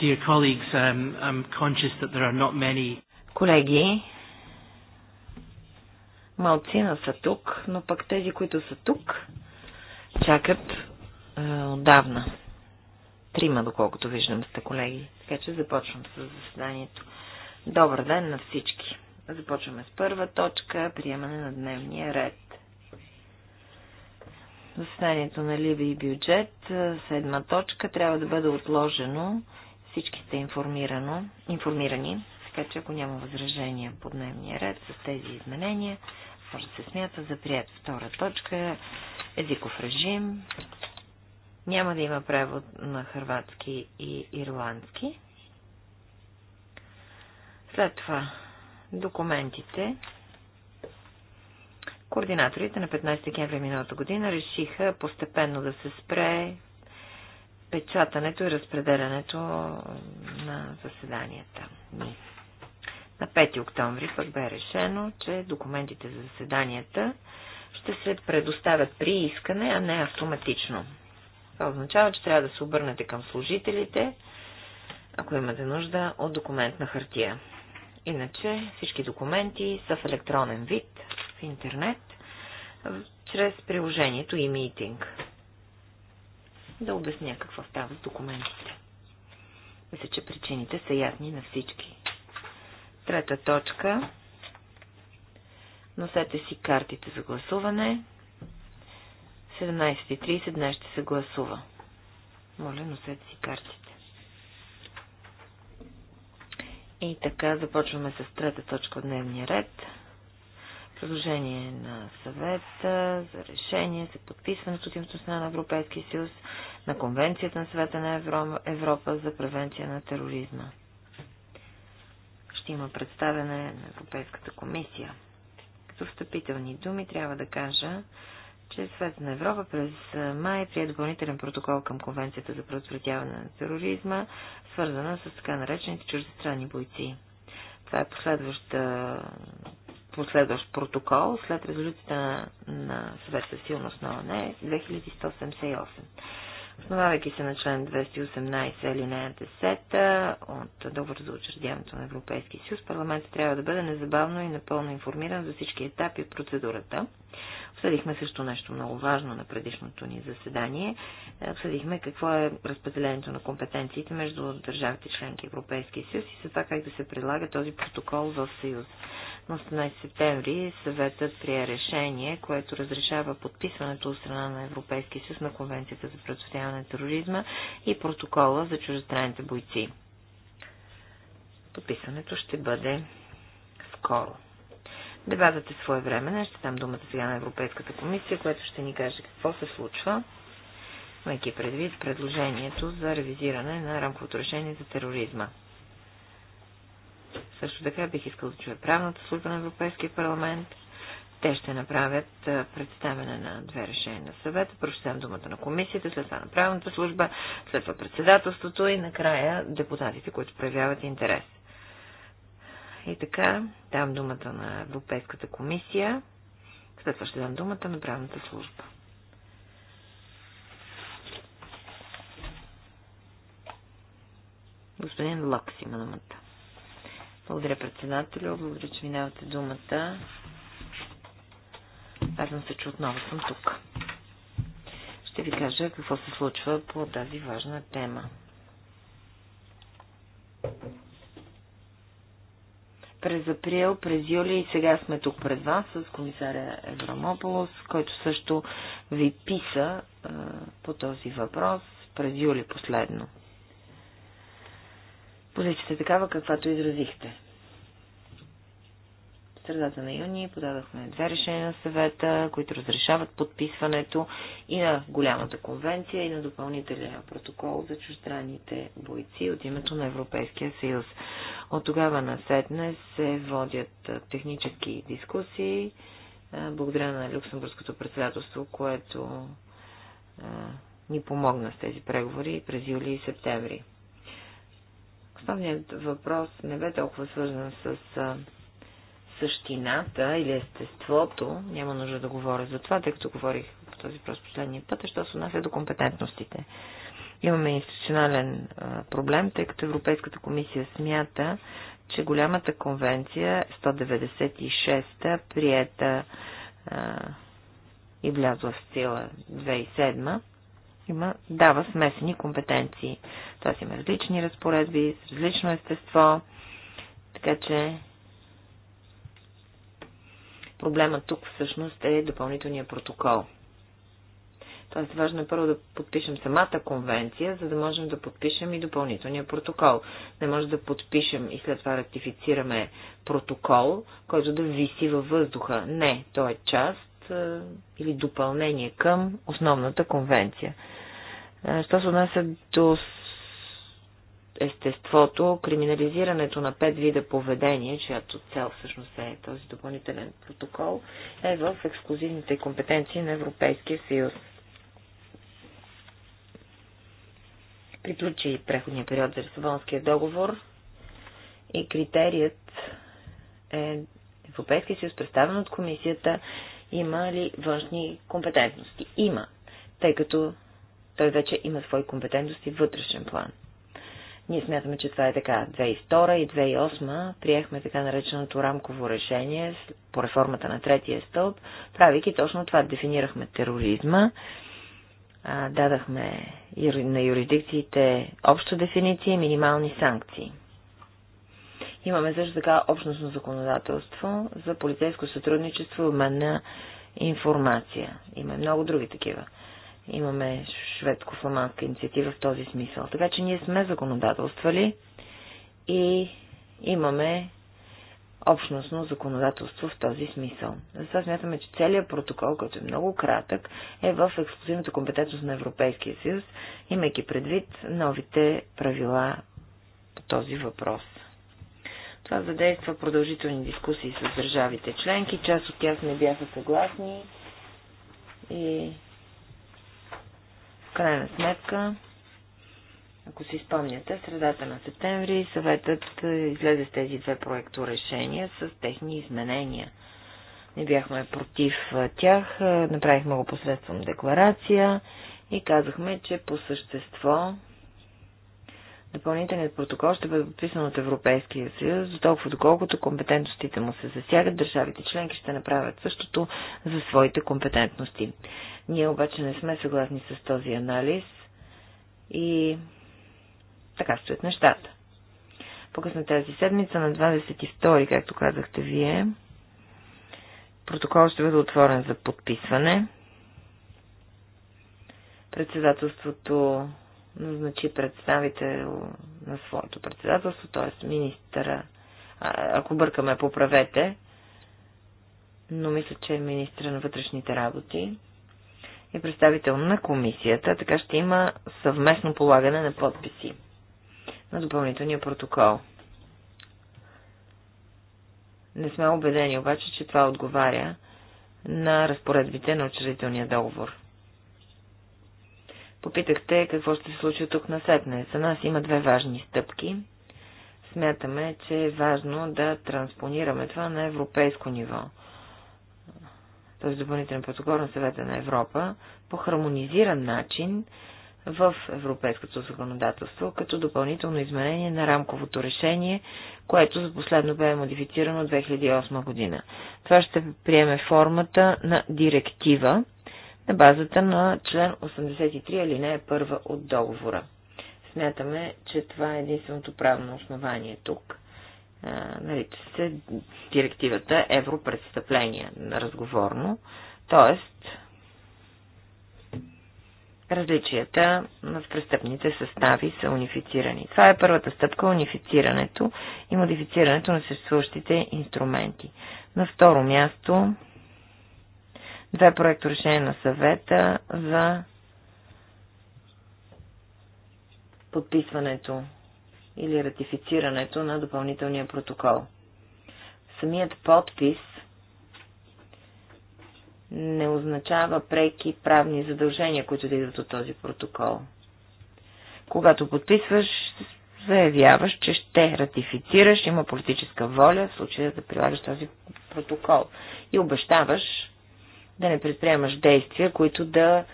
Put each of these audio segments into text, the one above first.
Dear colleagues, um, I'm conscious that there are not many. Колеги, малцина са тук, но пък тези, които са тук, чакат е, отдавна. Трима, доколкото виждам сте, колеги. Така че започвам с заседанието. Добър ден на всички. Започваме с първа точка, приемане на дневния ред. Заседанието на Ливи и бюджет, е, седма точка, трябва да бъде отложено всички сте информирано, информирани, така че ако няма възражения по дневния ред с тези изменения, може да се смята за прият. Втора точка езиков режим. Няма да има превод на хрватски и ирландски. След това документите. Координаторите на 15 декември миналата година решиха постепенно да се спре печатането и разпределянето на заседанията На 5 октомври пък бе решено, че документите за заседанията ще се предоставят при искане, а не автоматично. Това означава, че трябва да се обърнете към служителите, ако имате нужда от документ на хартия. Иначе всички документи са в електронен вид, в интернет, чрез приложението e-meeting да обясня какво става с документите. Мисля, че причините са ясни на всички. Трета точка. Носете си картите за гласуване. 17.30 днес ще се гласува. Моля, носете си картите. И така започваме с трета точка от дневния ред предложение на съвета за решение за подписването от името на Европейския съюз на Конвенцията на съвета на Европа за превенция на тероризма. Ще има представяне на Европейската комисия. Като встъпителни думи трябва да кажа, че Съвета на Европа през май прие допълнителен протокол към Конвенцията за предотвратяване на тероризма, свързана с така наречените чуждестранни бойци. Това е последваща последващ протокол след резолюцията на, на съвета силност на ОНЕ 2178. Основавайки се на член 218 алинея 10 от договор за учредяването на Европейския съюз, парламентът трябва да бъде незабавно и напълно информиран за всички етапи в процедурата. Обсъдихме също нещо много важно на предишното ни заседание. Е, обсъдихме какво е разпределението на компетенциите между държавите членки Европейския съюз и за това как да се предлага този протокол в съюз. На 18 септември съветът прие решение, което разрешава подписването от страна на Европейския съюз на Конвенцията за предотвратяване на тероризма и протокола за чуждестранните бойци. Подписването ще бъде скоро. Дебатът е своевременен. Ще дам думата сега на Европейската комисия, което ще ни каже какво се случва, имайки предвид предложението за ревизиране на рамковото решение за тероризма. Също така бих искал да чуя правната служба на Европейския парламент. Те ще направят представяне на две решения на съвета. Първо ще дам думата на комисията, след това на правната служба, след това председателството и накрая депутатите, които проявяват интерес. И така, дам думата на Европейската комисия. След това ще дам думата на правната служба. Господин Лакс има думата. Благодаря, председателю. Благодаря, че ми давате думата. Радвам се, че отново съм тук. Ще ви кажа какво се случва по тази важна тема през април, през юли и сега сме тук пред вас с комисаря Еврамополос, който също ви писа а, по този въпрос през юли последно. Позицията такава, каквато изразихте средата на юни подадахме две решения на съвета, които разрешават подписването и на голямата конвенция, и на допълнителния протокол за чуждраните бойци от името на Европейския съюз. От тогава на седне се водят технически дискусии, благодаря на Люксембургското председателство, което ни помогна с тези преговори през юли и септември. Основният въпрос не бе толкова свързан с същината или естеството, няма нужда да говоря за това, тъй като говорих по този въпрос последния път, защото що се отнася до компетентностите. Имаме институционален проблем, тъй като Европейската комисия смята, че голямата конвенция 196-та, приета а, и влязла в сила 2007 има, дава смесени компетенции. си има различни разпоредби, с различно естество, така че Проблема тук всъщност е допълнителния протокол. Тоест важно е първо да подпишем самата конвенция, за да можем да подпишем и допълнителния протокол. Не може да подпишем и след това ратифицираме протокол, който да виси във въздуха. Не, то е част или допълнение към основната конвенция. Що се отнася до естеството, криминализирането на пет вида поведение, чиято цел всъщност е този допълнителен протокол, е в ексклюзивните компетенции на Европейския съюз. Приключи преходния период за Лисабонския договор и критерият е Европейския съюз, представен от комисията, има ли външни компетентности? Има, тъй като той вече има свои компетентности в вътрешен план. Ние смятаме, че това е така. 2002 и 2008 приехме така нареченото рамково решение по реформата на третия стълб, правейки точно това. Дефинирахме тероризма, дадахме на юрисдикциите обща дефиниция и минимални санкции. Имаме също така общностно законодателство за полицейско сътрудничество и обмен на информация. Има много други такива. Имаме шведко-фламандска инициатива в този смисъл. Така че ние сме законодателствали и имаме общностно законодателство в този смисъл. Затова смятаме, че целият протокол, който е много кратък, е в ексклюзивната компетентност на Европейския съюз, имайки предвид новите правила по този въпрос. Това задейства продължителни дискусии с държавите членки. Част от тях не бяха съгласни и крайна сметка, ако си спомняте, средата на септември съветът излезе с тези две проекто решения с техни изменения. Не бяхме против тях, направихме го посредством декларация и казахме, че по същество Допълнителният протокол ще бъде подписан от Европейския съюз, толкова доколкото компетентностите му се засягат, държавите членки ще направят същото за своите компетентности. Ние обаче не сме съгласни с този анализ и така стоят нещата. По-късно тази седмица на 22, както казахте вие, протокол ще бъде отворен за подписване. Председателството назначи представител на своето председателство, т.е. министъра. Ако бъркаме, поправете. Но мисля, че е министра на вътрешните работи и представител на комисията, така ще има съвместно полагане на подписи на допълнителния протокол. Не сме убедени обаче, че това отговаря на разпоредбите на учредителния договор. Попитахте какво ще се случи тук на сетне. За нас има две важни стъпки. Смятаме, че е важно да транспонираме това на европейско ниво – т.е. допълнителен протокол на съвета на Европа, по хармонизиран начин в европейското законодателство, като допълнително изменение на рамковото решение, което за последно бе модифицирано 2008 година. Това ще приеме формата на директива на базата на член 83 алинея 1 от договора. Смятаме, че това е единственото правно основание тук нарича се директивата е Европредстъпление разговорно, т.е. различията в престъпните състави са унифицирани. Това е първата стъпка – унифицирането и модифицирането на съществуващите инструменти. На второ място две проекто решения на съвета за подписването или ратифицирането на допълнителния протокол. Самият подпис не означава преки правни задължения, които да идват от този протокол. Когато подписваш, заявяваш, че ще ратифицираш, има политическа воля в случая да прилагаш този протокол и обещаваш да не предприемаш действия, които да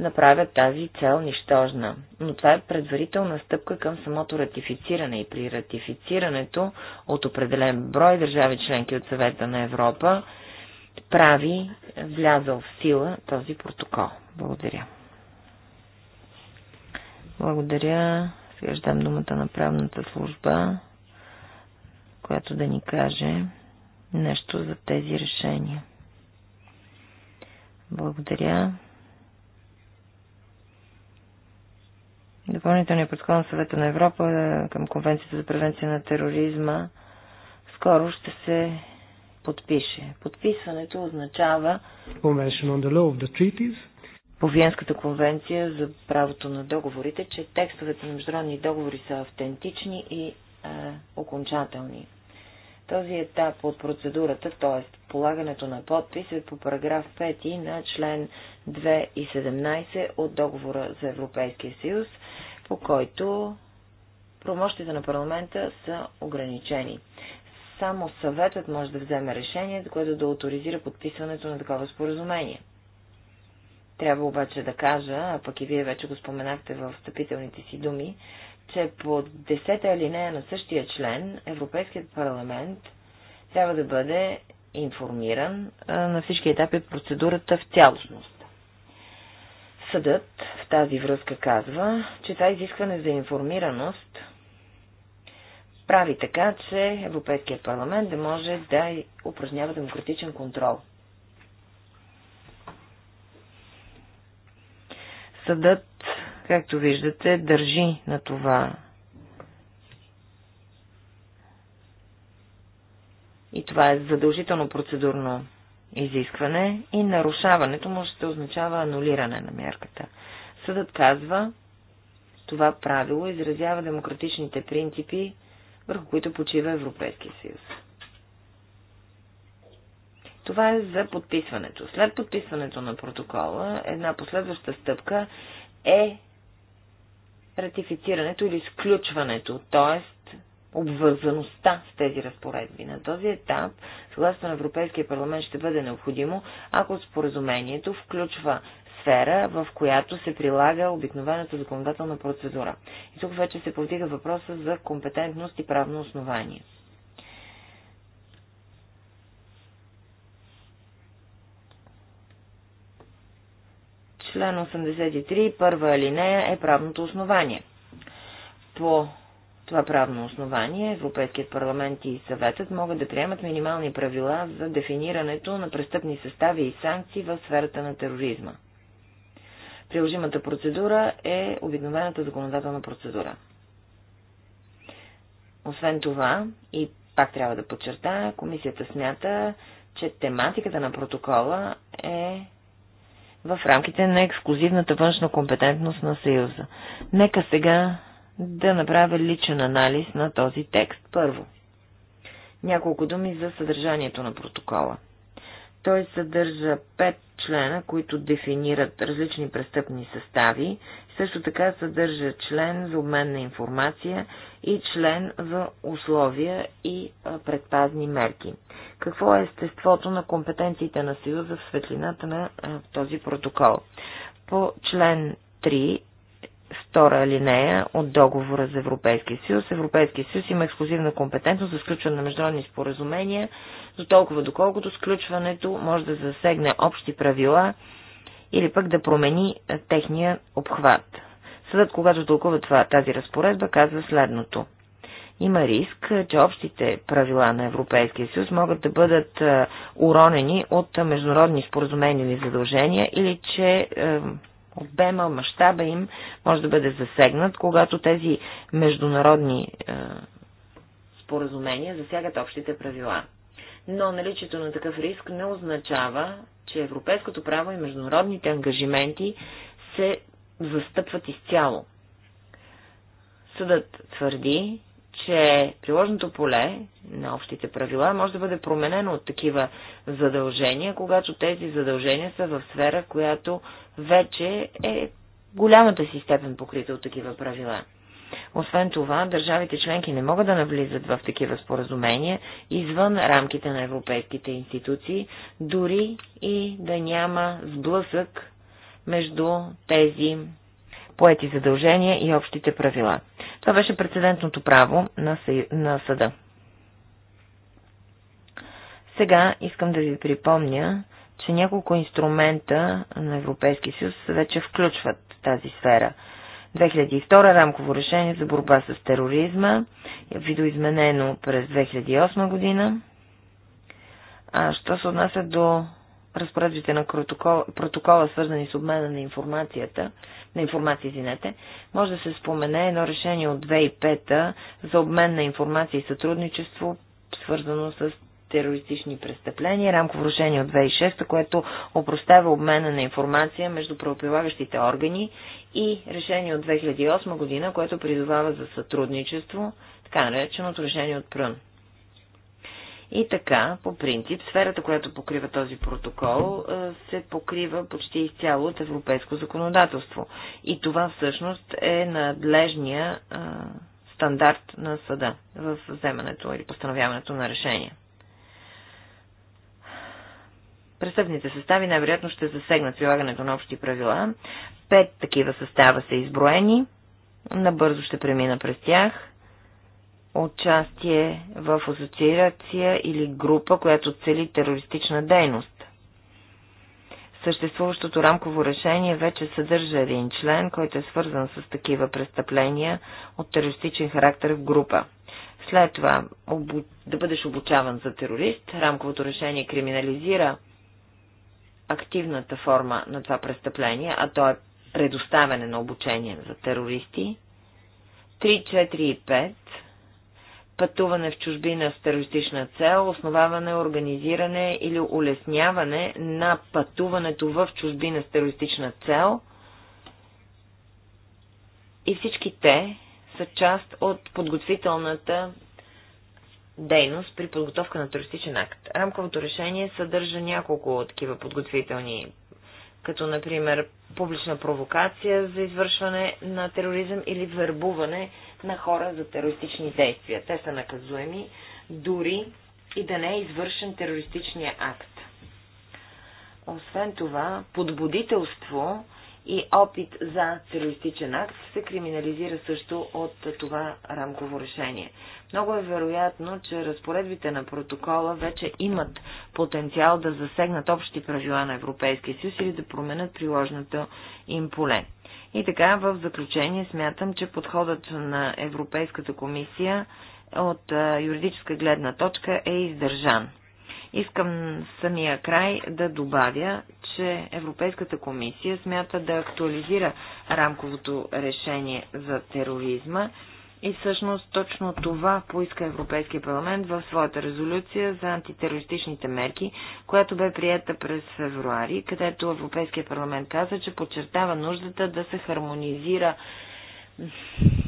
направят тази цел нищожна. Но това е предварителна стъпка към самото ратифициране и при ратифицирането от определен брой държави членки от съвета на Европа прави влязъл в сила този протокол. Благодаря. Благодаря. Сега ще дам думата на правната служба, която да ни каже нещо за тези решения. Благодаря. Допълнителният протокол на съвета на Европа е, към Конвенцията за превенция на тероризма скоро ще се подпише. Подписването означава по Виенската конвенция за правото на договорите, че текстовете на международни договори са автентични и е, окончателни. Този етап от процедурата, т.е. полагането на подпис е по параграф 5 на член 2 и 17 от договора за Европейския съюз, по който промощите на парламента са ограничени. Само съветът може да вземе решение, което да авторизира подписването на такова споразумение. Трябва обаче да кажа, а пък и вие вече го споменахте в встъпителните си думи, че по 10-та алинея на същия член Европейският парламент трябва да бъде информиран на всички етапи от процедурата в цялостност. Съдът в тази връзка казва, че това изискване за информираност прави така, че Европейският парламент да може да упражнява демократичен контрол. Съдът както виждате, държи на това. И това е задължително процедурно изискване и нарушаването му ще означава анулиране на мерката. Съдът казва, това правило изразява демократичните принципи, върху които почива Европейския съюз. Това е за подписването. След подписването на протокола, една последваща стъпка е ратифицирането или изключването, т.е. обвързаността с тези разпоредби. На този етап, съгласно на Европейския парламент, ще бъде необходимо, ако споразумението включва сфера, в която се прилага обикновената законодателна процедура. И тук вече се повдига въпроса за компетентност и правно основание. Член 83, първа алинея е правното основание. По това правно основание Европейският парламент и съветът могат да приемат минимални правила за дефинирането на престъпни състави и санкции в сферата на тероризма. Приложимата процедура е обикновената законодателна процедура. Освен това, и пак трябва да подчертая, комисията смята, че тематиката на протокола е в рамките на ексклюзивната външна компетентност на Съюза. Нека сега да направя личен анализ на този текст. Първо, няколко думи за съдържанието на протокола. Той съдържа пет члена, които дефинират различни престъпни състави също така съдържа член за обмен на информация и член за условия и предпазни мерки. Какво е естеството на компетенциите на Съюза в светлината на този протокол? По член 3 втора алинея от договора за Европейския съюз. Европейския съюз има ексклюзивна компетентност за сключване на международни споразумения, до толкова доколкото сключването може да засегне общи правила или пък да промени е, техния обхват. Съдът, когато тълкува това, тази разпоредба, казва следното. Има риск, е, че общите правила на Европейския съюз могат да бъдат е, уронени от международни споразумения или задължения или че обема, мащаба им може да бъде засегнат, когато тези международни споразумения засягат общите правила но наличието на такъв риск не означава, че европейското право и международните ангажименти се застъпват изцяло. Съдът твърди, че приложното поле на общите правила може да бъде променено от такива задължения, когато тези задължения са в сфера, която вече е голямата си степен покрита от такива правила. Освен това, държавите членки не могат да навлизат в такива споразумения извън рамките на европейските институции, дори и да няма сблъсък между тези поети задължения и общите правила. Това беше прецедентното право на, съда. Сега искам да ви припомня, че няколко инструмента на Европейски съюз вече включват тази сфера – 2002 рамково решение за борба с тероризма, видоизменено през 2008 година. А що се отнася до разпоредбите на протокола, протокола, свързани с обмена на информацията, на информация, извинете, може да се спомене едно решение от 2005 за обмен на информация и сътрудничество, свързано с терористични престъпления, рамково решение от 2006, което опростава обмена на информация между правоприлагащите органи и решение от 2008 година, което призовава за сътрудничество, така нареченото решение от Прън. И така, по принцип, сферата, която покрива този протокол, е, се покрива почти изцяло от европейско законодателство. И това всъщност е надлежния е, стандарт на съда в вземането или постановяването на решения. Престъпните състави най-вероятно ще засегнат прилагането на общи правила. Пет такива състава са изброени. Набързо ще премина през тях. Участие в асоциация или група, която цели терористична дейност. Съществуващото рамково решение вече съдържа един член, който е свързан с такива престъпления от терористичен характер в група. След това обу... да бъдеш обучаван за терорист, рамковото решение криминализира активната форма на това престъпление, а то е предоставяне на обучение за терористи. 3, 4 и 5 пътуване в чужбина с терористична цел, основаване, организиране или улесняване на пътуването в чужбина с терористична цел. И всички те са част от подготвителната дейност при подготовка на туристичен акт. Рамковото решение съдържа няколко такива подготвителни, като например публична провокация за извършване на тероризъм или вербуване на хора за терористични действия. Те са наказуеми, дори и да не е извършен терористичния акт. Освен това, подбудителство и опит за терористичен акт се криминализира също от това рамково решение. Много е вероятно, че разпоредбите на протокола вече имат потенциал да засегнат общи правила на Европейския съюз или да променят приложното им поле. И така, в заключение смятам, че подходът на Европейската комисия от юридическа гледна точка е издържан. Искам самия край да добавя, че Европейската комисия смята да актуализира рамковото решение за тероризма и всъщност точно това поиска Европейския парламент в своята резолюция за антитерористичните мерки, която бе приета през февруари, където Европейския парламент каза, че подчертава нуждата да се хармонизира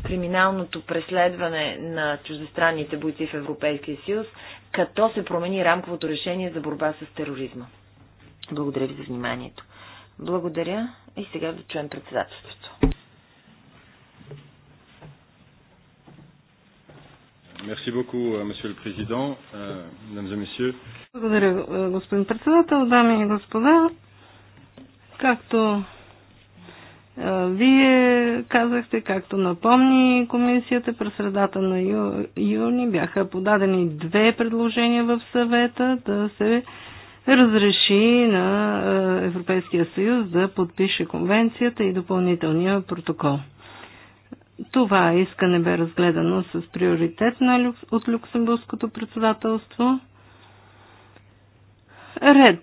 криминалното преследване на чуждестранните бойци в Европейския съюз, като се промени рамковото решение за борба с тероризма. Благодаря ви за вниманието. Благодаря и сега да чуем председателството. Merci beaucoup, euh, Monsieur le Président, euh, Mesdames et Messieurs. Благодаря, господин председател, дами и господа. Както вие казахте, както напомни комисията, през средата на ю, юни бяха подадени две предложения в съвета да се разреши на Европейския съюз да подпише конвенцията и допълнителния протокол. Това искане бе разгледано с приоритет на, от Люксембургското председателство – Ред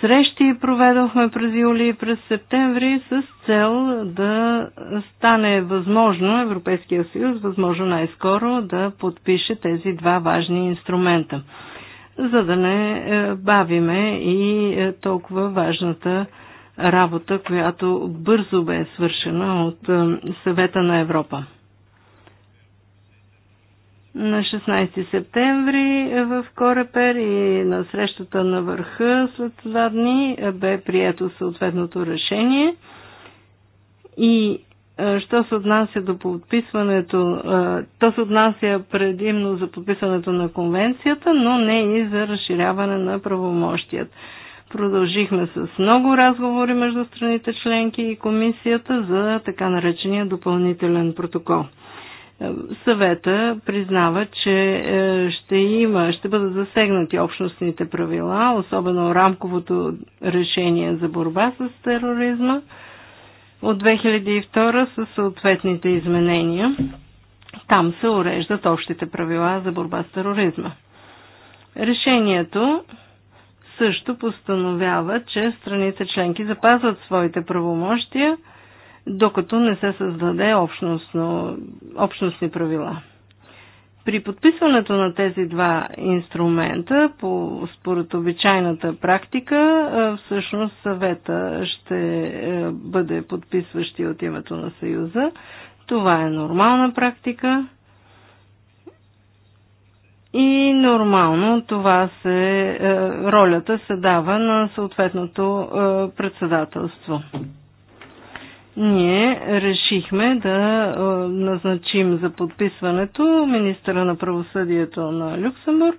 срещи проведохме през юли и през септември с цел да стане възможно Европейския съюз, възможно най-скоро да подпише тези два важни инструмента, за да не е, бавиме и е, толкова важната работа, която бързо бе свършена от е, съвета на Европа на 16 септември в Корепер и на срещата на върха след два дни бе прието съответното решение. И що се отнася до подписването, то се отнася предимно за подписването на конвенцията, но не и за разширяване на правомощият. Продължихме с много разговори между страните членки и комисията за така наречения допълнителен протокол – съвета признава, че е, ще има, ще бъдат засегнати общностните правила, особено рамковото решение за борба с тероризма от 2002 със съответните изменения. Там се уреждат общите правила за борба с тероризма. Решението също постановява, че страните членки запазват своите правомощия – докато не се създаде общностно, общностни правила. При подписването на тези два инструмента, по, според обичайната практика, всъщност съвета ще е, бъде подписващи от името на Съюза. Това е нормална практика и нормално това се, е, ролята се дава на съответното е, председателство ние решихме да назначим за подписването министра на правосъдието на Люксембург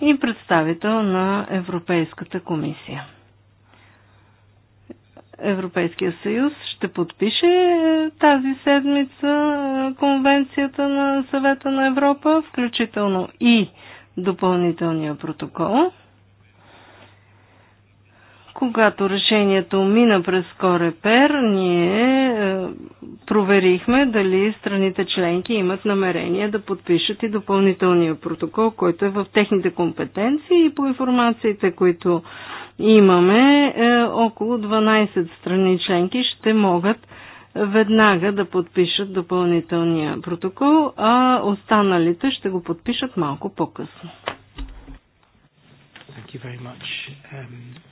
и представител на Европейската комисия. Европейския съюз ще подпише е, тази седмица е, конвенцията на съвета на Европа, включително и допълнителния протокол. Когато решението мина през Корепер, ние е, проверихме дали страните членки имат намерение да подпишат и допълнителния протокол, който е в техните компетенции и по информациите, които имаме, е, около 12 страни членки ще могат веднага да подпишат допълнителния протокол, а останалите ще го подпишат малко по-късно. Thank you very much. Um...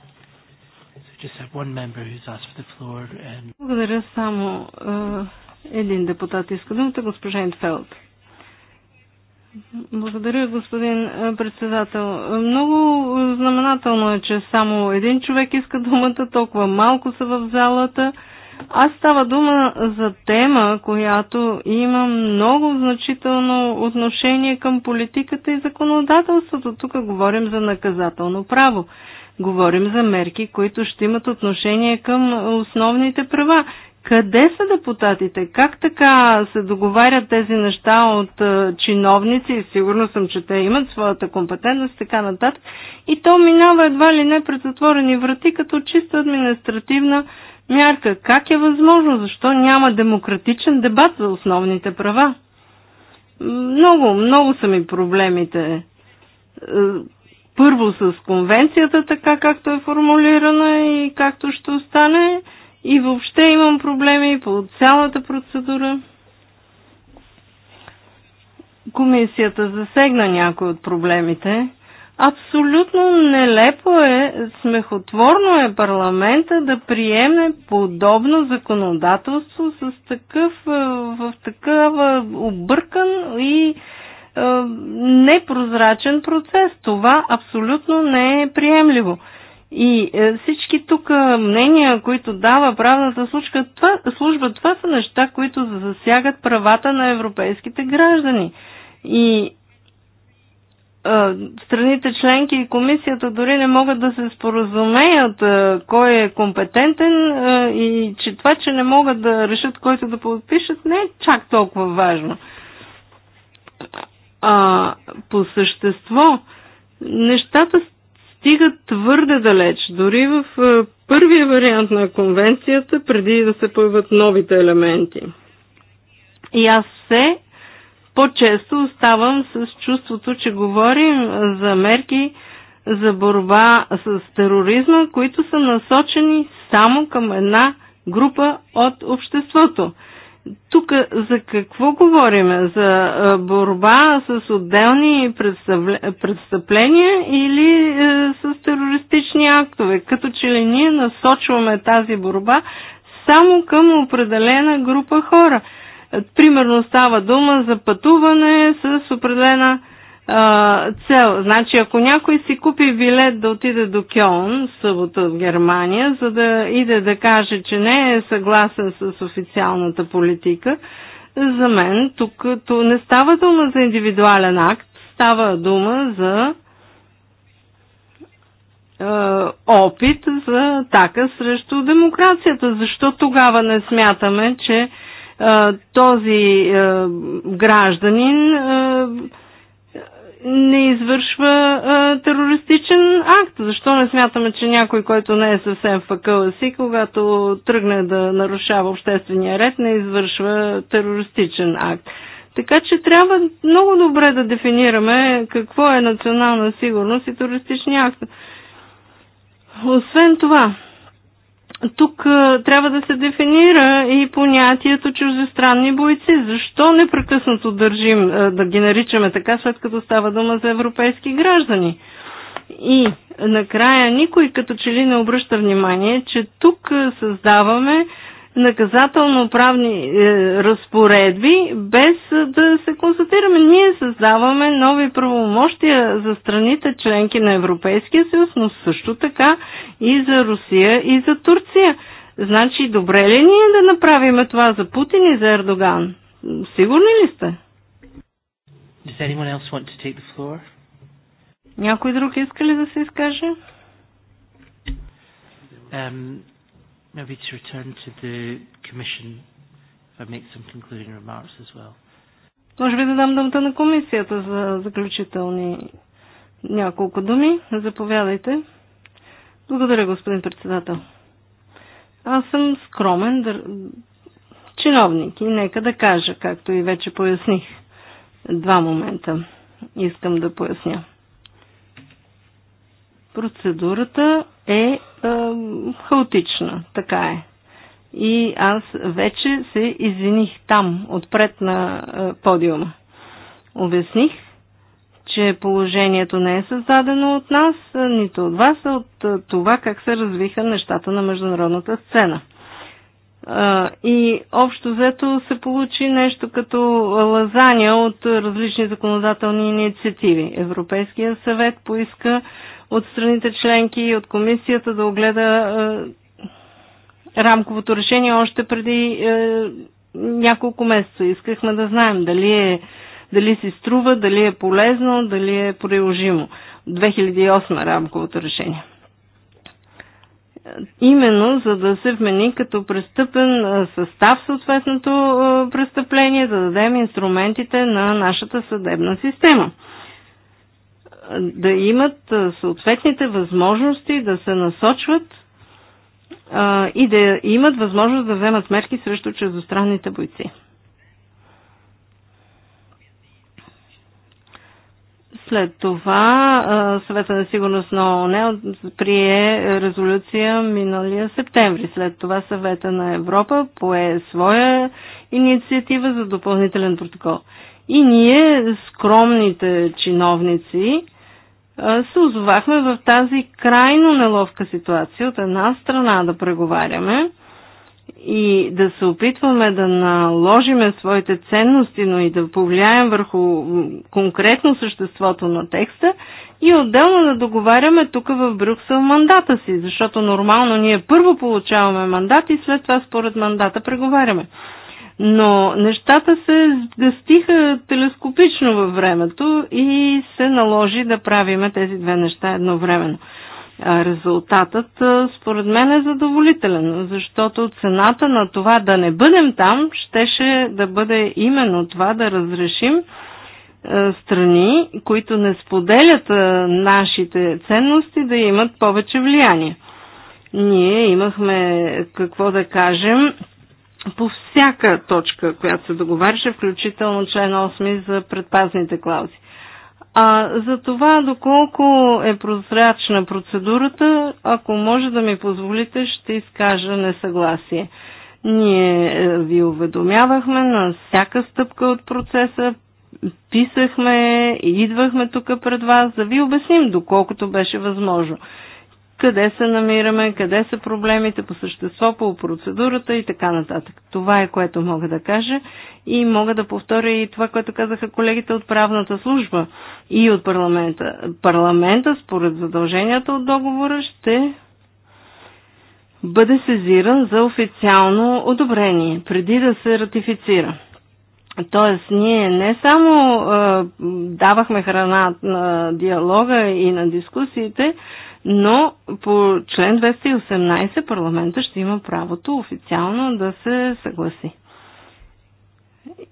Благодаря само един депутат иска думата, госпожа Инфелд. Благодаря, господин председател. Много знаменателно е, че само един човек иска думата, толкова малко са в залата. Аз става дума за тема, която има много значително отношение към политиката и законодателството. Тук говорим за наказателно право. Говорим за мерки, които ще имат отношение към основните права. Къде са депутатите? Как така се договарят тези неща от е, чиновници? Сигурно съм, че те имат своята компетентност и така нататък. И то минава едва ли не пред затворени врати, като чиста административна мярка. Как е възможно? Защо няма демократичен дебат за основните права? Много, много са ми проблемите. Е, първо с конвенцията, така както е формулирана и както ще остане. И въобще имам проблеми по цялата процедура. Комисията засегна някои от проблемите. Абсолютно нелепо е, смехотворно е парламента да приеме подобно законодателство с такъв, в такава объркан и е, непрозрачен процес. Това абсолютно не е приемливо. И е, всички тук е, мнения, които дава правната служба това, служба, това са неща, които засягат правата на европейските граждани. И страните членки и комисията дори не могат да се споразумеят кой е компетентен и че това, че не могат да решат който да подпишат, не е чак толкова важно. А по същество нещата стигат твърде далеч. Дори в първия вариант на конвенцията, преди да се появят новите елементи. И аз се по-често оставам с чувството, че говорим за мерки за борба с тероризма, които са насочени само към една група от обществото тук за какво говорим? За борба с отделни престъпления или с терористични актове? Като че ли ние насочваме тази борба само към определена група хора? Примерно става дума за пътуване с определена цел. Значи, ако някой си купи билет да отиде до Кьон, събота в Германия, за да иде да каже, че не е съгласен с официалната политика, за мен тук то не става дума за индивидуален акт, става дума за е, опит за така срещу демокрацията. Защо тогава не смятаме, че е, този е, гражданин е, не извършва а, терористичен акт. Защо не смятаме, че някой, който не е съвсем факъл си, когато тръгне да нарушава обществения ред, не извършва терористичен акт? Така че трябва много добре да дефинираме какво е национална сигурност и терористични акт. Освен това, тук трябва да се дефинира и понятието чуждестранни бойци. Защо непрекъснато държим да ги наричаме така, след като става дума за европейски граждани? И накрая никой като че ли не обръща внимание, че тук създаваме наказателно-правни е, разпоредби, без е, да се консултираме. Ние създаваме нови правомощия за страните членки на Европейския съюз, но също така и за Русия и за Турция. Значи, добре ли е ние да направим това за Путин и за Ердоган? Сигурни ли сте? Does anyone else want to take the floor? Някой друг иска ли да се изкаже? Um, maybe to return to the Commission if I make some concluding remarks as well. Може би да дам думата на комисията за заключителни няколко думи. Заповядайте. Благодаря, господин председател. Аз съм скромен дър... чиновник и нека да кажа, както и вече поясних. Два момента искам да поясня. Процедурата е, е хаотична. Така е. И аз вече се извиних там, отпред на е, подиума. Обясних, че положението не е създадено от нас, нито от вас, а от това как се развиха нещата на международната сцена. И общо взето се получи нещо като лазания от различни законодателни инициативи. Европейския съвет поиска от страните членки и от комисията да огледа е, рамковото решение още преди е, няколко месеца. Искахме да знаем дали, е, дали си струва, дали е полезно, дали е приложимо. 2008 рамковото решение именно за да се вмени като престъпен е, състав съответното престъпление, да дадем инструментите на нашата съдебна система да имат съответните възможности да се насочват а, и да имат възможност да вземат мерки срещу чрезостранните бойци. След това съвета на сигурност на ООН прие резолюция миналия септември. След това съвета на Европа пое своя инициатива за допълнителен протокол. И ние, скромните чиновници, се озовахме в тази крайно неловка ситуация от една страна да преговаряме и да се опитваме да наложиме своите ценности, но и да повлияем върху конкретно съществото на текста и отделно да договаряме тук в Брюксел мандата си, защото нормално ние първо получаваме мандат и след това според мандата преговаряме. Но нещата се сгъстиха телескопично във времето и се наложи да правиме тези две неща едновременно. Резултатът според мен е задоволителен, защото цената на това да не бъдем там щеше да бъде именно това да разрешим страни, които не споделят нашите ценности, да имат повече влияние. Ние имахме какво да кажем по всяка точка, която се договаряше, включително член 8 за предпазните клаузи. А за това, доколко е прозрачна процедурата, ако може да ми позволите, ще изкажа несъгласие. Ние е, ви уведомявахме на всяка стъпка от процеса, писахме, идвахме тук пред вас, да ви обясним доколкото беше възможно къде се намираме, къде са проблемите по същество, по процедурата и така нататък. Това е което мога да кажа и мога да повторя и това, което казаха колегите от правната служба и от парламента. Парламента, според задълженията от договора, ще бъде сезиран за официално одобрение, преди да се ратифицира. Тоест, ние не само е, давахме храна на диалога и на дискусиите, но по член 218 парламента ще има правото официално да се съгласи.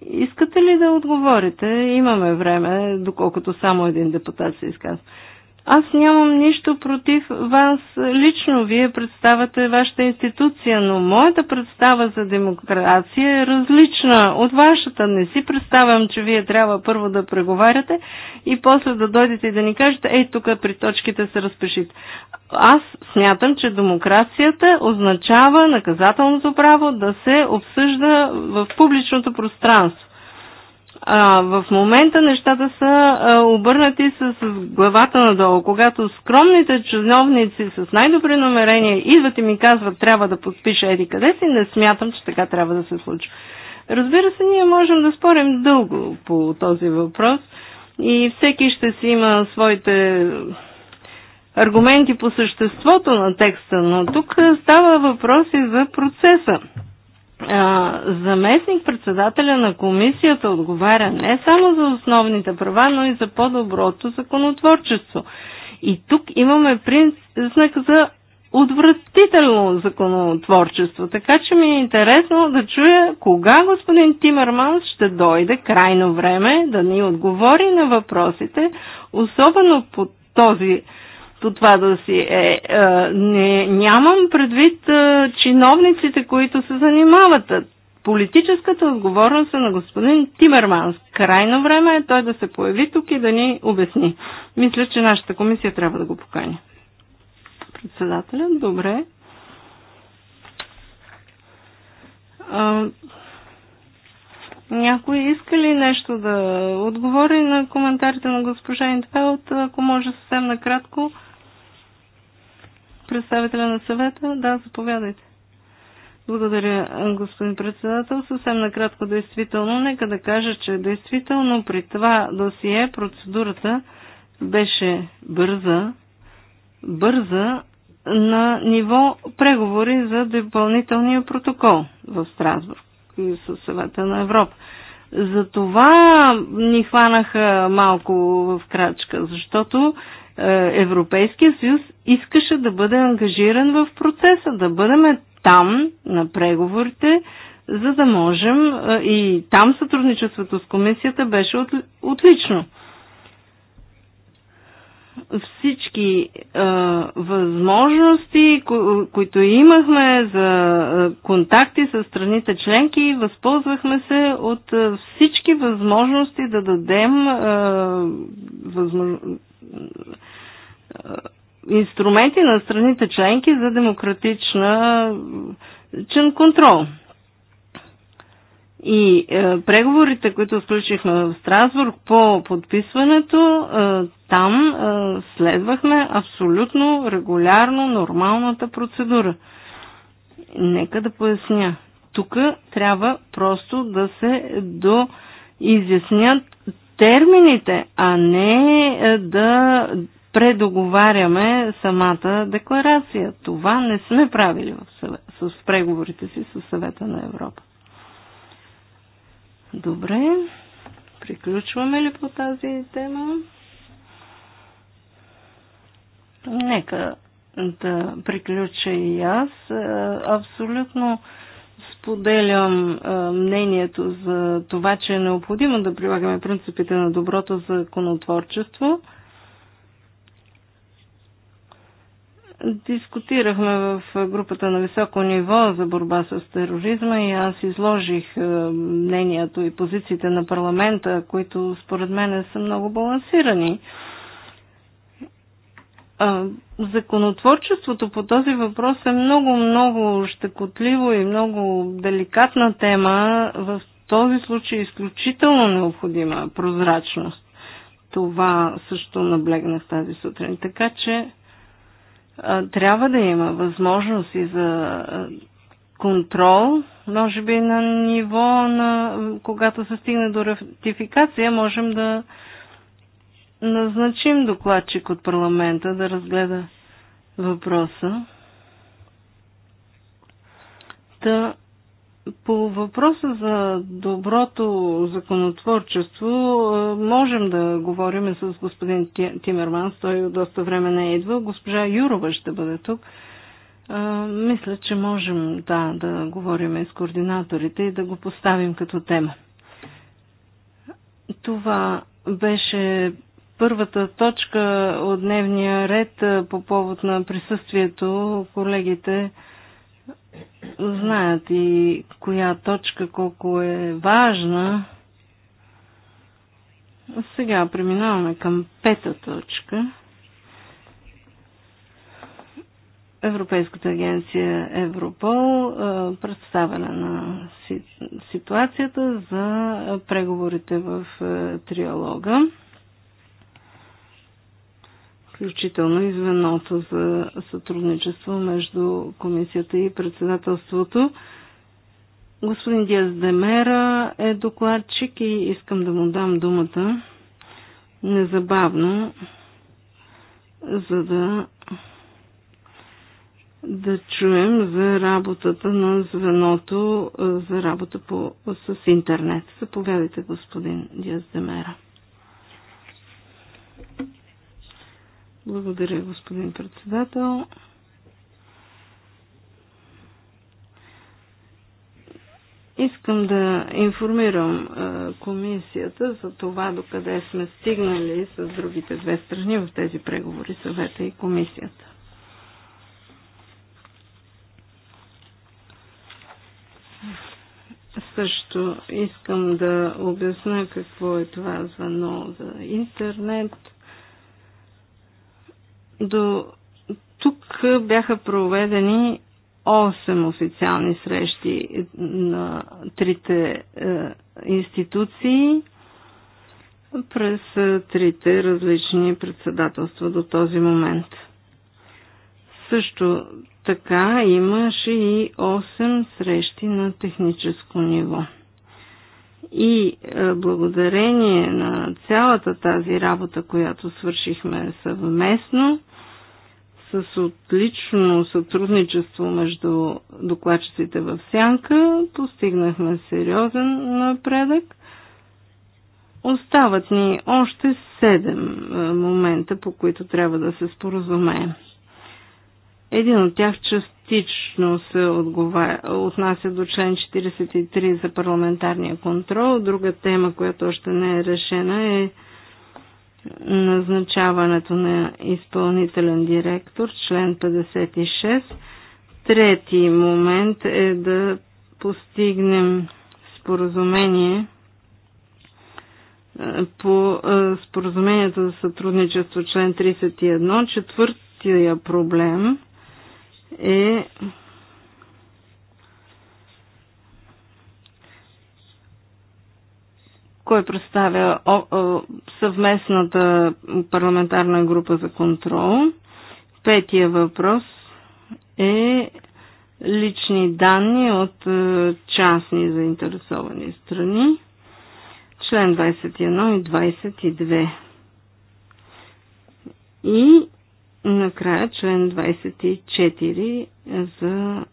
Искате ли да отговорите? Имаме време, доколкото само един депутат се изказва. Аз нямам нищо против вас лично. Вие представате вашата институция, но моята представа за демокрация е различна от вашата. Не си представям, че вие трябва първо да преговаряте и после да дойдете и да ни кажете, ей, тук при точките се разпишите. Аз смятам, че демокрацията означава наказателното право да се обсъжда в публичното пространство. А, в момента нещата са а, обърнати с, с главата надолу. Когато скромните чиновници с най-добри намерения идват и ми казват трябва да подпиша еди къде си, не смятам, че така трябва да се случи. Разбира се, ние можем да спорим дълго по този въпрос и всеки ще си има своите аргументи по съществото на текста, но тук става въпрос и за процеса заместник председателя на комисията отговаря не само за основните права, но и за по-доброто законотворчество. И тук имаме признак за отвратително законотворчество. Така че ми е интересно да чуя кога господин Тимърманс ще дойде крайно време да ни отговори на въпросите, особено по този просто това да си е. е не, нямам предвид е, чиновниците, които се занимават. Политическата отговорност е на господин Тимерманс. Крайно време е той да се появи тук и да ни обясни. Мисля, че нашата комисия трябва да го покани. Председателят, добре. А, някой иска ли нещо да отговори на коментарите на госпожа Интфелт, ако може съвсем накратко? представителя на съвета? Да, заповядайте. Благодаря, господин председател. Съвсем накратко, действително, нека да кажа, че действително при това досие процедурата беше бърза, бърза на ниво преговори за допълнителния протокол в Страсбург и със съвета на Европа. За това ни хванаха малко в крачка, защото е, Европейския съюз искаше да бъде ангажиран в процеса, да бъдем там на преговорите, за да можем е, и там сътрудничеството с комисията беше отлично. Всички е, възможности, ко- които имахме за е, контакти с страните членки, възползвахме се от всички възможности да дадем е, възможност инструменти на страните членки за демократична чен контрол. И е, преговорите, които включихме в Страсбург по подписването, е, там е, следвахме абсолютно регулярно нормалната процедура. Нека да поясня. Тук трябва просто да се доизяснят термините, а не е, да предоговаряме самата декларация. Това не сме правили в съвет, с преговорите си с съвета на Европа. Добре, приключваме ли по тази тема? Нека да приключа и аз. Е, абсолютно споделям мнението за това, че е необходимо да прилагаме принципите на доброто законотворчество. Дискутирахме в групата на високо ниво за борба с тероризма и аз изложих мнението и позициите на парламента, които според мен са много балансирани законотворчеството по този въпрос е много, много щекотливо и много деликатна тема. В този случай е изключително необходима прозрачност. Това също наблегнах тази сутрин. Така че трябва да има възможност и за контрол, може би на ниво на когато се стигне до ратификация, можем да назначим докладчик от парламента да разгледа въпроса. Та, по въпроса за доброто законотворчество е, можем да говорим с господин Тимерман, Той доста време не е идвал. Госпожа Юрова ще бъде тук. А, е, мисля, че можем да, да говорим с координаторите и да го поставим като тема. Това беше първата точка от дневния ред по повод на присъствието, колегите знаят и коя точка колко е важна. Сега преминаваме към пета точка. Европейската агенция Европол, представяне на ситуацията за преговорите в триалога включително и звеното за сътрудничество между комисията и председателството. Господин Диас Демера е докладчик и искам да му дам думата незабавно, за да да чуем за работата на звеното за работа по, с интернет. Заповядайте, господин Диас Демера. Благодаря, господин председател. Искам да информирам комисията за това докъде сме стигнали с другите две страни в тези преговори, съвета и комисията. Също искам да обясня какво е това звено за интернет – до тук бяха проведени 8 официални срещи на трите е, институции през е, трите различни председателства до този момент. Също така имаше и 8 срещи на техническо ниво. И е, благодарение на цялата тази работа, която свършихме съвместно, с отлично сътрудничество между докладчиците в Сянка, постигнахме сериозен напредък. Остават ни още седем е, момента, по които трябва да се споразумеем. Един от тях част частично се отгова... отнася до член 43 за парламентарния контрол. Друга тема, която още не е решена е назначаването на изпълнителен директор, член 56. Трети момент е да постигнем споразумение е, по е, споразумението за сътрудничество член 31. Четвъртия проблем е кой представя съвместната парламентарна група за контрол. Петия въпрос е лични данни от е, частни заинтересовани страни. Член 21 и 22. И накрая член 24 за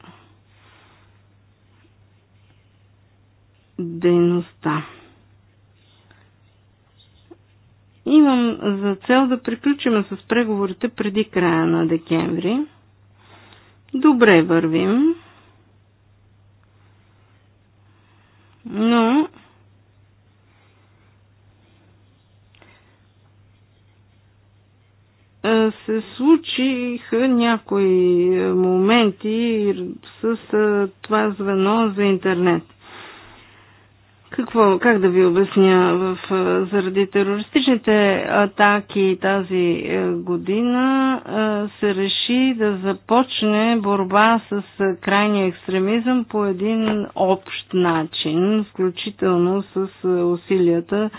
дейността. Имам за цел да приключим с преговорите преди края на декември. Добре вървим. Но се случиха някои е, моменти с това звено за интернет. Какво, как да ви обясня, в, заради терористичните атаки тази е, година се реши да започне борба с крайния екстремизъм по един общ начин, включително с усилията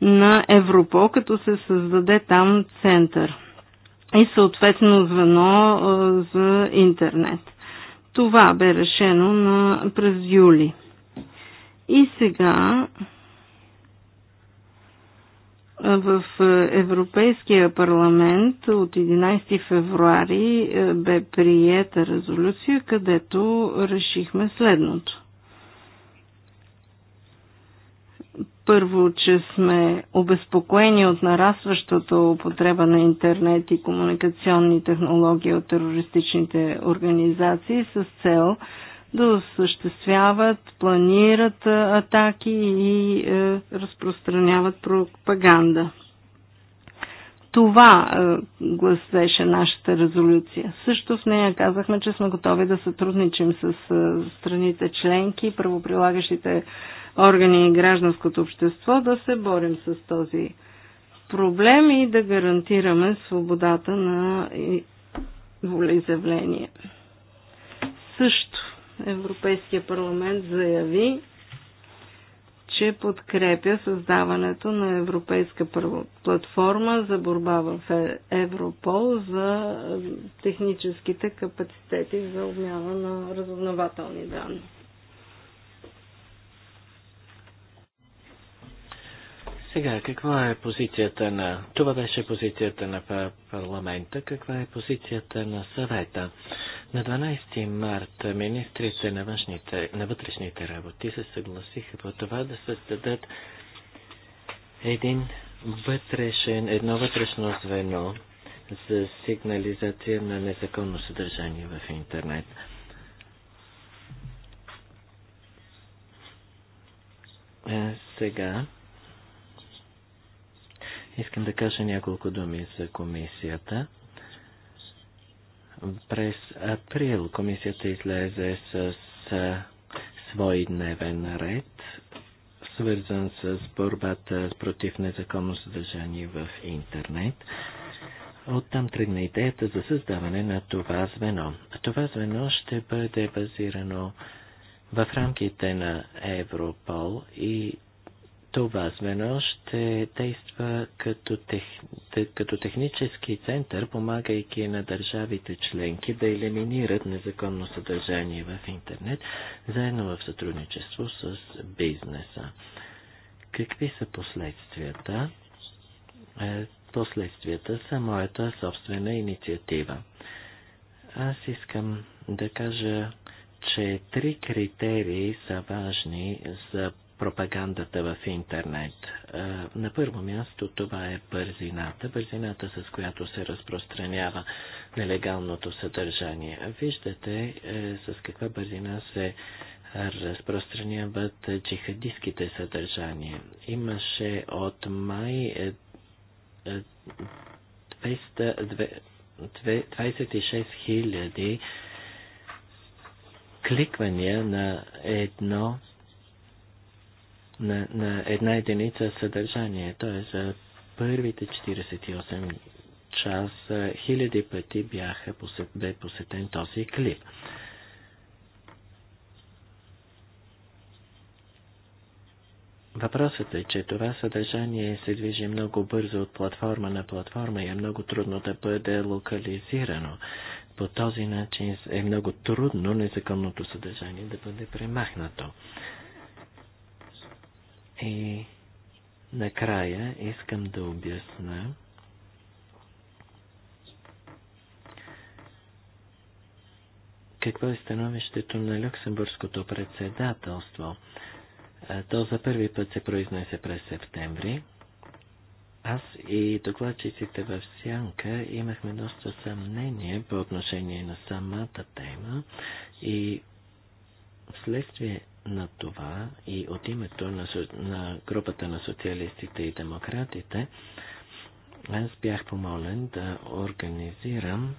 на Европол, като се създаде там център и съответно звено за интернет. Това бе решено на, през юли. И сега в Европейския парламент от 11 февруари бе приета резолюция, където решихме следното. първо, че сме обезпокоени от нарастващото употреба на интернет и комуникационни технологии от терористичните организации с цел да осъществяват, планират атаки и е, разпространяват пропаганда. Това е, гласеше нашата резолюция. Също в нея казахме, че сме готови да сътрудничим с е, страните членки, правоприлагащите органи и гражданското общество да се борим с този проблем и да гарантираме свободата на волеизявление. Също Европейския парламент заяви, че подкрепя създаването на Европейска платформа за борба в е, Европол за техническите капацитети за обмяна на разузнавателни данни. Сега, каква е позицията на... Това беше позицията на парламента. Каква е позицията на съвета? На 12 март министрите на, външните, на вътрешните работи се съгласиха по това да създадат един вътрешен, едно вътрешно звено за сигнализация на незаконно съдържание в интернет. Е, сега Искам да кажа няколко думи за комисията. През април комисията излезе с свой дневен ред, свързан с борбата против незаконно съдържание в интернет. Оттам тръгна идеята за създаване на това звено. Това звено ще бъде базирано в рамките на Европол и това звено ще действа като, тех, като технически център, помагайки на държавите членки да елиминират незаконно съдържание в интернет, заедно в сътрудничество с бизнеса. Какви са последствията? Е, последствията са моята собствена инициатива. Аз искам да кажа, че три критерии са важни за пропагандата в интернет. На първо място това е бързината, бързината с която се разпространява нелегалното съдържание. Виждате е, с каква бързина се е, разпространяват джихадистските съдържания. Имаше от май 26 е, 000 кликвания на едно на, на една единица съдържание, т.е. за първите 48 часа хиляди пъти бяха посет, бе посетен този клип. Въпросът е, че това съдържание се движи много бързо от платформа на платформа и е много трудно да бъде локализирано. По този начин е много трудно незаконното съдържание да бъде премахнато. И накрая искам да обясна, какво е становището на Люксембургското председателство. То за първи път се произнесе през септември. Аз и докладчиците в Сянка имахме доста съмнение по отношение на самата тема и вследствие на това и от името на, на групата на социалистите и демократите, аз бях помолен да организирам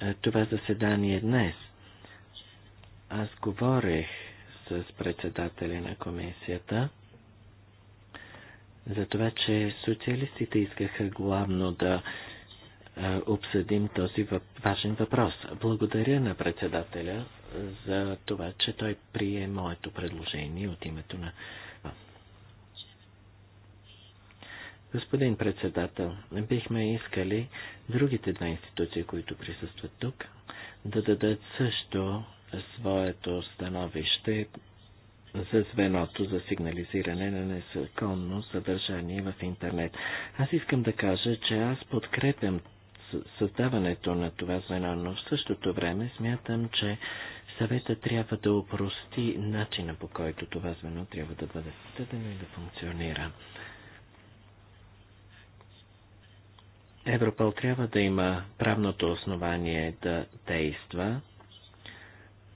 е, това заседание днес. Аз говорих с председателя на комисията за това, че социалистите искаха главно да е, обсъдим този важен въпрос. Благодаря на председателя за това, че той прие моето предложение от името на. Господин председател, бихме искали другите две институции, които присъстват тук, да дадат също своето становище за звеното за сигнализиране на незаконно съдържание в интернет. Аз искам да кажа, че аз подкрепям създаването на това звено, но в същото време смятам, че съвета трябва да упрости начина по който това звено трябва да бъде създадено и да функционира. Европол трябва да има правното основание да действа,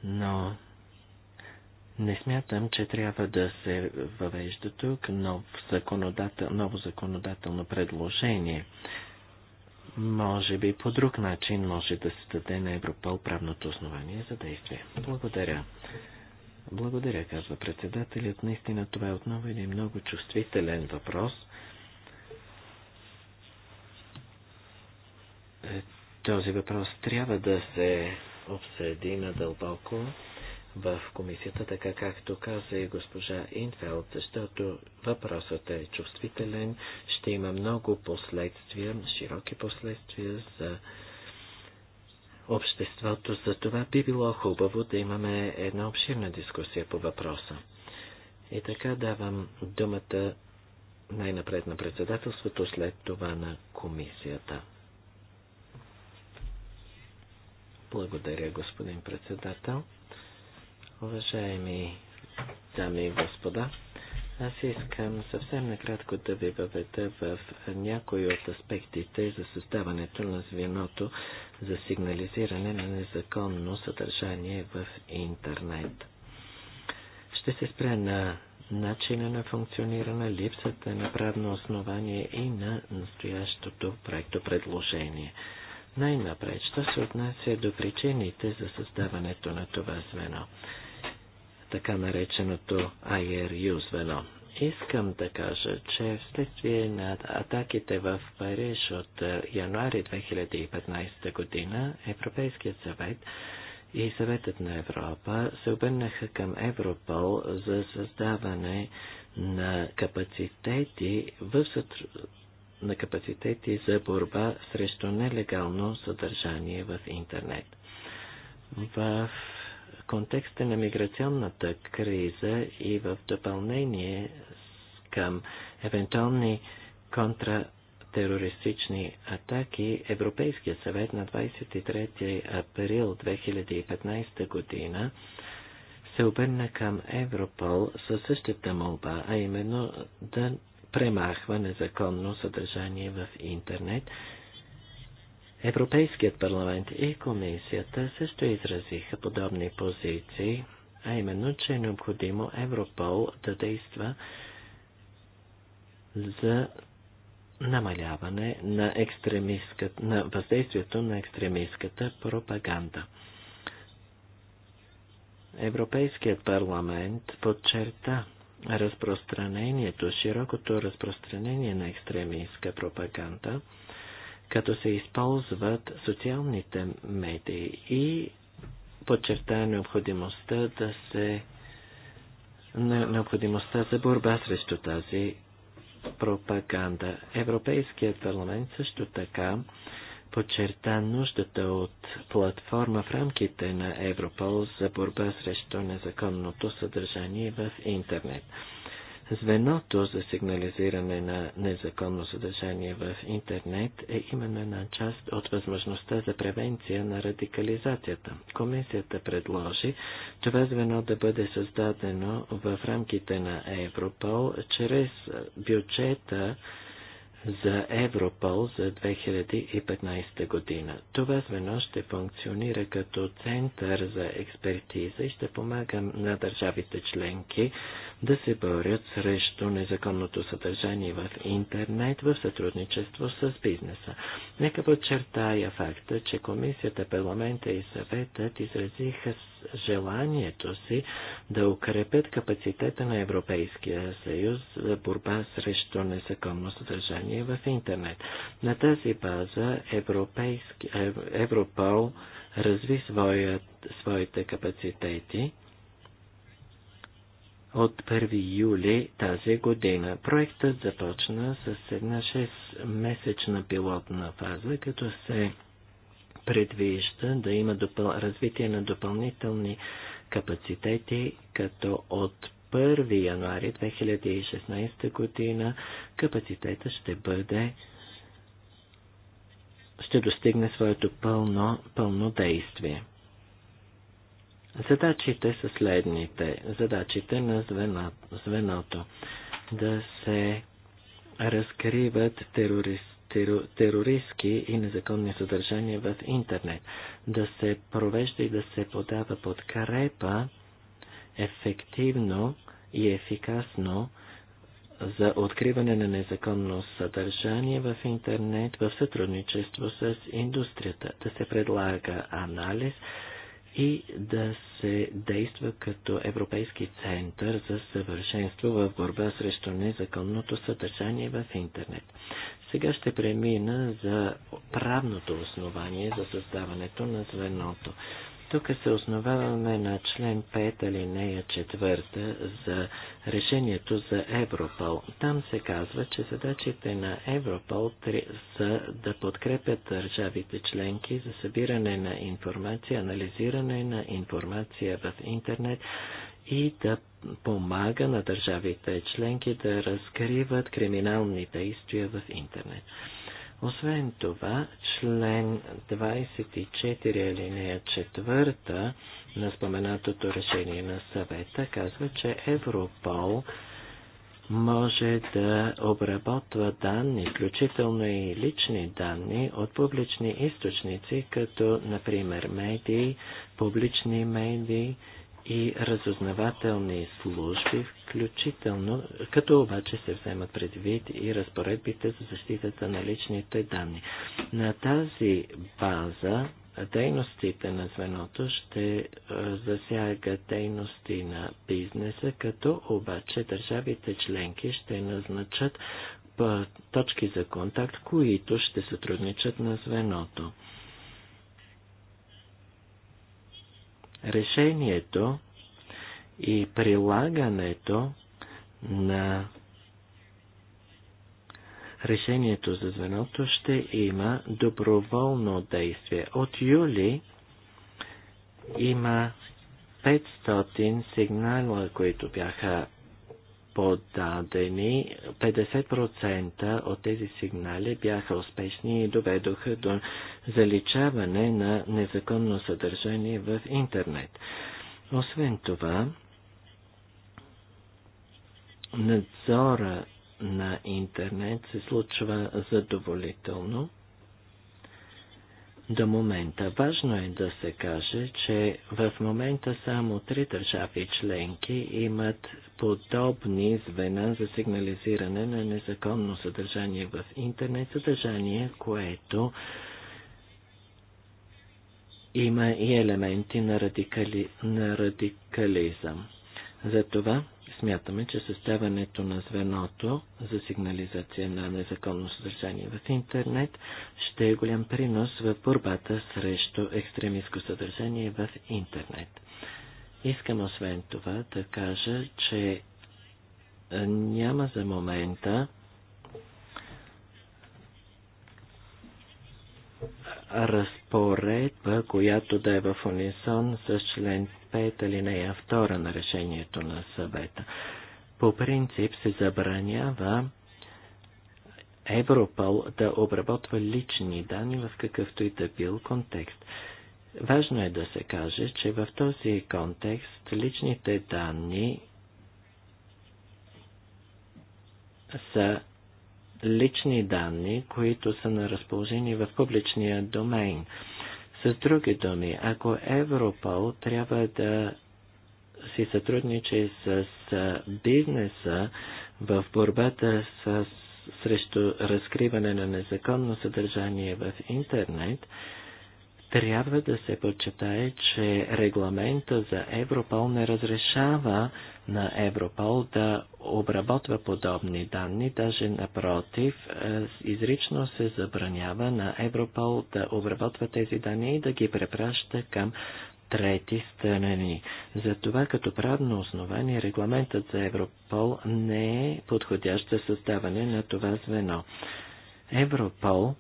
но не смятам, че трябва да се въвежда тук нов законодател, ново законодателно предложение. Може би по друг начин може да се даде на Европол правното основание за действие. Благодаря. Благодаря, казва председателят. Наистина това е отново един много чувствителен въпрос. Е, този въпрос трябва да се обсъди надълбоко в комисията, така както каза и госпожа Инфелд, защото въпросът е чувствителен, ще има много последствия, широки последствия за обществото. За това би било хубаво да имаме една обширна дискусия по въпроса. И така давам думата най-напред на председателството, след това на комисията. Благодаря, господин председател. Уважаеми дами и господа, аз искам съвсем накратко да ви въведа в някои от аспектите за създаването на звеното за сигнализиране на незаконно съдържание в интернет. Ще се спре на начина на функциониране, липсата на правно основание и на настоящото проекто предложение. Най-напред, що се отнася до причините за създаването на това звено така нареченото IRU звено. Искам да кажа, че вследствие на атаките в Париж от е, януари 2015 година, Европейският съвет и Съветът на Европа се обърнаха към Европол за създаване на капацитети в сътр... на капацитети за борба срещу нелегално съдържание в интернет. В контекста на миграционната криза и в допълнение към евентуални контратерористични атаки, Европейския съвет на 23 април 2015 година се обърна към Европол със същата молба, а именно да премахва незаконно съдържание в интернет Европейският парламент и комисията също изразиха подобни позиции, а именно, че е необходимо Европол да действа за намаляване на, на въздействието на екстремистската пропаганда. Европейският парламент подчерта разпространението, широкото разпространение на екстремистска пропаганда – като се използват социалните медии и подчертая необходимостта да се необходимостта за борба срещу тази пропаганда. Европейският парламент също така подчерта нуждата от платформа в рамките на Европол за борба срещу незаконното съдържание в интернет. Звеното за сигнализиране на незаконно съдържание в интернет е именно една част от възможността за превенция на радикализацията. Комисията предложи това звено да бъде създадено в рамките на Европол чрез бюджета за Европол за 2015 година. Това звено ще функционира като център за експертиза и ще помага на държавите членки да се борят срещу незаконното съдържание в интернет в сътрудничество с бизнеса. Нека подчертая факта, че Комисията, парламента и съветът изразиха желанието си да укрепят капацитета на Европейския съюз за борба срещу незаконно съдържание в интернет. На тази база Европейски, Европол разви своят, своите капацитети от 1 юли тази година. Проектът започна с една 6-месечна пилотна фаза, като се предвижда да има допъл... развитие на допълнителни капацитети, като от 1 януари 2016 година капацитета ще бъде ще достигне своето пълно, пълно действие. Задачите са следните. Задачите на звена, звеното да се разкриват терорист, терористски и незаконни съдържания в интернет, да се провежда и да се подава подкрепа ефективно и ефикасно за откриване на незаконно съдържание в интернет в сътрудничество с индустрията, да се предлага анализ и да се действа като Европейски център за съвършенство в борба срещу незаконното съдържание в интернет. Сега ще премина за правното основание за създаването на звеното. Тук се основаваме на член 5 алинея 4 за решението за Европол. Там се казва, че задачите на Европол са да подкрепят държавите членки за събиране на информация, анализиране на информация в интернет и да помага на държавите членки да разкриват криминални действия в интернет. Освен това, член 24 алинея 4 на споменатото решение на съвета казва, че Европол може да обработва данни, включително и лични данни от публични източници, като например медии, публични медии, и разузнавателни служби, включително, като обаче се вземат предвид и разпоредбите за защитата на личните данни. На тази база дейностите на звеното ще е, засягат дейности на бизнеса, като обаче държавите членки ще назначат точки за контакт, които ще сътрудничат на звеното. решението и прилагането на решението за звеното ще има доброволно действие. От юли има 500 сигнала, които бяха подадени, 50% от тези сигнали бяха успешни и доведоха до заличаване на незаконно съдържание в интернет. Освен това, надзора на интернет се случва задоволително до момента. Важно е да се каже, че в момента само три държави членки имат подобни звена за сигнализиране на незаконно съдържание в интернет, съдържание, което има и елементи на, радикали... на радикализъм. Затова Смятаме, че съставянето на звеното за сигнализация на незаконно съдържание в интернет ще е голям принос в борбата срещу екстремистско съдържание в интернет. Искам освен това да кажа, че е, няма за момента разпоредба, която да е в унисон с член 5, алинея 2 на решението на съвета. По принцип се забранява Европол да обработва лични данни в какъвто и да бил контекст. Важно е да се каже, че в този контекст личните данни са лични данни, които са на разположение в публичния домейн. С други думи, ако Европол трябва да си сътрудничи с бизнеса в борбата с, срещу разкриване на незаконно съдържание в интернет, трябва да се подчетае, че регламента за Европол не разрешава на Европол да обработва подобни данни, даже напротив, е, изрично се забранява на Европол да обработва тези данни и да ги препраща към трети страни. Затова като правно основание регламентът за Европол не е подходящ за създаване на това звено. Европол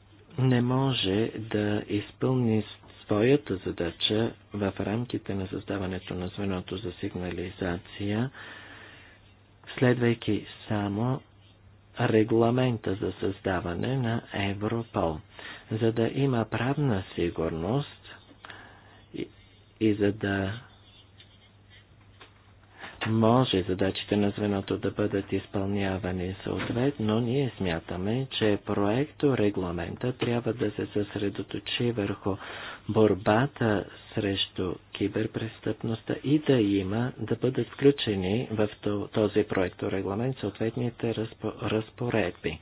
не може да изпълни своята задача в рамките на създаването на звеното за сигнализация, следвайки само регламента за създаване на Европол. За да има правна сигурност и, и за да може задачите на звеното да бъдат изпълнявани съответно, ние смятаме, че проекто регламента трябва да се съсредоточи върху борбата срещу киберпрестъпността и да има, да бъдат включени в този проекто регламент съответните разпоредби.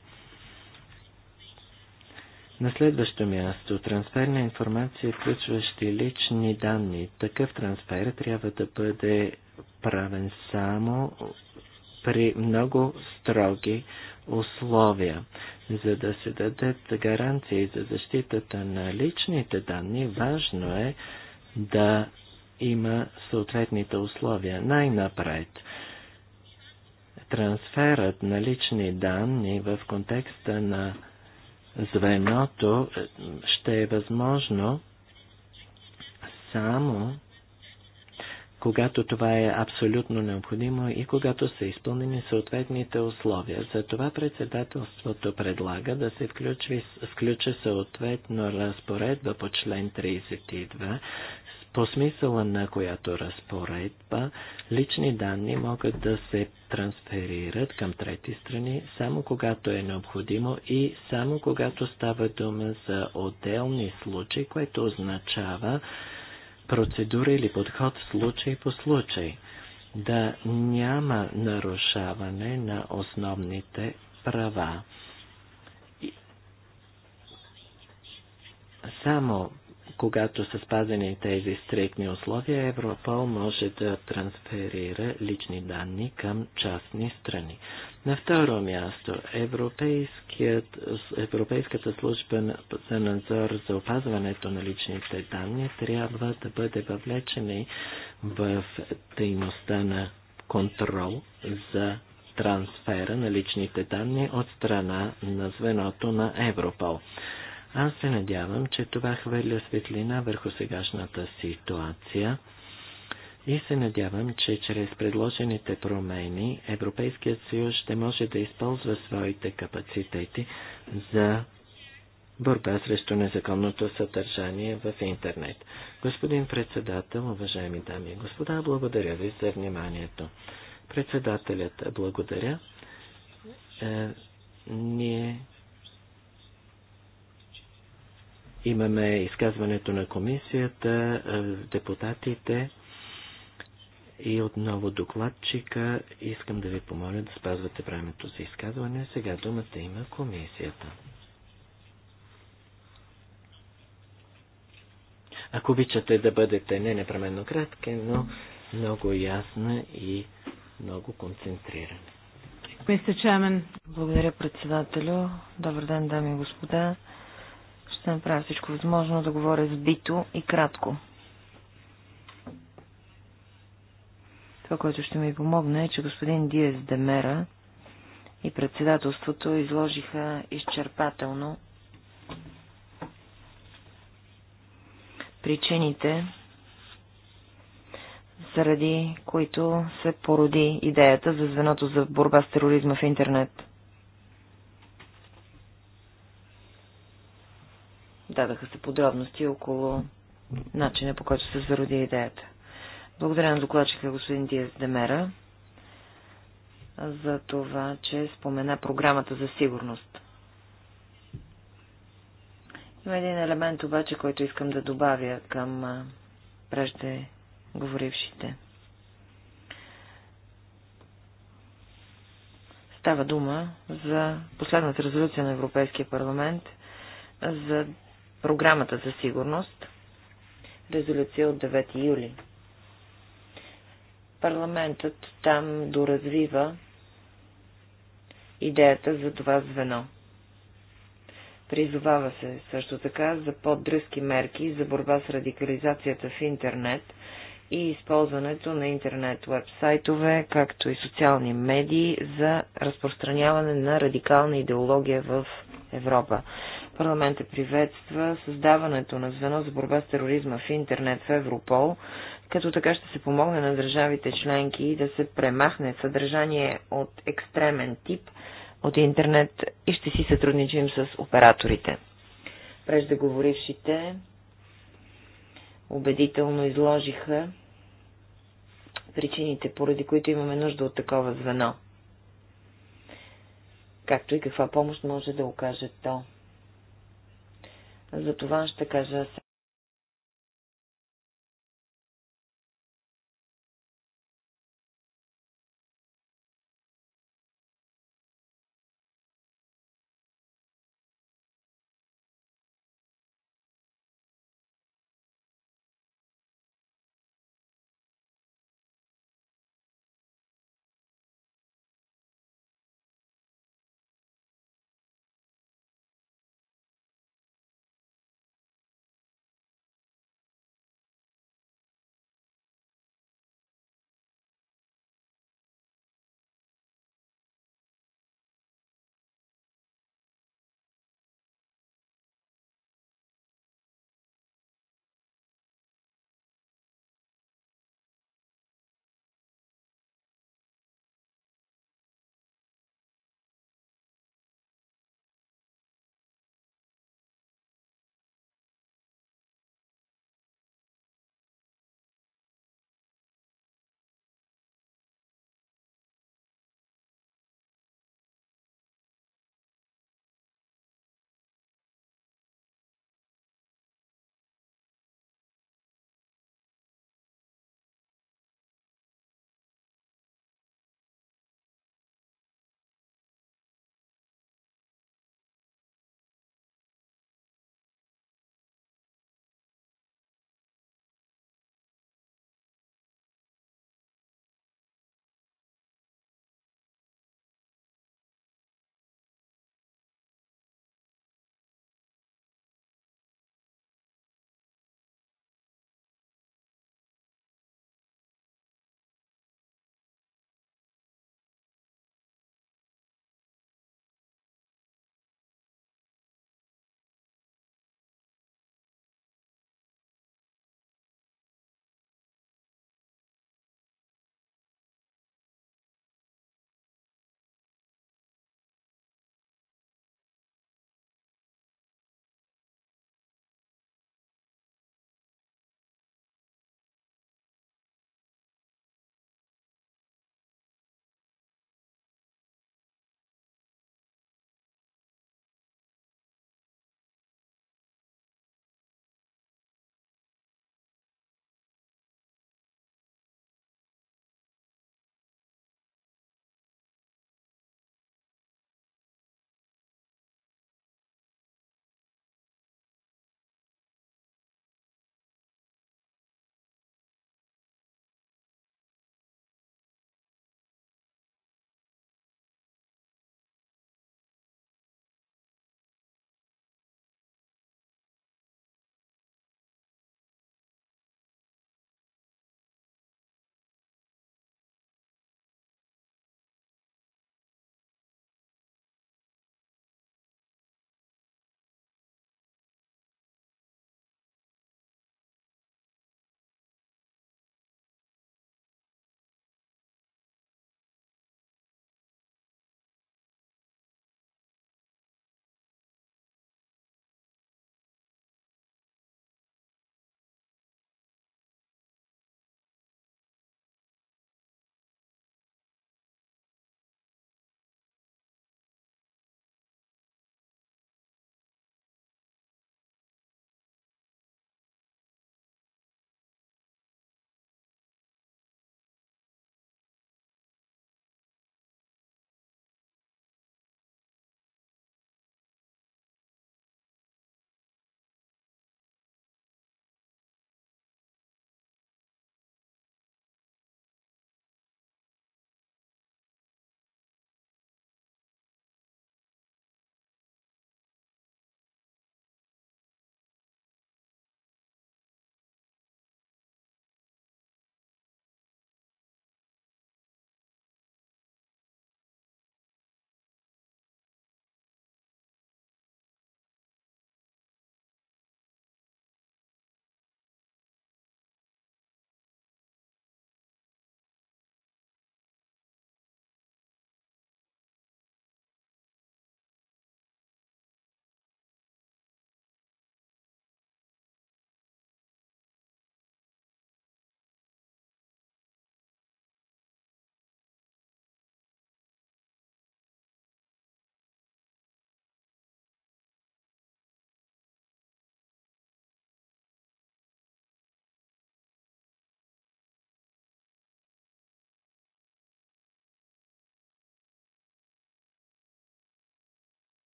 На следващо място, трансфер на информация, включващи лични данни. Такъв трансфер трябва да бъде правен само при много строги условия. За да се дадат гаранции за защитата на личните данни, важно е да има съответните условия. Най-напред, трансферът на лични данни в контекста на звеното е, ще е възможно само когато това е абсолютно необходимо и когато са изпълнени съответните условия. Затова председателството предлага да се включи, включи съответно разпоредба по член 32, по смисъла на която разпоредба лични данни могат да се трансферират към трети страни само когато е необходимо и само когато става дума за отделни случаи, което означава, процедура или подход случай по случай, да няма нарушаване на основните права. Само когато са спазени тези стрикни условия, Европол може да трансферира лични данни към частни страни. На второ място, Европейската служба за надзор за опазването на личните данни трябва да бъде въвлечена в дейността на контрол за трансфера на личните данни от страна на звеното на Европол. Аз се надявам, че това хвърля светлина върху сегашната ситуация и се надявам, че чрез предложените промени Европейският съюз ще може да използва своите капацитети за борба срещу незаконното съдържание в интернет. Господин председател, уважаеми дами и господа, благодаря ви за вниманието. Председателят, благодаря. Е, ние Имаме изказването на комисията, е, депутатите и отново докладчика. Искам да ви помоля да спазвате времето за изказване. Сега думата има комисията. Ако обичате да бъдете не непременно кратки, но много ясна и много концентрирана. Мистер Чамен. Благодаря председателю. Добър ден, дами и господа ще направя всичко възможно да говоря сбито и кратко. Това, което ще ми помогне е, че господин Диес Демера и председателството изложиха изчерпателно причините, заради които се породи идеята за звеното за борба с тероризма в интернет – дадаха се подробности около начина по който се зароди идеята. Благодаря на докладчика господин Диас Демера за това, че спомена програмата за сигурност. Има един елемент обаче, който искам да добавя към преждеговорившите. Става дума за последната резолюция на Европейския парламент за програмата за сигурност, резолюция от 9 юли. Парламентът там доразвива идеята за това звено. Призовава се също така за по-дръзки мерки за борба с радикализацията в интернет и използването на интернет вебсайтове, както и социални медии за разпространяване на радикална идеология в Европа. Парламентът приветства създаването на звено за борба с тероризма в интернет в Европол, като така ще се помогне на държавите членки да се премахне съдържание от екстремен тип от интернет и ще си сътрудничим с операторите. Преждеговорившите убедително изложиха причините, поради които имаме нужда от такова звено, както и каква помощ може да окаже то. За това ще кажа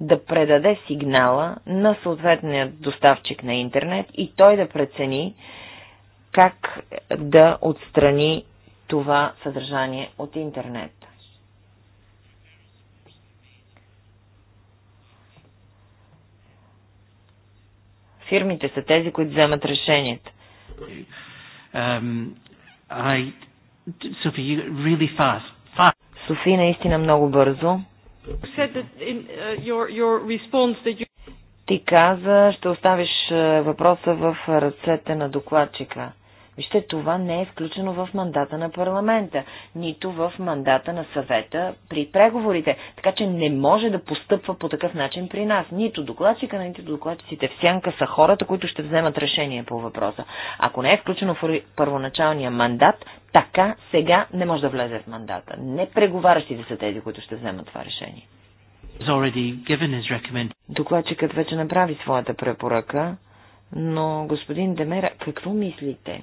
да предаде сигнала на съответния доставчик на интернет и той да прецени как да отстрани това съдържание от интернет. Фирмите са тези, които вземат решението. Um, I... really fast. Fast. Софи, наистина много бързо. Uh, Ти каза, ще оставиш е, въпроса в ръцете на докладчика. Вижте, това не е включено в мандата на парламента, нито в мандата на съвета при преговорите. Така че не може да постъпва по такъв начин при нас. Нито докладчика, нито докладчиците в сянка са хората, които ще вземат решение по въпроса. Ако не е включено в първоначалния мандат, така сега не може да влезе в мандата. Не преговарящите са тези, които ще вземат това решение. Докладчикът вече направи своята препоръка, но господин Демера, какво мислите?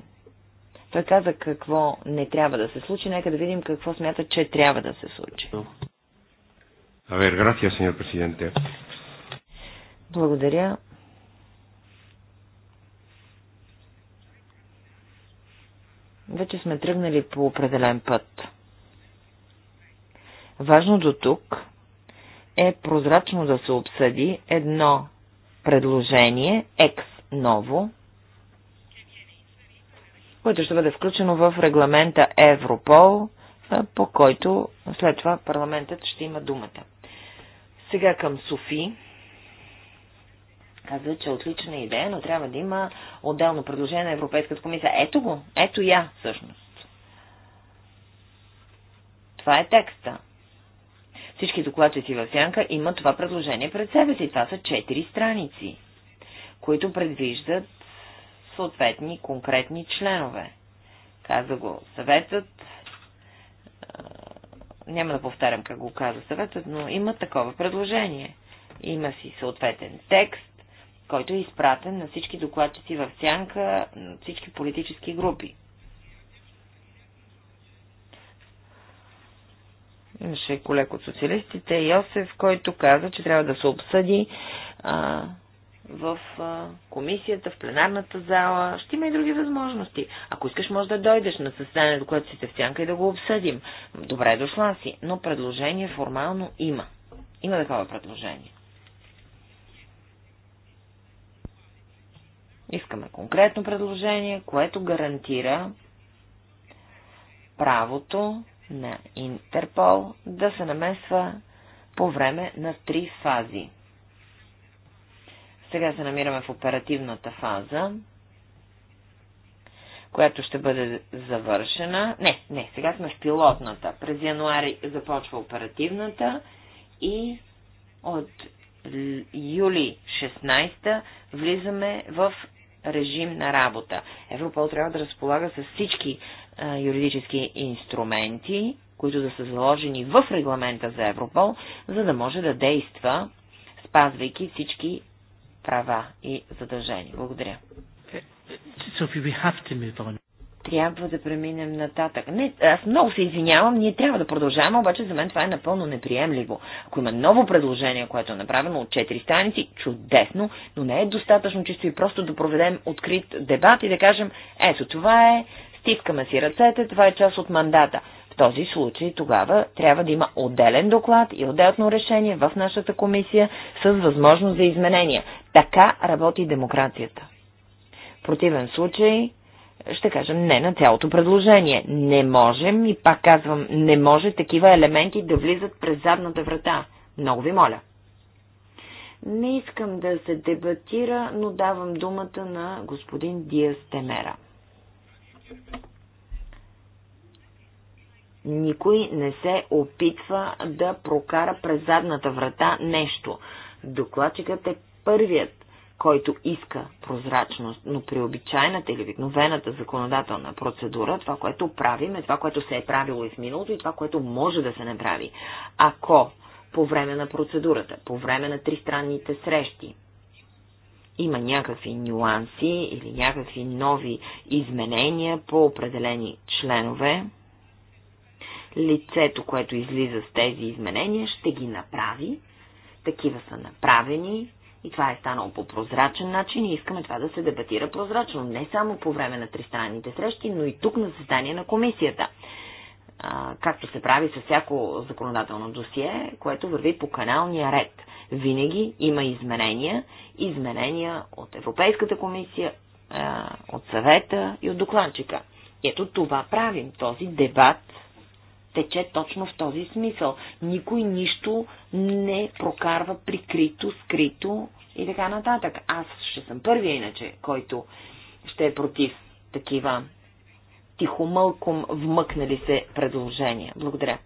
Той каза какво не трябва да се случи. Нека да видим какво смята, че трябва да се случи. A ver, gracias, señor presidente. Благодаря. Вече сме тръгнали по определен път. Важно до тук е прозрачно да се обсъди едно предложение, екс ново, което ще бъде включено в регламента Европол, по който след това парламентът ще има думата. Сега към Софи. Казва, че е отлична идея, но трябва да има отделно предложение на Европейската комисия. Ето го, ето я, всъщност. Това е текста. Всички докладчици в Сянка имат това предложение пред себе си. Това са четири страници, които предвиждат съответни конкретни членове. Каза го съветът, няма да повтарям как го каза съветът, но има такова предложение. Има си съответен текст, който е изпратен на всички докладчици в сянка, на всички политически групи. Имаше колег от социалистите, Йосеф, който каза, че трябва да се обсъди а, в комисията, в пленарната зала. Ще има и други възможности. Ако искаш, може да дойдеш на съседанието, което си те в сянка и да го обсъдим. Добре дошла си, но предложение формално има. Има такова предложение. Искаме конкретно предложение, което гарантира правото на Интерпол да се намесва по време на три фази – сега се намираме в оперативната фаза, която ще бъде завършена. Не, не, сега сме в пилотната. През януари започва оперативната и от юли 16 влизаме в режим на работа. Европол трябва да разполага с всички а, юридически инструменти, които да са заложени в регламента за Европол, за да може да действа, спазвайки всички права и задължения. Благодаря. Трябва да преминем нататък. Не, аз много се извинявам, ние трябва да продължаваме, обаче за мен това е напълно неприемливо. Ако има ново предложение, което е направено от 4 страници, чудесно, но не е достатъчно чисто и просто да проведем открит дебат и да кажем, ето това е, стискаме си ръцете, това е част от мандата този случай тогава трябва да има отделен доклад и отделно решение в нашата комисия с възможност за изменения. Така работи демокрацията. В противен случай ще кажем не на цялото предложение. Не можем и пак казвам, не може такива елементи да влизат през задната врата. Много ви моля. Не искам да се дебатира, но давам думата на господин Диас Темера. Никой не се опитва да прокара през задната врата нещо. Докладчикът е първият, който иска прозрачност, но при обичайната или обикновената законодателна процедура, това, което правим, е това, което се е правило и в миналото, и това, което може да се направи. Ако по време на процедурата, по време на тристранните срещи, има някакви нюанси или някакви нови изменения по определени членове, лицето, което излиза с тези изменения, ще ги направи. Такива са направени и това е станало по прозрачен начин и искаме това да се дебатира прозрачно, не само по време на тристранните срещи, но и тук на създание на комисията. А, както се прави с всяко законодателно досие, което върви по каналния ред. Винаги има изменения, изменения от Европейската комисия, а, от съвета и от докладчика. Ето това правим, този дебат тече точно в този смисъл. Никой нищо не прокарва прикрито, скрито и така нататък. Аз ще съм първия иначе, който ще е против такива тихомълком вмъкнали се предложения. Благодаря.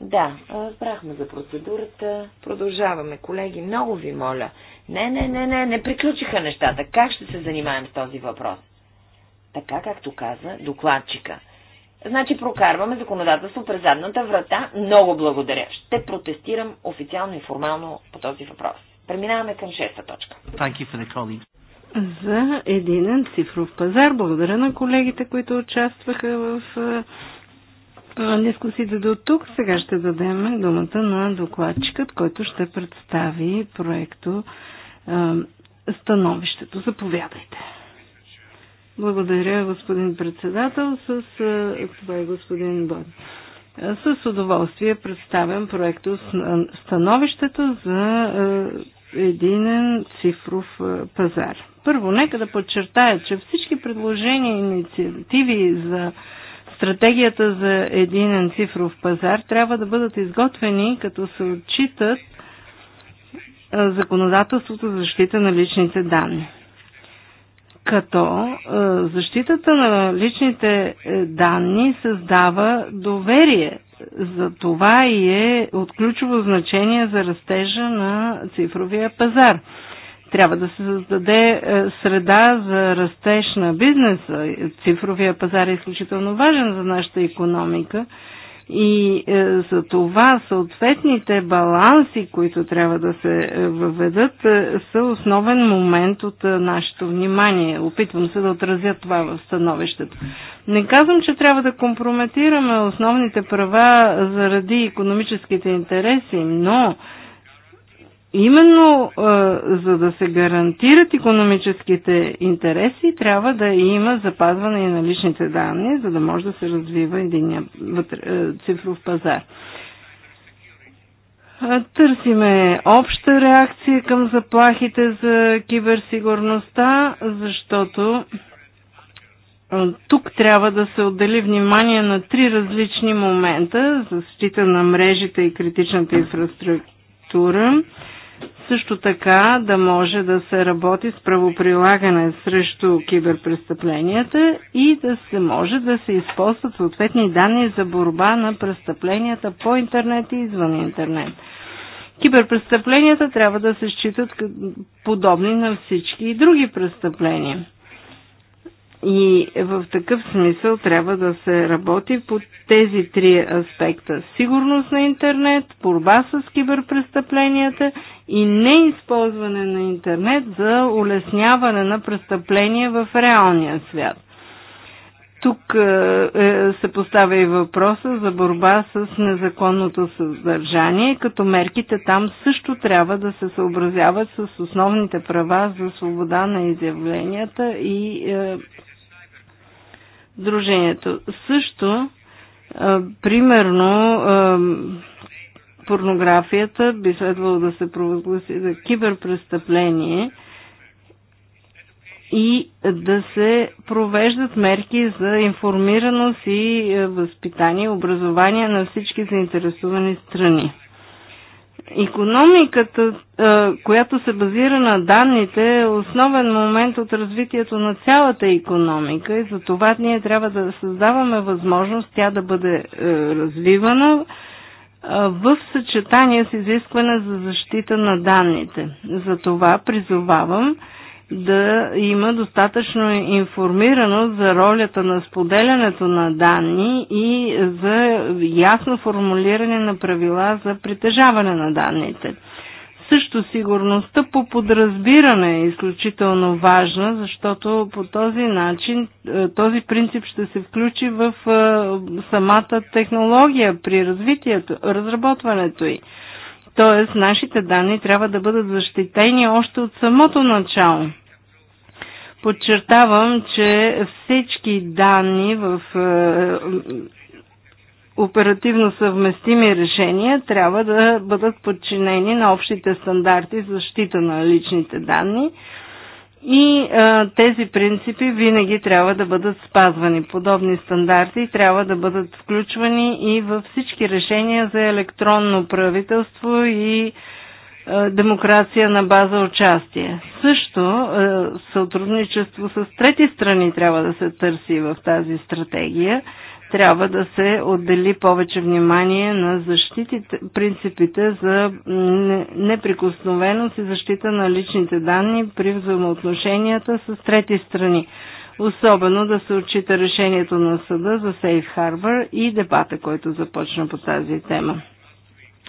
Да, разбрахме за процедурата. Продължаваме, колеги. Много ви моля. Не, не, не, не, не приключиха нещата. Как ще се занимаем с този въпрос? Така, както каза докладчика. Значи прокарваме законодателство през задната врата. Много благодаря. Ще протестирам официално и формално по този въпрос. Преминаваме към шеста точка. За единен цифров пазар. Благодаря на колегите, които участваха в дискусията до тук. Сега ще дадем думата на докладчикът, който ще представи проекто становището. Заповядайте. Благодаря, господин председател. С, е, това е господин Бон. Е, с удоволствие представям проекто становището за е, единен цифров пазар. Първо, нека да подчертая, че всички предложения и инициативи за стратегията за единен цифров пазар трябва да бъдат изготвени, като се отчитат законодателството за защита на личните данни като е, защитата на личните е, данни създава доверие. За това и е от ключово значение за растежа на цифровия пазар. Трябва да се създаде е, среда за растеж на бизнеса. Цифровия пазар е изключително важен за нашата економика и е, за това съответните баланси, които трябва да се е, въведат, е, са основен момент от нашето внимание. Опитвам се да отразя това в становището. Не казвам, че трябва да компрометираме основните права заради економическите интереси, но именно а, за да се гарантират економическите интереси, трябва да има запазване и на личните данни, за да може да се развива един цифров пазар. Търсиме обща реакция към заплахите за киберсигурността, защото тук трябва да се отдели внимание на три различни момента защита на мрежите и критичната инфраструктура, също така да може да се работи с правоприлагане срещу киберпрестъпленията и да се може да се използват съответни данни за борба на престъпленията по интернет и извън интернет. Киберпрестъпленията трябва да се считат подобни на всички и други престъпления. И в такъв смисъл трябва да се работи по тези три аспекта. Сигурност на интернет, борба с киберпрестъпленията и неизползване на интернет за улесняване на престъпления в реалния свят. Тук е, е, се поставя и въпроса за борба с незаконното съдържание, като мерките там също трябва да се съобразяват с основните права за свобода на изявленията и е, Дружението. Също, примерно, порнографията би следвало да се провъзгласи за киберпрестъпление и да се провеждат мерки за информираност и възпитание, образование на всички заинтересовани страни. Економиката, която се базира на данните, е основен момент от развитието на цялата економика и за това ние трябва да създаваме възможност тя да бъде е, развивана в съчетание с изискване за защита на данните. За това призовавам да има достатъчно информираност за ролята на споделянето на данни и за ясно формулиране на правила за притежаване на данните. Също сигурността по подразбиране е изключително важна, защото по този начин е, този принцип ще се включи в е, самата технология при развитието, разработването й. Тоест, нашите данни трябва да бъдат защитени още от самото начало. Подчертавам, че всички данни в е, оперативно съвместими решения трябва да бъдат подчинени на общите стандарти за защита на личните данни и а, тези принципи винаги трябва да бъдат спазвани. Подобни стандарти трябва да бъдат включвани и във всички решения за електронно правителство и а, демокрация на база участие. Също а, сътрудничество с трети страни трябва да се търси в тази стратегия трябва да се отдели повече внимание на защитите, принципите за неприкосновеност и защита на личните данни при взаимоотношенията с трети страни. Особено да се отчита решението на съда за Сейф Харбър и дебата, който започна по тази тема.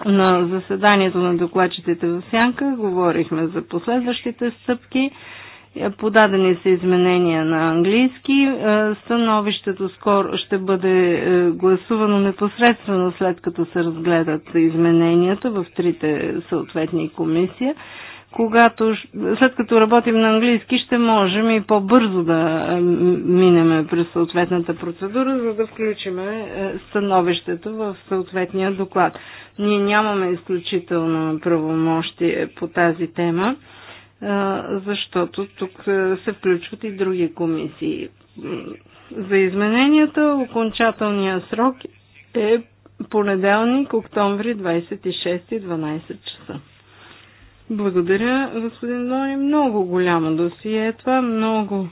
На заседанието на докладчетите в Сянка говорихме за последващите стъпки е, подадени са изменения на английски. Е, становището скоро ще бъде е, гласувано непосредствено след като се разгледат измененията в трите съответни комисия. Когато, след като работим на английски, ще можем и по-бързо да минеме през съответната процедура, за да включиме становището в съответния доклад. Ние нямаме изключително правомощие по тази тема защото тук се включват и други комисии. За измененията окончателният срок е понеделник, октомври 26-12 часа. Благодаря, господин Дони. Много голямо досие е това, много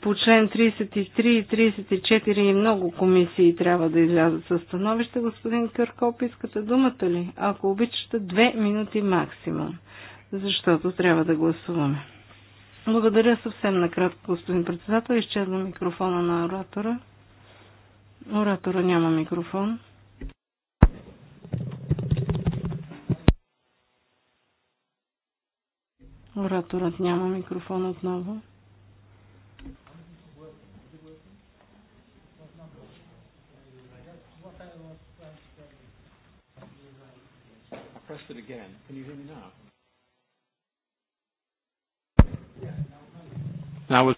по член 33 и 34 и много комисии трябва да излязат със становище. Господин Къркоп, искате думата ли? Ако обичате, две минути максимум защото трябва да гласуваме. Благодаря съвсем накратко, господин председател. Изчезна микрофона на оратора. Оратора няма микрофон. Ораторът няма микрофон отново. Press it again. Can you hear me now? And I was.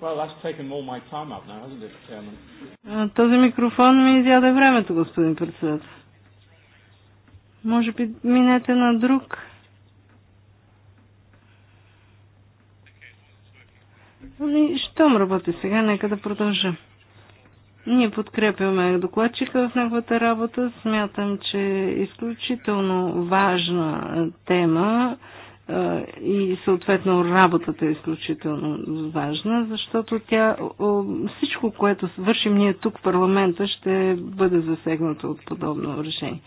Well, that's taken all my time up now, hasn't it, Chairman? Този микрофон ми изяде времето, господин председател. Може би минете на друг. Ами, щом работи сега, нека да продължа. Ние подкрепяме докладчика в неговата работа. Смятам, че е изключително важна тема и съответно работата е изключително важна, защото тя, всичко, което вършим ние тук в парламента, ще бъде засегнато от подобно решение.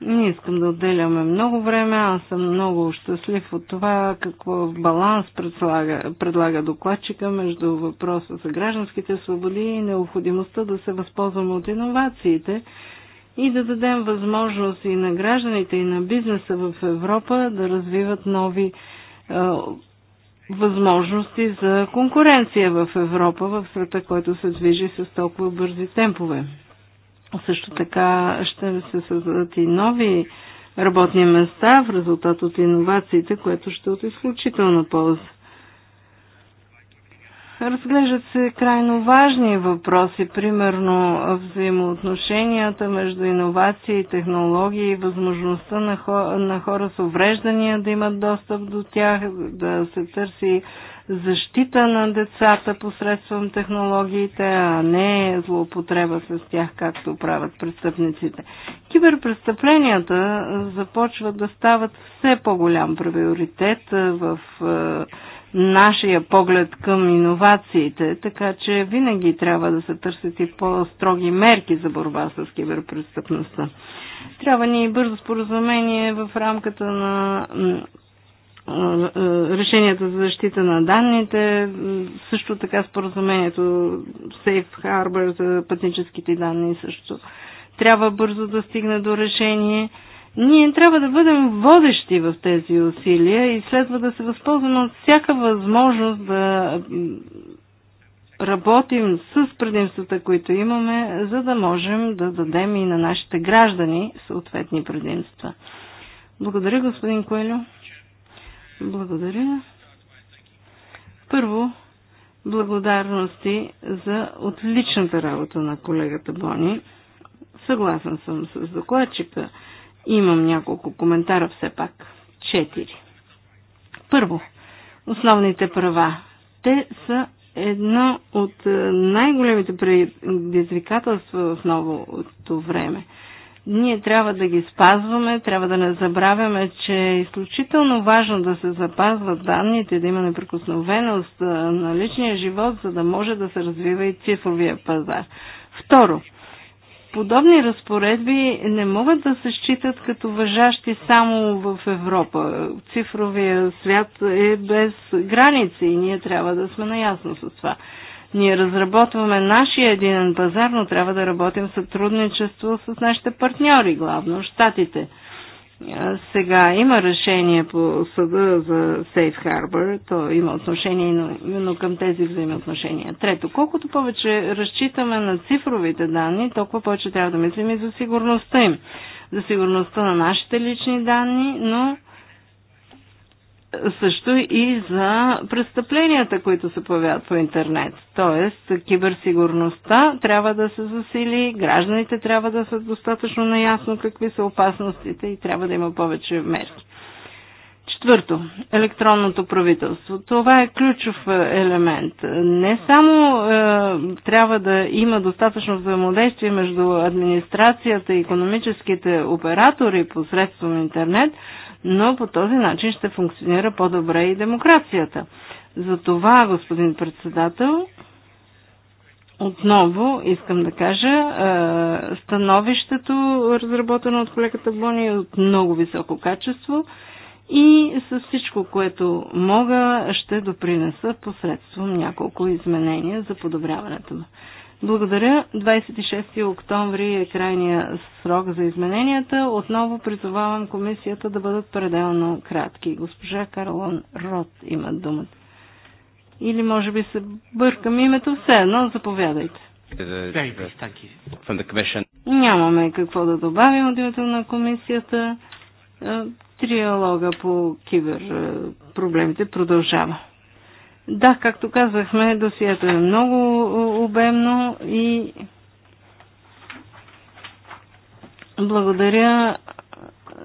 Не искам да отделяме много време, аз съм много щастлив от това какво баланс предлага, предлага докладчика между въпроса за гражданските свободи и необходимостта да се възползваме от иновациите и да дадем възможност и на гражданите, и на бизнеса в Европа да развиват нови е, възможности за конкуренция в Европа, в света, който се движи с толкова бързи темпове. Също така ще се създадат и нови работни места в резултат от иновациите, което ще е от изключителна полза. Разглеждат се крайно важни въпроси, примерно взаимоотношенията между иновации и технологии и възможността на хора, на хора с увреждания да имат достъп до тях, да се търси защита на децата посредством технологиите, а не злоупотреба с тях, както правят престъпниците. Киберпрестъпленията започват да стават все по-голям приоритет в е, нашия поглед към иновациите, така че винаги трябва да се търсят и по-строги мерки за борба с киберпрестъпността. Трябва ни и бързо споразумение в рамката на решенията за защита на данните, също така споразумението Safe Harbor за пътническите данни също трябва бързо да стигне до решение. Ние трябва да бъдем водещи в тези усилия и следва да се възползваме от всяка възможност да работим с предимствата, които имаме, за да можем да дадем и на нашите граждани съответни предимства. Благодаря, господин Коелю. Благодаря. Първо, благодарности за отличната работа на колегата Бони. Съгласен съм с докладчика Имам няколко коментара все пак. Четири. Първо, основните права. Те са едно от е, най-големите предизвикателства в новото време. Ние трябва да ги спазваме, трябва да не забравяме, че е изключително важно да се запазват данните, да има неприкосновеност е, на личния живот, за да може да се развива и цифровия пазар. Второ, подобни разпоредби не могат да се считат като въжащи само в Европа. Цифровия свят е без граници и ние трябва да сме наясно с това. Ние разработваме нашия единен пазар, но трябва да работим в сътрудничество с нашите партньори, главно щатите – сега има решение по съда за Сейф Харбър, то има отношение именно към тези взаимоотношения. Трето, колкото повече разчитаме на цифровите данни, толкова повече трябва да мислим и за сигурността им. За сигурността на нашите лични данни, но също и за престъпленията, които се появяват по интернет. Тоест, киберсигурността трябва да се засили, гражданите трябва да са достатъчно наясно какви са опасностите и трябва да има повече мерки. Четвърто, електронното правителство. Това е ключов е, елемент. Не само е, трябва да има достатъчно взаимодействие между администрацията и економическите оператори посредством интернет, но по този начин ще функционира по-добре и демокрацията. Затова, господин председател, отново искам да кажа, е, становището, разработено от колегата Бони, е от много високо качество и с всичко, което мога, ще допринеса посредством няколко изменения за подобряването му. Благодаря. 26 октомври е крайния срок за измененията. Отново призовавам комисията да бъдат пределно кратки. Госпожа Карлон Рот има думата. Или може би се бъркам името все едно. Заповядайте. Нямаме какво да добавим от името на комисията. Е, триалога по кибер е, проблемите продължава. Да, както казахме, досието е много обемно и благодаря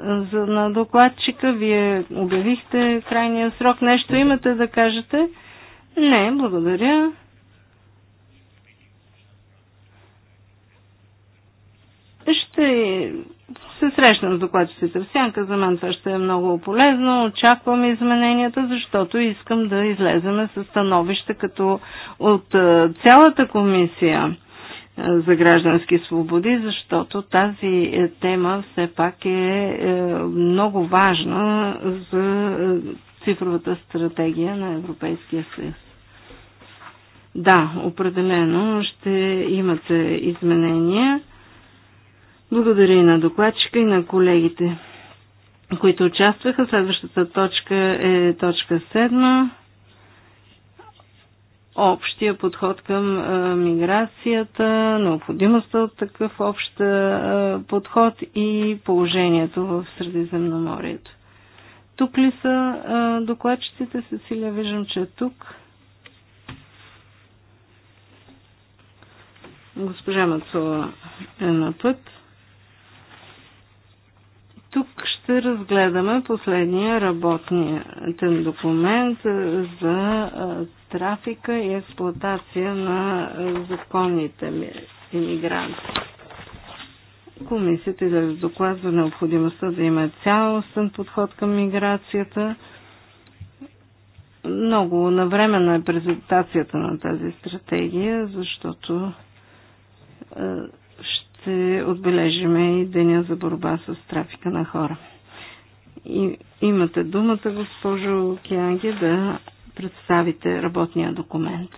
за, на докладчика. Вие обявихте крайния срок. Нещо имате да кажете? Не, благодаря. Ще се срещнем с докладчиците в сянка. За мен това ще е много полезно. Очаквам измененията, защото искам да излеземе с становище като от е, цялата комисия е, за граждански свободи, защото тази е, тема все пак е много важна за цифровата стратегия на Европейския съюз. Да, определено ще имате изменения. Благодаря и на докладчика и на колегите, които участваха. Следващата точка е точка 7. Общия подход към миграцията, необходимостта от такъв общ подход и положението в Средиземноморието. Тук ли са докладчиците? Сесилия, виждам, че е тук. Госпожа Мацова е на път. Тук ще разгледаме последния работният документ за трафика и експлуатация на законните иммигранти. Комисията изрази доклад за необходимостта да има цялостен подход към миграцията. Много навременна е презентацията на тази стратегия, защото ще отбележиме и Деня за борба с трафика на хора. И, имате думата, госпожо Кианге, да представите работния документ.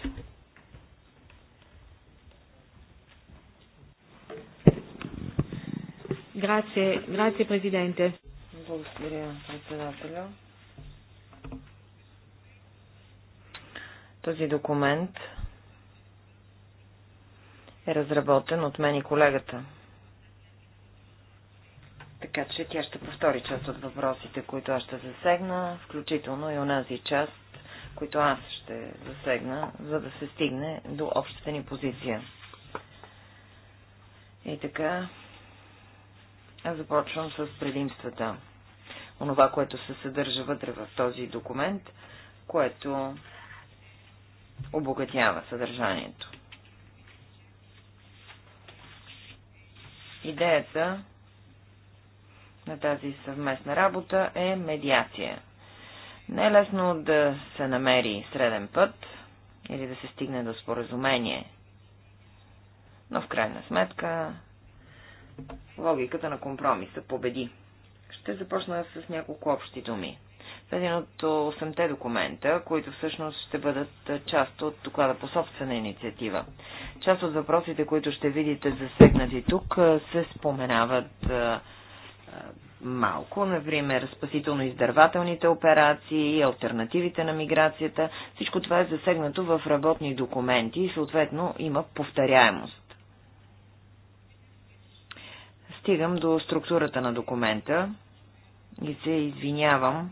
Грация, грация, президенте. Благодаря, председателя. Този документ е разработен от мен и колегата. Така че тя ще повтори част от въпросите, които аз ще засегна, включително и онази част, които аз ще засегна, за да се стигне до общата ни позиция. И така, аз започвам с предимствата. Онова, което се съдържа вътре в този документ, което обогатява съдържанието. Идеята на тази съвместна работа е медиация. Не е лесно да се намери среден път или да се стигне до споразумение, но в крайна сметка логиката на компромиса победи. Ще започна с няколко общи думи един от 8-те документа, които всъщност ще бъдат част от доклада по собствена инициатива. Част от въпросите, които ще видите засегнати тук, се споменават малко, например спасително-издървателните операции, альтернативите на миграцията. Всичко това е засегнато в работни документи и съответно има повторяемост. Стигам до структурата на документа и се извинявам,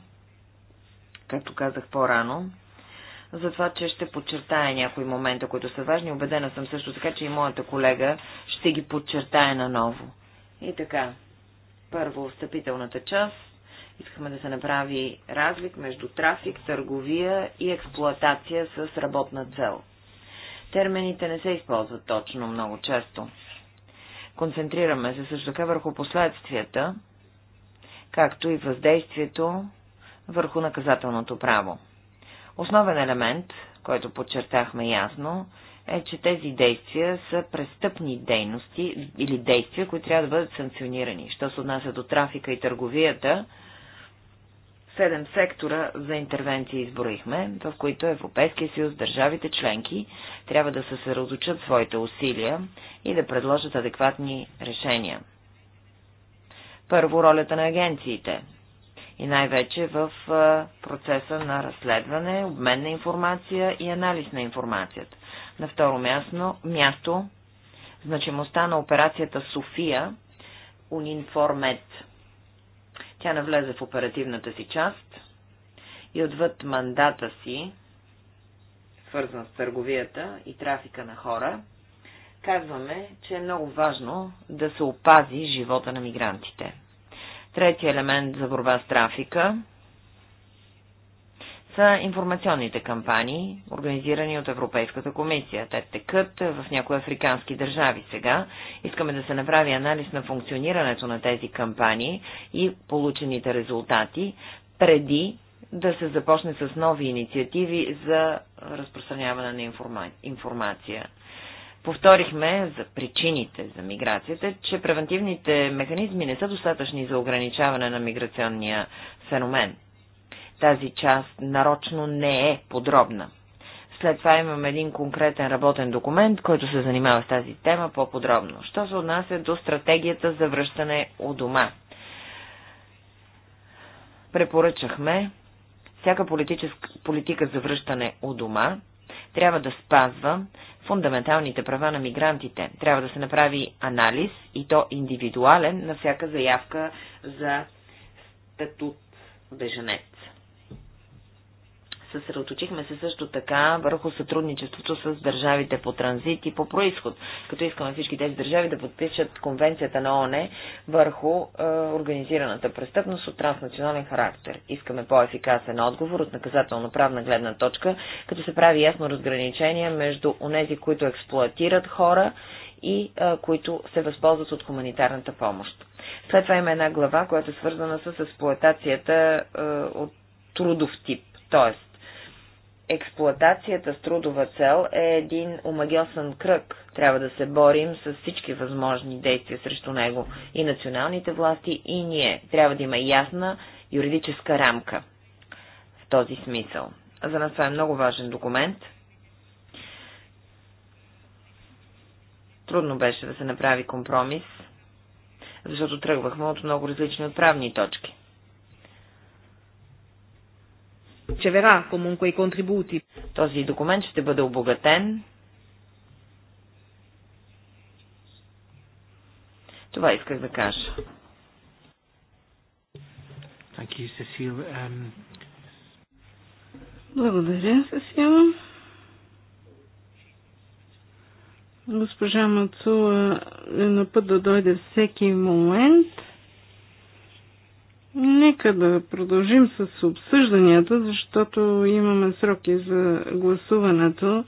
както казах по-рано, за това, че ще подчертая някои момента, които са важни. Обедена съм също така, че и моята колега ще ги подчертая наново. И така, първо, встъпителната част. Искахме да се направи разлик между трафик, търговия и експлоатация с работна цел. Термините не се използват точно много често. Концентрираме се също така върху последствията, както и въздействието върху наказателното право. Основен елемент, който подчертахме ясно, е, че тези действия са престъпни дейности или действия, които трябва да бъдат санкционирани. Що се отнася до трафика и търговията, седем сектора за интервенция изброихме, в които Европейския съюз, държавите членки трябва да се съсредоточат своите усилия и да предложат адекватни решения. Първо, ролята на агенциите и най-вече в процеса на разследване, обмен на информация и анализ на информацията. На второ място, място значимостта на операцията София Унинформет, Тя навлезе в оперативната си част и отвъд мандата си, свързан с търговията и трафика на хора, казваме, че е много важно да се опази живота на мигрантите. Трети елемент за борба с трафика са информационните кампании, организирани от Европейската комисия. Те текат в някои африкански държави сега. Искаме да се направи анализ на функционирането на тези кампании и получените резултати, преди да се започне с нови инициативи за разпространяване на информация. Повторихме за причините за миграцията, че превентивните механизми не са достатъчни за ограничаване на миграционния феномен. Тази част нарочно не е подробна. След това имам един конкретен работен документ, който се занимава с тази тема по-подробно. Що се отнася до стратегията за връщане у дома? Препоръчахме всяка политика за връщане у дома трябва да спазва фундаменталните права на мигрантите. Трябва да се направи анализ и то индивидуален на всяка заявка за статут беженец. Съсредоточихме се също така върху сътрудничеството с държавите по транзит и по происход, като искаме всички тези държави да подпишат конвенцията на ОНЕ върху е, организираната престъпност от транснационален характер. Искаме по-ефикасен отговор от наказателно-правна гледна точка, като се прави ясно разграничение между онези, които експлоатират хора и а, е, които се възползват от хуманитарната помощ. След това има една глава, която е свързана с експлоатацията а, е, от трудов тип, т.е експлоатацията с трудова цел е един омагиосен кръг. Трябва да се борим с всички възможни действия срещу него. И националните власти, и ние. Трябва да има ясна юридическа рамка в този смисъл. За нас това е много важен документ. Трудно беше да се направи компромис, защото тръгвахме от много различни отправни точки. Чевера, comunque i contributi. Този документ ще бъде обогатен. Това исках да кажа. Thank you, Cecil. Um... Благодаря, Сесила. Госпожа Мацула е на път да дойде всеки момент. Нека да продължим с обсъжданията, защото имаме сроки за гласуването.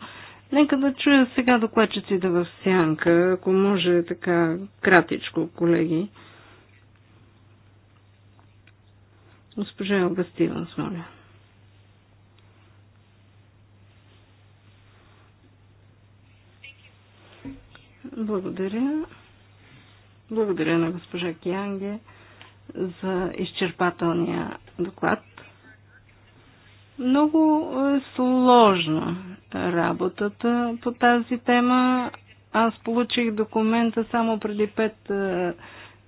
Нека да чуя сега докладчиците в сянка, ако може така кратичко, колеги. Госпожа Елга Стивенс, моля. Благодаря. Благодаря на госпожа Кианге за изчерпателния доклад. Много е сложна работата по тази тема. Аз получих документа само преди 5 е,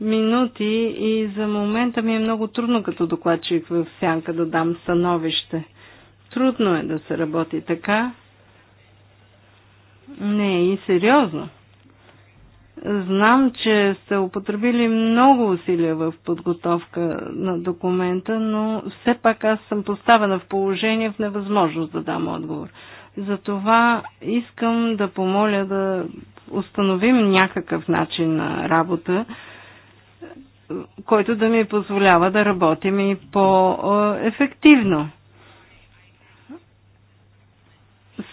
минути и за момента ми е много трудно като докладчик в сянка да дам становище. Трудно е да се работи така. Не, е и сериозно. Знам, че сте употребили много усилия в подготовка на документа, но все пак аз съм поставена в положение в невъзможност да дам отговор. Затова искам да помоля да установим някакъв начин на работа, който да ми позволява да работим и по-ефективно. Е,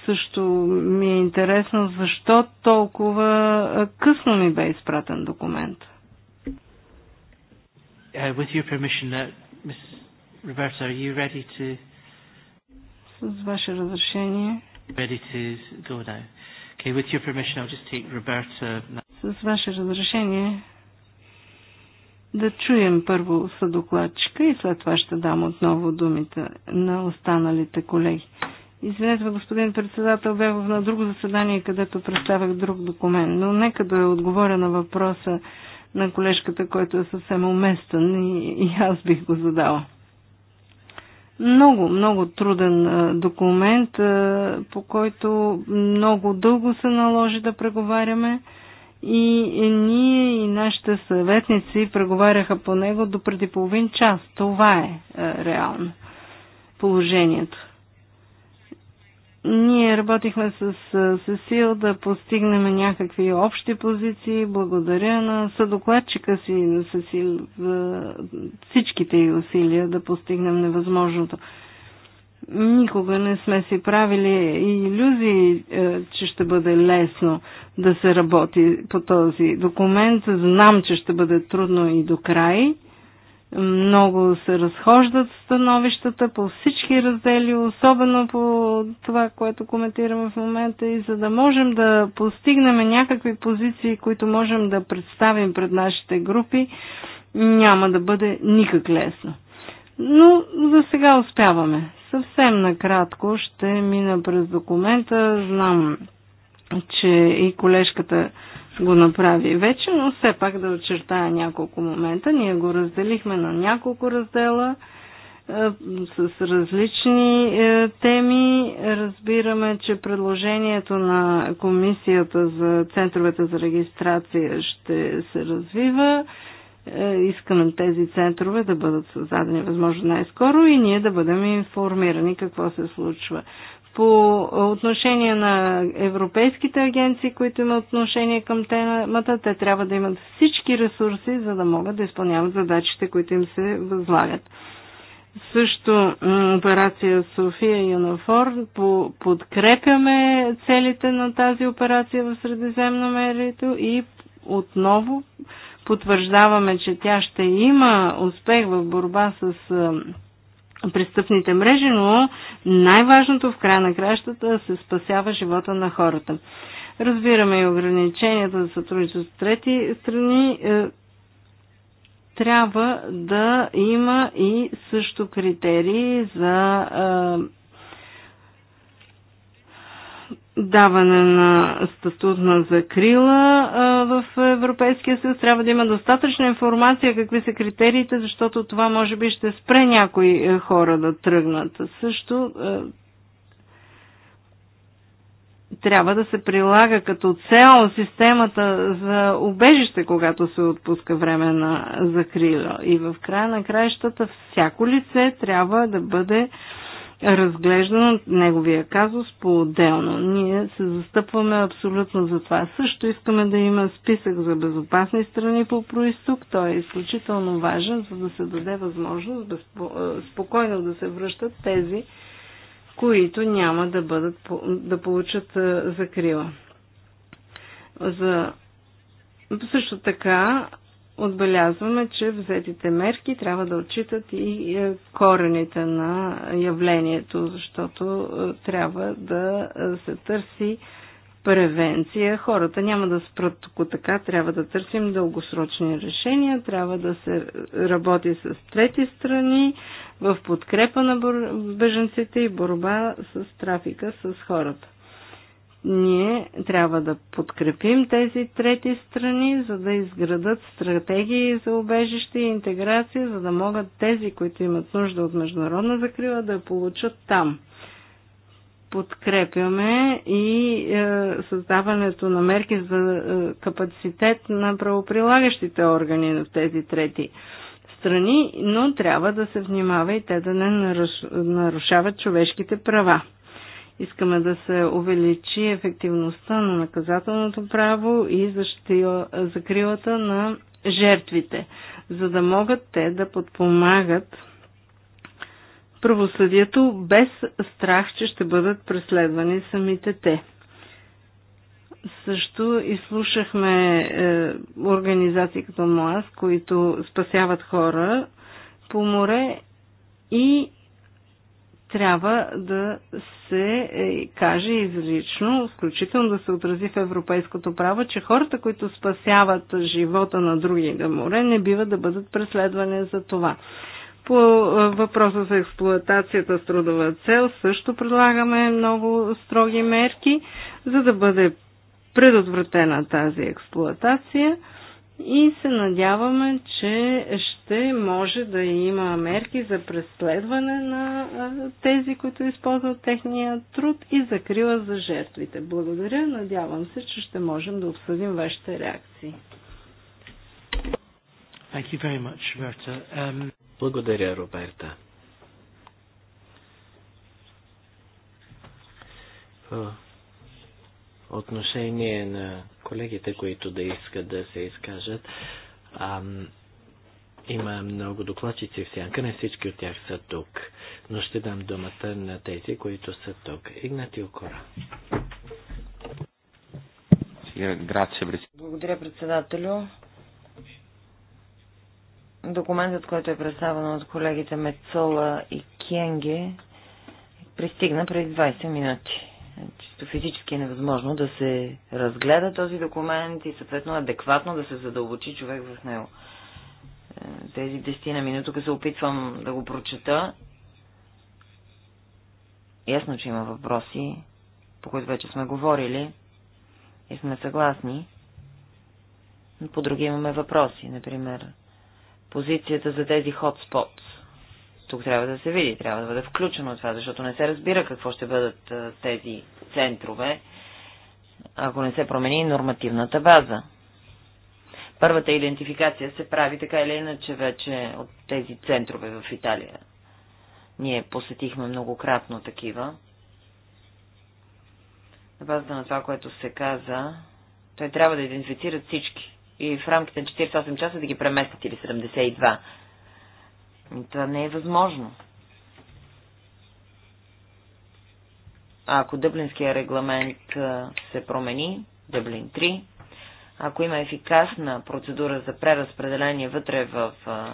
също ми е интересно защо толкова късно ми бе изпратен документ. Uh, uh, С ваше разрешение. С ваше разрешение да чуем първо съдокладчика и след това ще дам отново думите на останалите колеги. Извинете, господин председател, бях на друго заседание, където представях друг документ, но нека да отговоря на въпроса на колежката, който е съвсем уместен и, и аз бих го задала. Много, много труден документ, по който много дълго се наложи да преговаряме и ние и нашите съветници преговаряха по него до преди половин час. Това е реално положението. Ние работихме с Сесил да постигнем някакви общи позиции. Благодаря на съдокладчика си, на Сесил, за всичките й усилия да постигнем невъзможното. Никога не сме си правили иллюзии, е, че ще бъде лесно да се работи по този документ. Знам, че ще бъде трудно и до край. Много се разхождат становищата по всички раздели, особено по това, което коментираме в момента и за да можем да постигнем някакви позиции, които можем да представим пред нашите групи, няма да бъде никак лесно. Но за сега успяваме. Съвсем накратко ще мина през документа. Знам, че и колежката го направи вече, но все пак да очертая няколко момента. Ние го разделихме на няколко раздела е, с различни е, теми. Разбираме, че предложението на Комисията за центровете за регистрация ще се развива. Е, искаме тези центрове да бъдат създадени възможно най-скоро и ние да бъдем информирани какво се случва по отношение на европейските агенции, които имат отношение към темата, те трябва да имат всички ресурси, за да могат да изпълняват задачите, които им се възлагат. Също операция София и Юнафор по подкрепяме целите на тази операция в Средиземно мерито и отново потвърждаваме, че тя ще има успех в борба с престъпните мрежи, но най-важното в края на кращата е се спасява живота на хората. Разбираме и ограниченията за сътрудничество с трети страни. Е, трябва да има и също критерии за е, даване на статут на закрила в Европейския съюз. Трябва да има достатъчна информация какви са критериите, защото това може би ще спре някои е, хора да тръгнат. Също е, трябва да се прилага като цяло системата за убежище, когато се отпуска време на закрила. И в края на краищата всяко лице трябва да бъде разглеждано неговия казус по-отделно. Ние се застъпваме абсолютно за това. Също искаме да има списък за безопасни страни по происток. Той е изключително важен, за да се даде възможност безпо... Е, спокойно да се връщат тези, които няма да, бъдат, да получат е, закрила. За също така отбелязваме, че взетите мерки трябва да отчитат и е, корените на явлението, защото е, трябва да се търси превенция. Хората няма да спрат тук така, трябва да търсим дългосрочни решения, трябва да се работи с трети страни в подкрепа на беженците и борба с трафика с хората. Ние трябва да подкрепим тези трети страни, за да изградат стратегии за убежище и интеграция, за да могат тези, които имат нужда от международна закрива да я получат там подкрепяме и е, създаването на мерки за е, капацитет на правоприлагащите органи в тези трети страни, но трябва да се внимава и те да не нарушават човешките права. Искаме да се увеличи ефективността на наказателното право и закрилата на жертвите, за да могат те да подпомагат правосъдието без страх, че ще бъдат преследвани самите те. Също изслушахме е, организации като МОАС, които спасяват хора по море и трябва да се е, каже изрично, включително да се отрази в европейското право, че хората, които спасяват живота на други на море, не бива да бъдат преследвани за това. По е, въпроса за експлуатацията с трудова цел също предлагаме много строги мерки, за да бъде предотвратена тази експлуатация и се надяваме, че ще може да има мерки за преследване на тези, които използват техния труд и закрила за жертвите. Благодаря, надявам се, че ще можем да обсъдим вашите реакции. Thank you very much, Roberta. Um... Благодаря, Роберта. Oh отношение на колегите, които да искат да се изкажат. Ам, има много докладчици в сянка, не всички от тях са тук, но ще дам думата на тези, които са тук. Игнати Окора. Благодаря, председателю. Документът, който е представен от колегите Мецола и Кенге, пристигна преди 20 минути чисто физически е невъзможно да се разгледа този документ и съответно адекватно да се задълбочи човек в него. Е, тези на минути, тук се опитвам да го прочета. Ясно, че има въпроси, по които вече сме говорили и сме съгласни. Но по други имаме въпроси, например, позицията за тези хотспотс. Тук трябва да се види, трябва да бъде включено това, защото не се разбира какво ще бъдат тези центрове, ако не се промени нормативната база. Първата идентификация се прави така или иначе вече от тези центрове в Италия. Ние посетихме многократно такива. На базата на това, което се каза, той трябва да идентифицират всички и в рамките на 48 часа да ги преместят или 72. Това не е възможно. А ако Дъблинския регламент се промени, Дъблин 3, ако има ефикасна процедура за преразпределение вътре в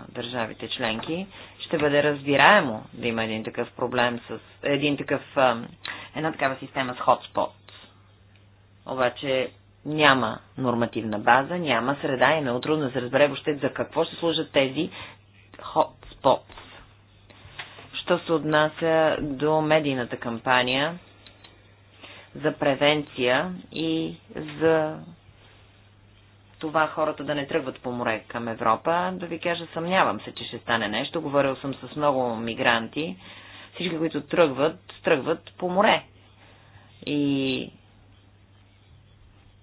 държавите членки, ще бъде разбираемо да има един такъв проблем с един такъв, една такава система с хотспот. Обаче няма нормативна база, няма среда и е много трудно да се разбере въобще за какво ще служат тези Попс. Що се отнася до медийната кампания за превенция и за това хората да не тръгват по море към Европа, да ви кажа, съмнявам се, че ще стане нещо. Говорил съм с много мигранти. Всички, които тръгват, тръгват по море. И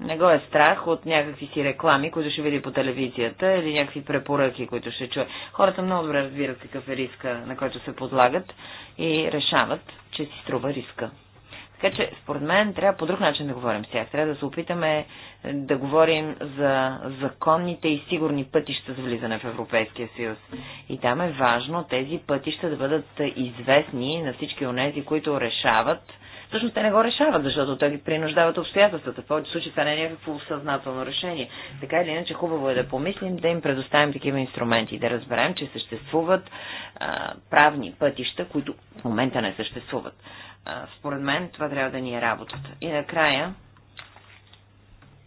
не го е страх от някакви си реклами, които ще види по телевизията или някакви препоръки, които ще чуе. Хората много добре разбират какъв е риска, на който се подлагат и решават, че си струва риска. Така че, според мен, трябва по друг начин да говорим с тях. Трябва да се опитаме да говорим за законните и сигурни пътища за влизане в Европейския съюз. И там е важно тези пътища да бъдат известни на всички онези, които решават всъщност те не го решават, защото те ги принуждават обстоятелствата. В повечето случаи това не е някакво съзнателно решение. Така или иначе хубаво е да помислим, да им предоставим такива инструменти, да разберем, че съществуват а, правни пътища, които в момента не съществуват. А, според мен това трябва да ни е работата. И накрая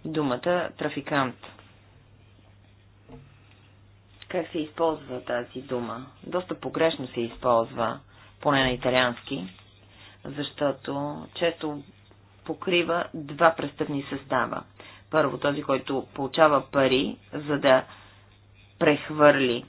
думата трафикант как се използва тази дума. Доста погрешно се използва, поне на италиански защото често покрива два престъпни състава. Първо, този, който получава пари, за да прехвърли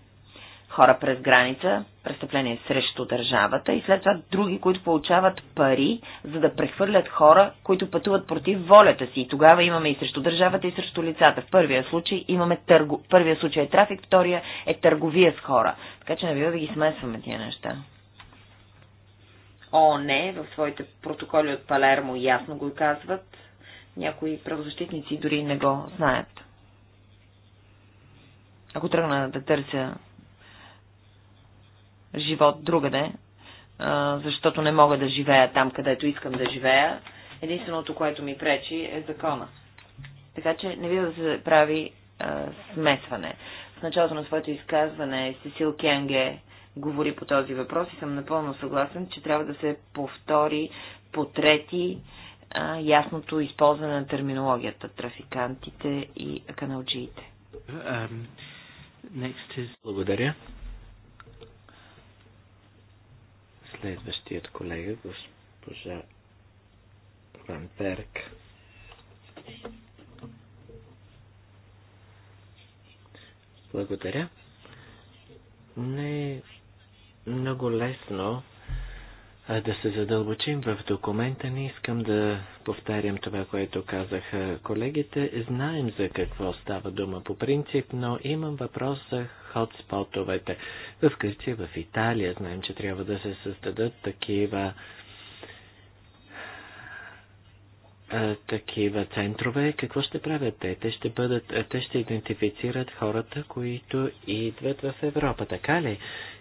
хора през граница, престъпление срещу държавата, и след това други, които получават пари, за да прехвърлят хора, които пътуват против волята си. И тогава имаме и срещу държавата, и срещу лицата. В първия случай имаме търго... първия случай е трафик, втория е търговия с хора. Така че не бива да ги смесваме тия неща. ООН в своите протоколи от Палермо ясно го казват. Някои правозащитници дори не го знаят. Ако тръгна да търся живот другаде, защото не мога да живея там, където искам да живея, единственото, което ми пречи е закона. Така че не бива да се прави а, смесване. В началото на своето изказване Сесил Кенге говори по този въпрос и съм напълно съгласен, че трябва да се повтори по трети а, ясното използване на терминологията трафикантите и каналджиите. Um, is... Благодаря. Следващият колега, госпожа Ванперк. Благодаря. Не много лесно да се задълбочим в документа. Не искам да повтарям това, което казаха колегите. Знаем за какво става дума по принцип, но имам въпрос за хотспотовете. В Гърция, в Италия знаем, че трябва да се създадат такива такива центрове, какво ще правят те? Те ще, бъдат, те ще идентифицират хората, които идват в Европа, така ли?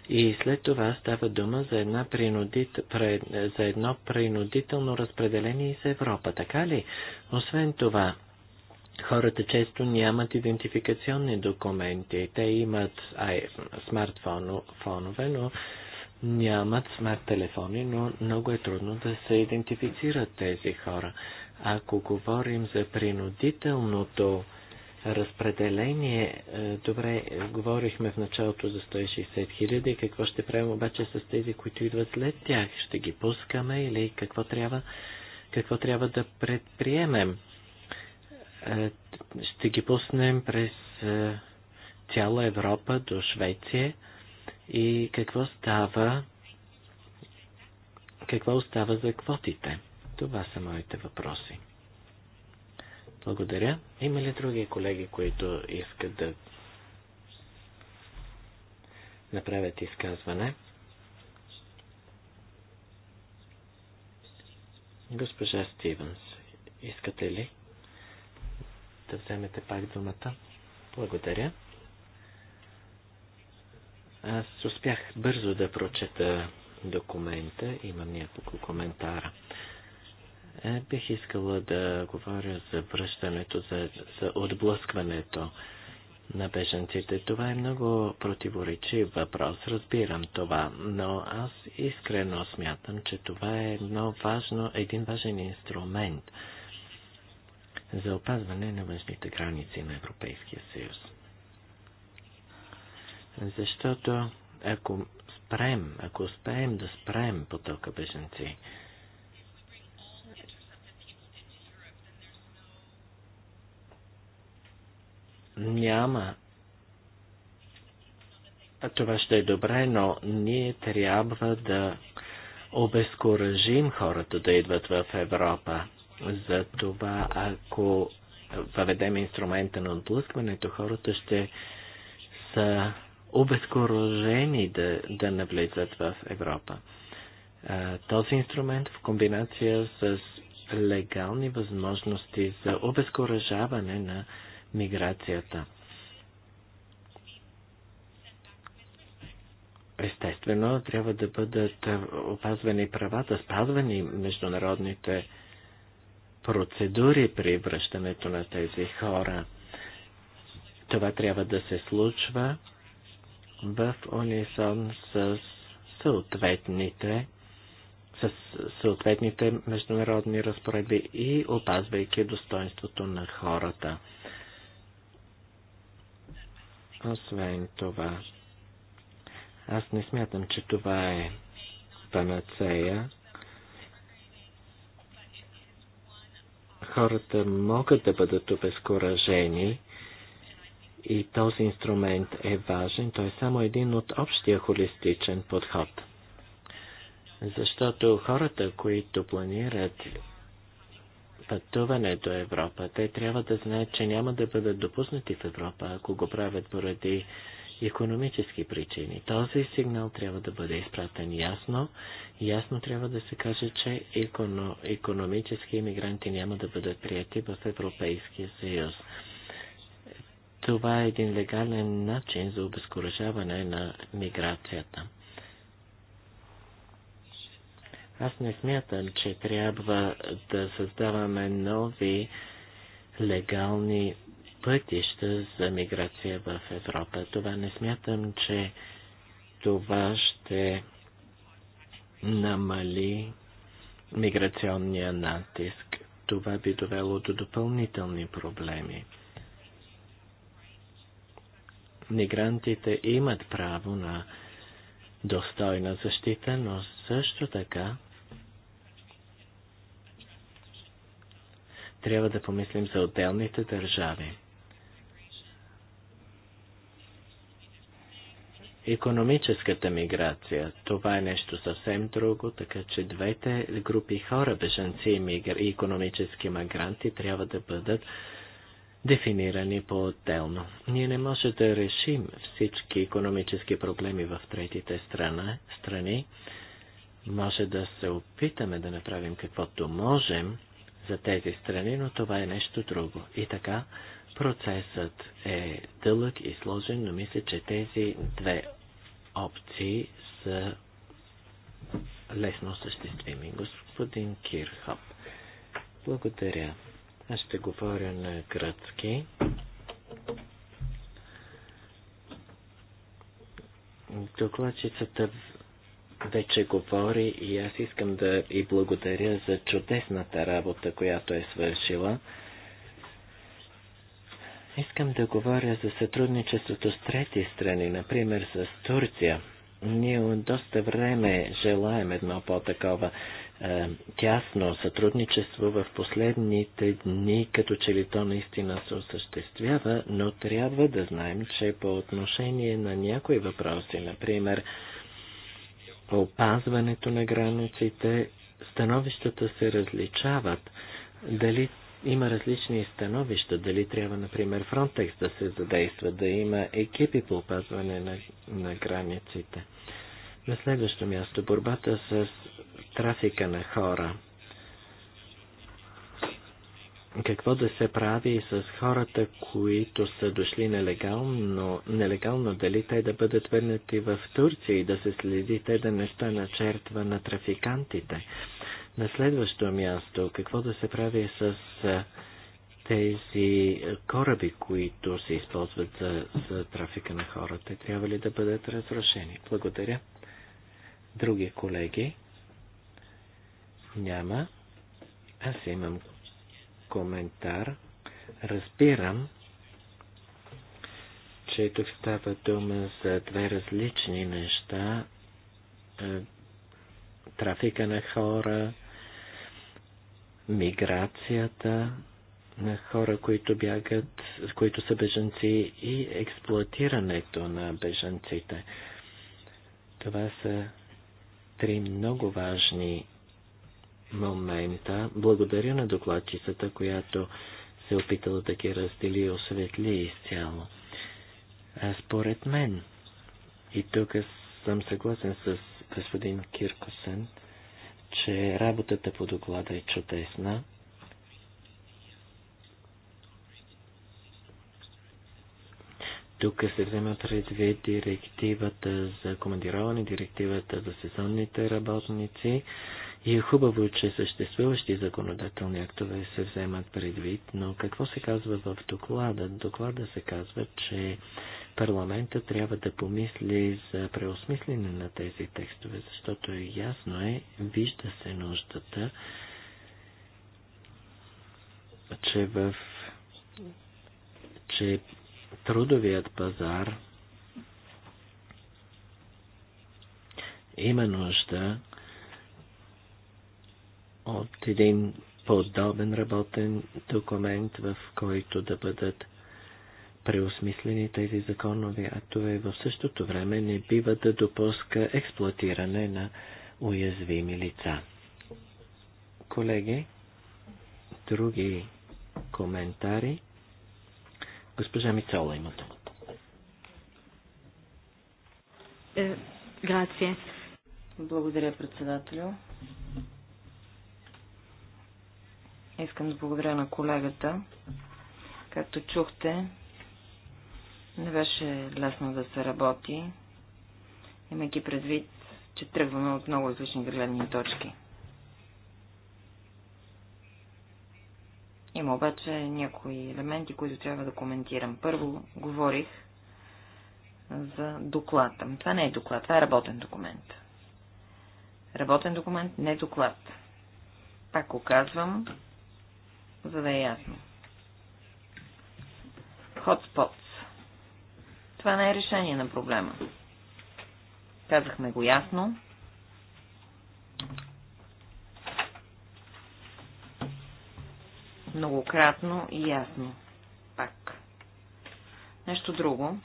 И след това става дума за, една принудит, пре, за едно принудително разпределение из Европа, така ли? Освен това, хората често нямат идентификационни документи. Те имат ай, смартфонове, но нямат смарт телефони, но много е трудно да се идентифицират тези хора. Ако говорим за принудителното разпределение. Е, добре, говорихме в началото за 160 хиляди. Какво ще правим обаче с тези, които идват след тях? Ще ги пускаме или какво трябва, какво трябва да предприемем? Е, ще ги пуснем през е, цяла Европа до Швеция и какво става, какво остава за квотите? Това са моите въпроси. Благодаря. Има ли други колеги, които искат да направят изказване? Госпожа Стивенс, искате ли да вземете пак думата? Благодаря. Аз успях бързо да прочета документа, имам няколко коментара. Е, бих искала да говоря за връщането, за, за отблъскването на беженците. Това е много противоречив въпрос, разбирам това, но аз искрено смятам, че това е едно важно, един важен инструмент за опазване на външните граници на Европейския съюз. Защото ако спрем, ако успеем да спрем потока беженци, няма. Това ще е добре, но ние трябва да обезкуражим хората да идват в Европа. За това, ако въведем инструмента на отблъскването, хората ще са обезкуражени да, да навлизат в Европа. Този инструмент в комбинация с легални възможности за обезкуражаване на миграцията. Естествено, трябва да бъдат опазвани правата, спазвани международните процедури при връщането на тези хора. Това трябва да се случва в унисон с съответните с съответните международни разпоредби и опазвайки достоинството на хората. Освен това, аз не смятам, че това е панацея. Хората могат да бъдат обезкуражени и този инструмент е важен. Той е само един от общия холистичен подход. Защото хората, които планират пътуване до Европа. Те трябва да знаят, че няма да бъдат допуснати в Европа, ако го правят поради економически причини. Този сигнал трябва да бъде изпратен ясно. Ясно трябва да се каже, че економ... економически иммигранти няма да бъдат прияти в Европейския съюз. Това е един легален начин за обезкуражаване на миграцията. Аз не смятам, че трябва да създаваме нови легални пътища за миграция в Европа. Това не смятам, че това ще намали миграционния натиск. Това би довело до допълнителни проблеми. Мигрантите имат право на достойна защита, но също така трябва да помислим за отделните държави. Економическата миграция. Това е нещо съвсем друго, така че двете групи хора, беженци и, мигр... и економически мигранти, трябва да бъдат дефинирани по-отделно. Ние не можем да решим всички економически проблеми в третите страна, страни. Може да се опитаме да направим каквото можем, за тези страни, но това е нещо друго. И така, процесът е дълъг и сложен, но мисля, че тези две опции са лесно съществими. Господин Кирхоп, благодаря. Аз ще говоря на гръцки. Докладчицата вече говори и аз искам да и благодаря за чудесната работа, която е свършила. Искам да говоря за сътрудничеството с трети страни, например с Турция. Ние от доста време желаем едно по-такова е, тясно сътрудничество в последните дни, като че ли то наистина се осъществява, но трябва да знаем, че по отношение на някои въпроси, например, по опазването на границите, становищата се различават. Дали има различни становища, дали трябва, например, Фронтекс да се задейства, да има екипи по опазване на, на границите. На следващо място борбата с трафика на хора какво да се прави с хората, които са дошли нелегално, нелегално дали те да бъдат върнати в Турция и да се следи те да не станат жертва на трафикантите. На следващо място, какво да се прави с тези кораби, които се използват за, за трафика на хората, трябва ли да бъдат разрушени? Благодаря. Други колеги? Няма. Аз имам коментар. Разбирам, че тук става дума за две различни неща. Е, трафика на хора, миграцията на хора, които бягат, които са бежанци и експлуатирането на бежанците. Това са три много важни момента. Благодаря на докладчицата, която се е опитала да ги раздели и осветли изцяло. А според мен, и тук съм съгласен с господин Киркосен, че работата по доклада е чудесна. Тук се взема предвид директивата за командироване, директивата за сезонните работници. И е хубаво, че съществуващи законодателни актове се вземат предвид, но какво се казва в доклада? Доклада се казва, че парламента трябва да помисли за преосмислене на тези текстове, защото е ясно е, вижда се нуждата, че в че трудовият пазар има нужда от един подобен работен документ, в който да бъдат преосмислени тези законови актове в същото време не бива да допуска експлуатиране на уязвими лица. Колеги, други коментари. Госпожа Мицола има думата. Е, грация. Благодаря, председателю. Искам да благодаря на колегата. Както чухте, не беше лесно да се работи, имайки предвид, че тръгваме от много различни гледни точки. Има обаче някои елементи, които трябва да коментирам. Първо говорих за доклад. това не е доклад, това е работен документ. Работен документ, не е доклад. Пак го казвам, за да е ясно. Hotspots. Това не е решение на проблема. Казахме го ясно. Многократно и ясно. Пак. Нещо друго,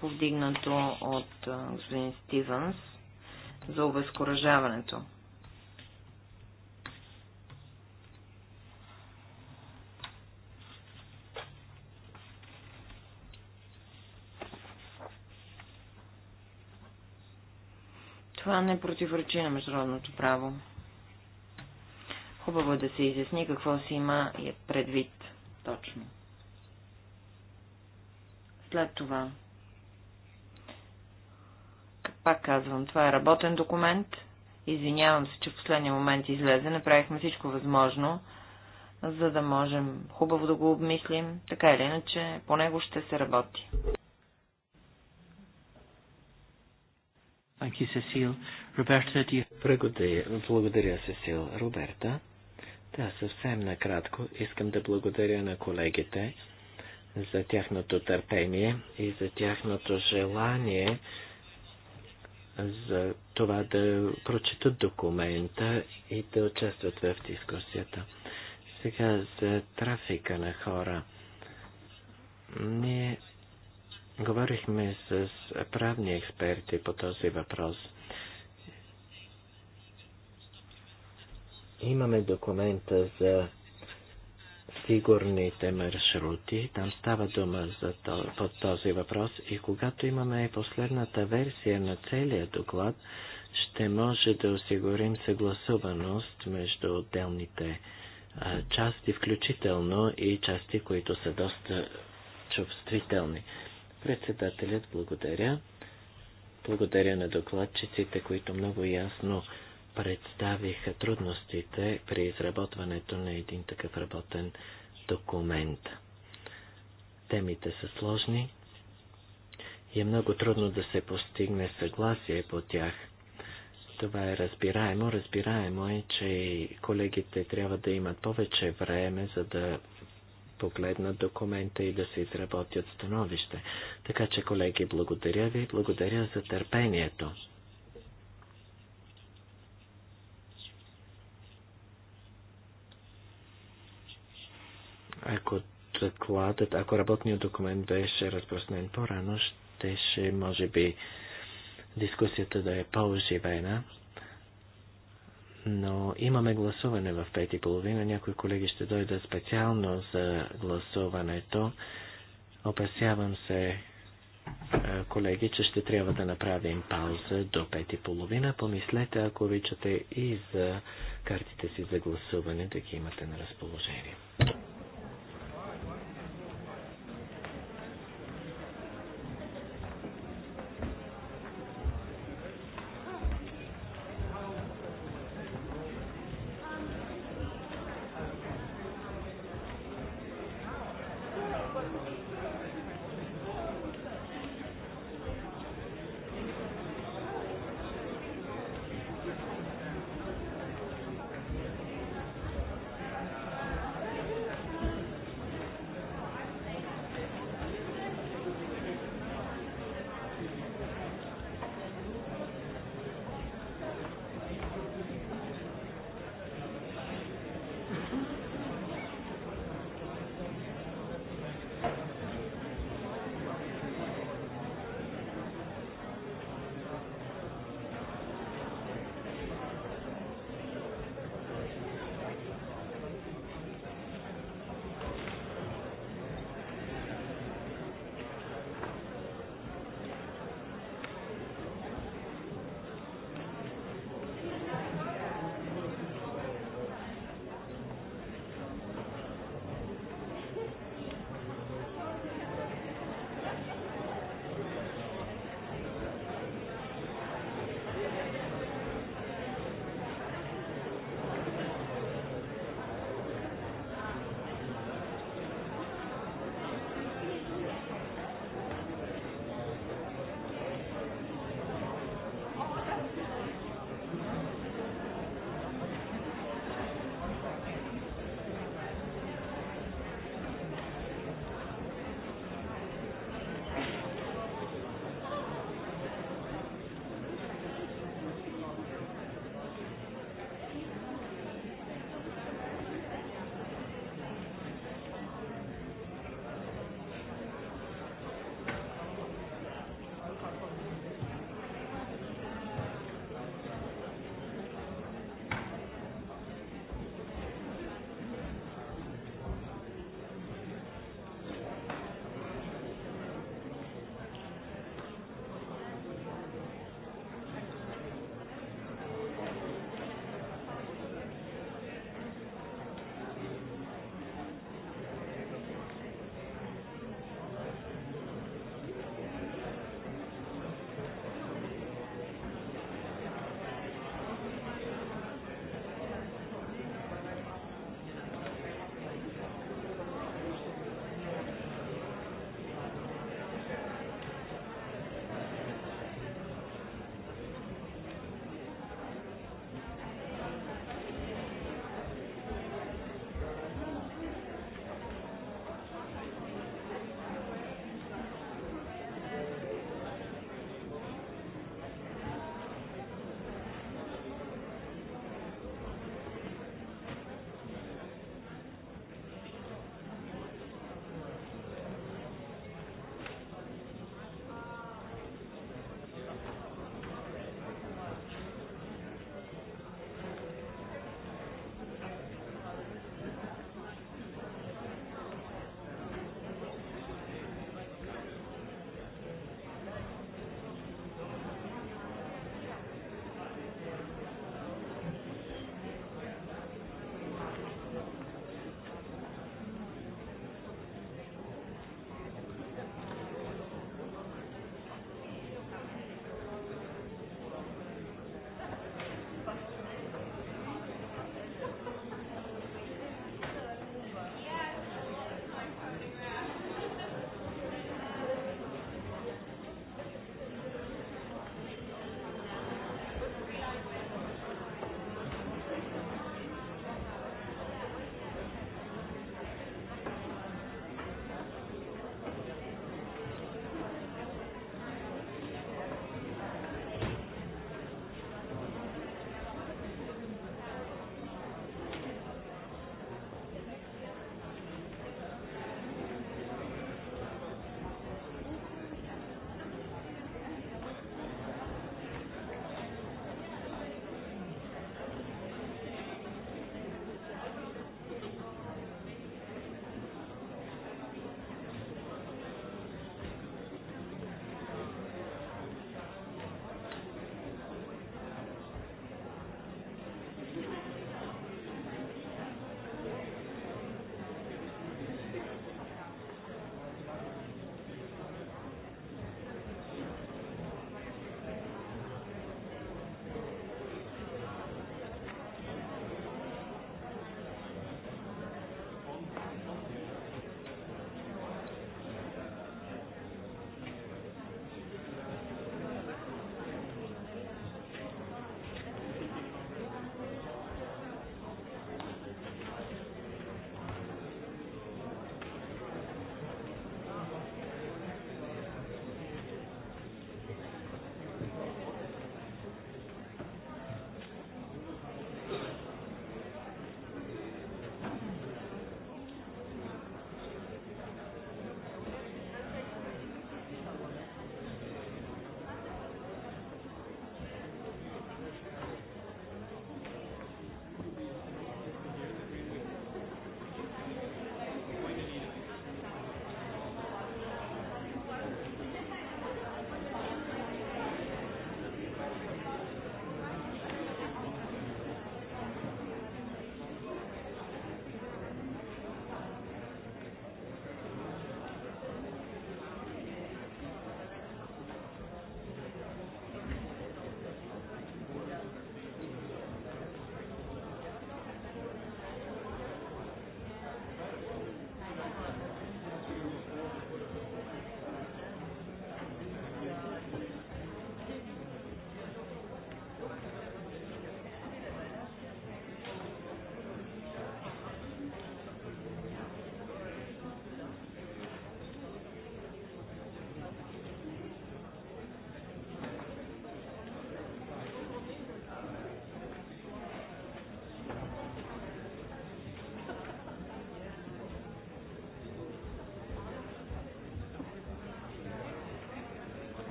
повдигнато от господин Стивенс за обезкуражаването. Това не противоречи на международното право. Хубаво е да се изясни какво си има и е предвид точно. След това. Пак казвам, това е работен документ. Извинявам се, че в последния момент излезе. Направихме всичко възможно, за да можем хубаво да го обмислим. Така или иначе, по него ще се работи. Thank you, Cecile. Roberta, do you... Благодаря, благодаря, Сесил. Роберта, да, съвсем накратко искам да благодаря на колегите за тяхното търпение и за тяхното желание за това да прочитат документа и да участват в дискусията. Сега за трафика на хора. Ние Говорихме с правни експерти по този въпрос. Имаме документа за сигурните маршрути. Там става дума за то, по този въпрос. И когато имаме последната версия на целия доклад, ще може да осигурим съгласуваност между отделните а, части, включително и части, които са доста чувствителни. Председателят благодаря. Благодаря на докладчиците, които много ясно представиха трудностите при изработването на един такъв работен документ. Темите са сложни и е много трудно да се постигне съгласие по тях. Това е разбираемо. Разбираемо е, че колегите трябва да имат повече време, за да погледнат документа и да се изработят становище. Така че, колеги, благодаря ви, благодаря за търпението. Ако докладът, ако работният документ беше разпространен по-рано, щеше, може би, дискусията да е по-оживена но имаме гласуване в пет и половина. Някои колеги ще дойдат специално за гласуването. Опасявам се, е, колеги, че ще трябва да направим пауза до пет и половина. Помислете, ако обичате и за картите си за гласуване, да ги имате на разположение.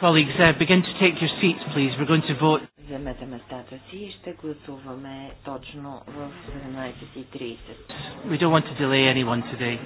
Colleagues, uh, begin to take your seats, please. We're going to vote. Вземете местата си и ще гласуваме точно в 17.30. We don't want to delay anyone today.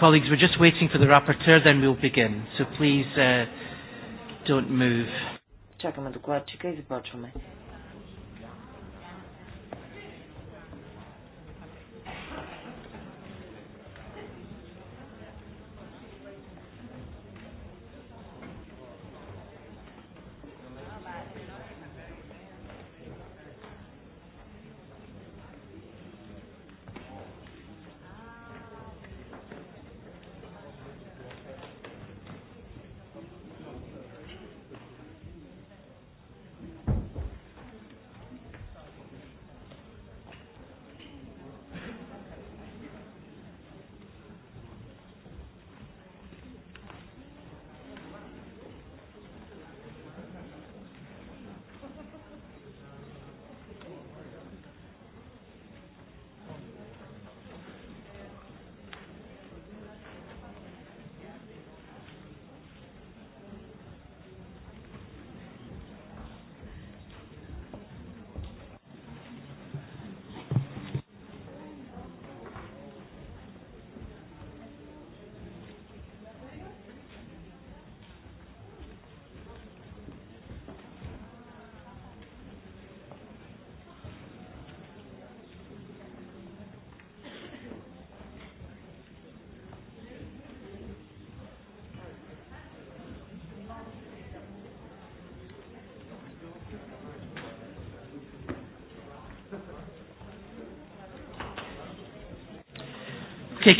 Colleagues, we're just waiting for the rapporteur, then we'll begin. So please uh, don't move. Чакаме докладчика и започваме.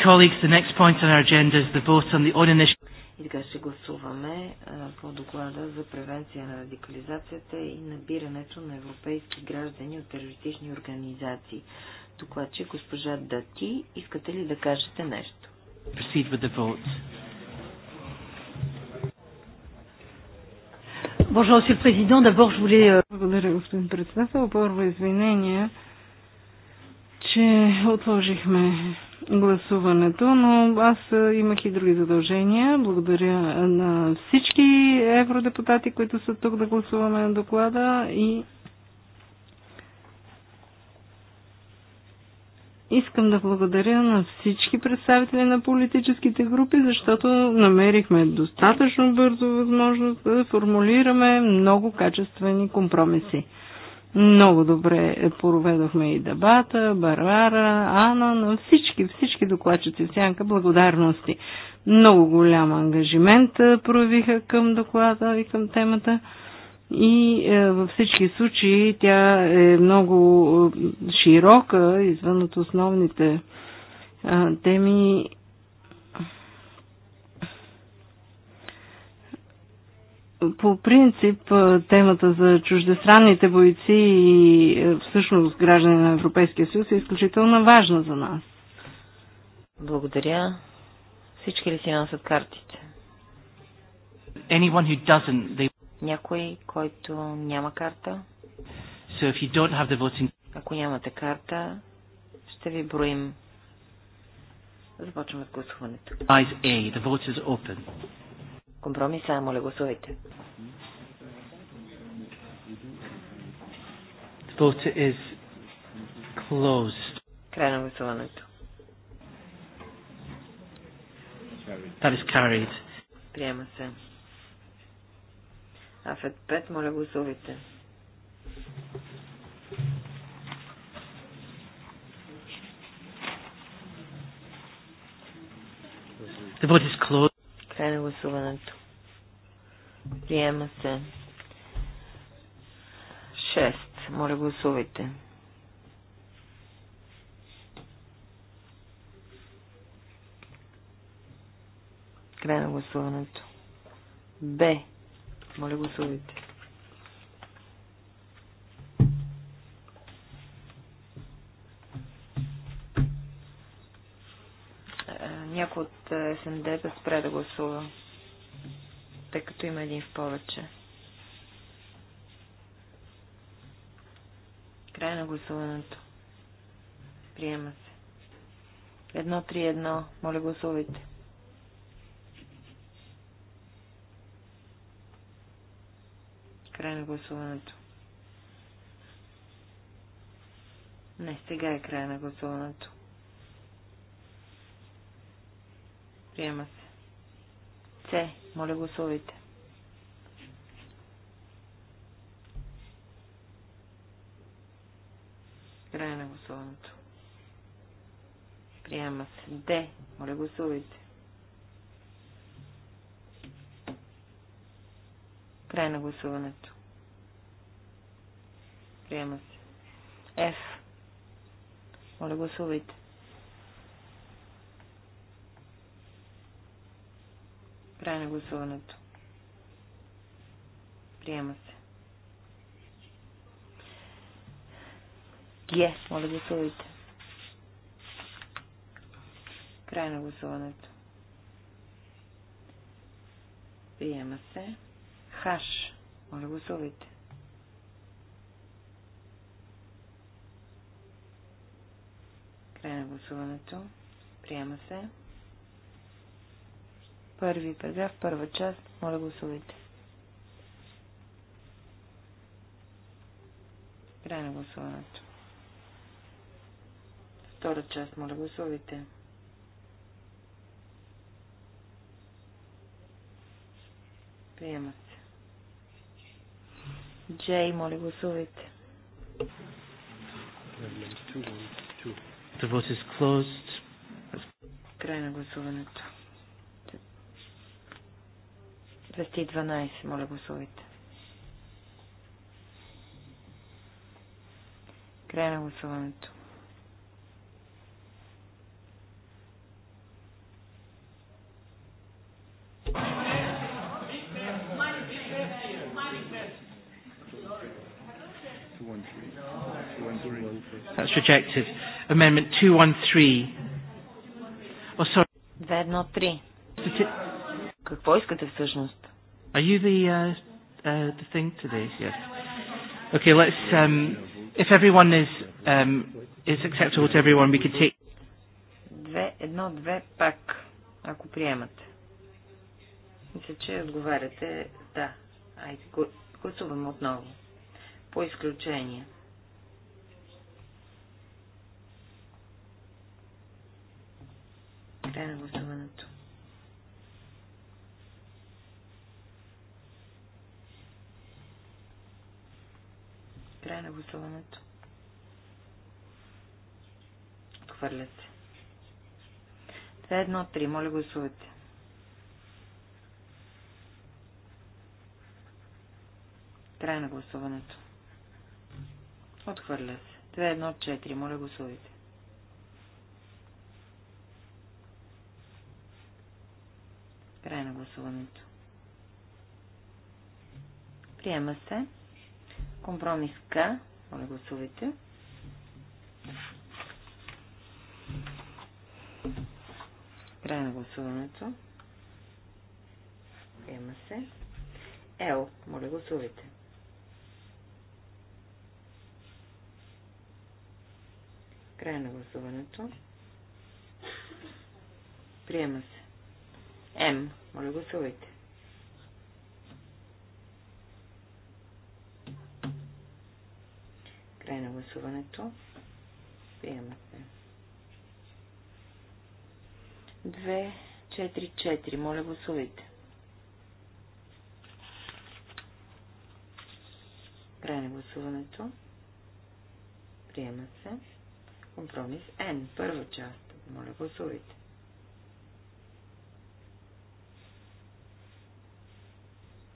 colleagues, the next point on our agenda is the vote on the own initiative. И така ще гласуваме по доклада за превенция на радикализацията и набирането на европейски граждани от терористични организации. Докладче госпожа Дати, искате ли да кажете нещо? Proceed with the vote. Bonjour, monsieur le président. D'abord, je voulais... Euh, Благодаря, господин председател. Първо извинение, че отложихме гласуването, но аз имах и други задължения. Благодаря на всички евродепутати, които са тук да гласуваме на доклада и Искам да благодаря на всички представители на политическите групи, защото намерихме достатъчно бързо възможност да формулираме много качествени компромиси. Много добре проведохме и дебата, Барвара, Ана, на всички, всички докладчици в Сянка, благодарности. Много голям ангажимент проявиха към доклада и към темата. И е, във всички случаи тя е много е, широка, извън от основните е, теми по принцип темата за чуждестранните бойци и всъщност граждани на Европейския съюз е изключително важна за нас. Благодаря. Всички ли си носят картите? They... Някой, който няма карта? So if you don't have the voting... Ако нямате карта, ще ви броим. Започваме с гласуването. Eyes A. The vote is open. Компромис А, моля гласувайте. Край на гласуването. Приема се. Афет 5, моля гласувайте. The vote is closed. Края на гласуването. Приема се. 6. Моля гласувайте. Край на гласуването. Б. Моля гласувайте. някой от е, СНД да спре да гласува, тъй като има един в повече. Край на гласуването. Приема се. Едно, три, едно. Моля гласувайте. Край на гласуването. Не, сега е края на гласуването. Приема се. С. Моля гласувайте. Край на гласуването. Приема се. Д. Моля гласувайте. Край на гласуването. Приема се. Ф. Моля гласувайте. Край на гласуването. Приема се. Е, моля гласувайте. Край на гласуването. Приема се. Хаш. Моля гласувайте. Край на гласуването. Приема се. Първи параграф, първа част. Моля гласувайте. Край на гласуването. Втора част, моля гласувайте. Приема се. Джей, моля гласувайте. The vote is closed. Край на гласуването. 212, моля гласувайте. Край на гласуването. That's rejected. Amendment 213. Oh, sorry. 213. Какво искате всъщност? Are you the, uh, uh, the thing today? Yes. Okay, let's, um, if everyone is, um, is acceptable to everyone, we could take... Две, едно, две, пак, ако приемате. Мисля, че отговаряте да. Айде, гласуваме отново. По изключение. Край на Край на гласуването. Отхвърля се. 2-1-3. Е Моля гласувате. Край на гласуването. Отхвърля се. 2-1-4. Е Моля гласувайте. Край на гласуването. Приема се. Компромис К. Моля гласувайте. Край на гласуването. Приема се. Ел, Моля гласувайте. Край на гласуването. Приема се. М. Моля гласувайте. Край на гласуването. Приема се. 2-4-4. Моля гласувайте. Край на гласуването. Приема се. Компромис N. Първа част. Моля гласувайте.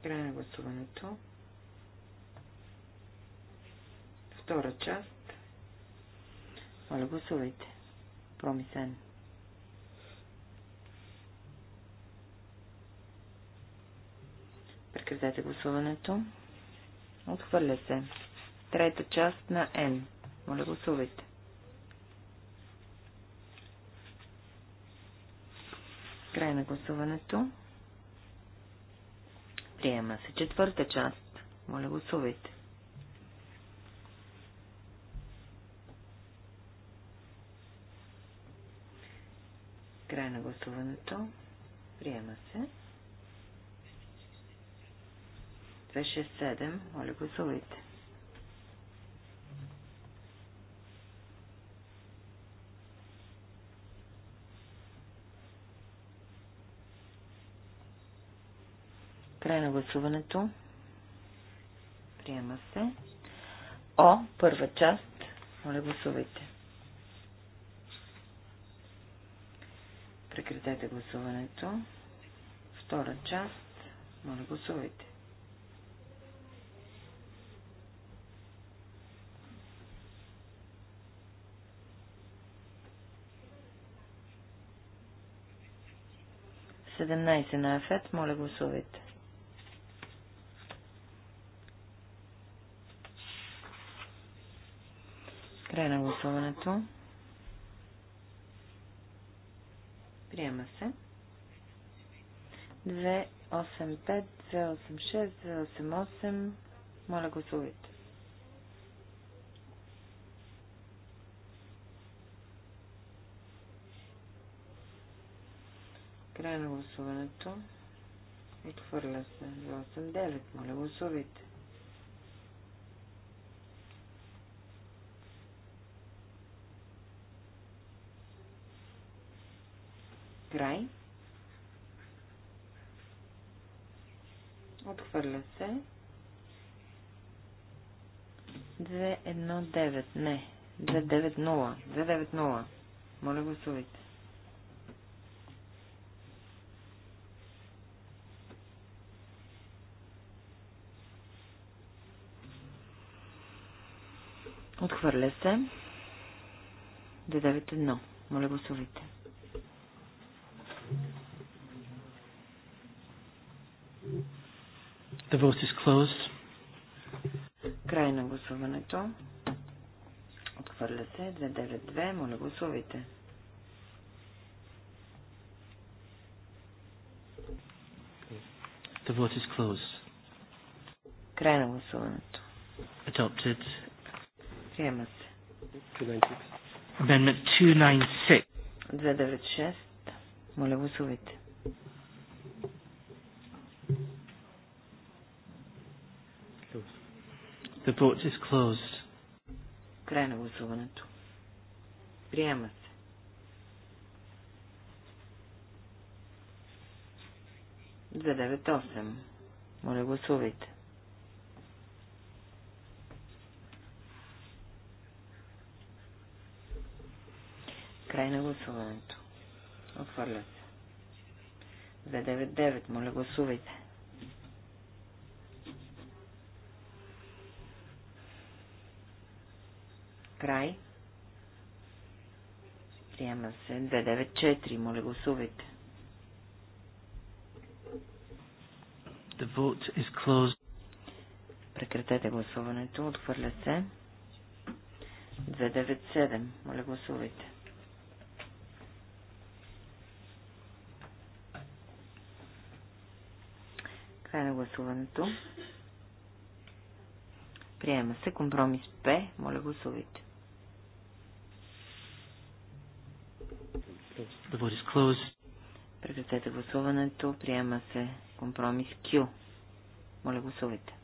Край на гласуването. Втора част. Моля, гласувайте. Промисен. Прекратете гласуването. Отхвърля се. Трета част на N. Моля, гласувайте. Край на гласуването. Приема се четвърта част. Моля, гласувайте. Край на гласуването. Приема се. 267. Моля, гласувайте. Край на гласуването. Приема се. О, първа част. Моля, гласувайте. Прекратете гласуването. Втора част. Моля, гласувайте. Седемнайсе на Афет. Моля, гласувайте. Край на гласуването. Приема се. 285, 286, 288. Моля, гласувайте. Край на гласуването. Отхвърля се. 289. Моля, гласувайте. Край. Отхвърля се. 219. Не. 290. 290. Моля гласувайте. Отхвърля се. 291. Моля гласувайте. 292. The vote is closed. Край на гласуването. Отхвърля се. 292. Моля гласувайте. The vote is closed. Край на гласуването. Adopted. Приема се. 296. 296. Моля гласувайте. The vote is closed. Край на гласуването. Приема се. За 9-8. Моля, гласувайте. Край на гласуването. Отвърля се. За 9-9. Моля, гласувайте. Край. Приема се 294. Моля гласувайте. The vote is closed. Прекратете гласуването. Отхвърля се. 297. Моля гласувайте. Край на гласуването. Приема се компромис П. Моля гласувайте. The vote is closed. Прекратете гласуването. Приема се компромис Q. Моля гласувайте.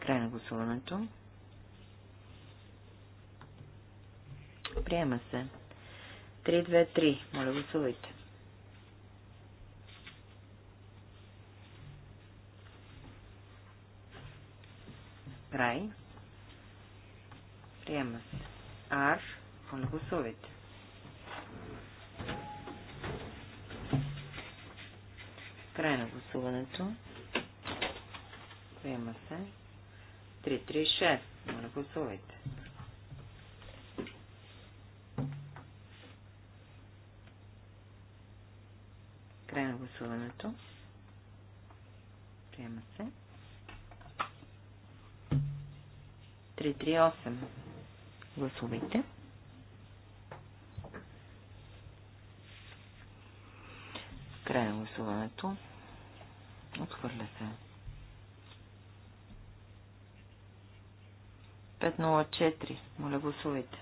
Край на гласуването. Приема се. 3-2-3. Моля гласувайте. Край. Right. Приема се. Ар. Моля гласувайте. Край на гласуването. Приема се. 336. Моля гласувайте. Край на гласуването. Приема се. 338. Гласувайте. Край на гласуването. Отхвърля се. 504. Моля, гласувайте.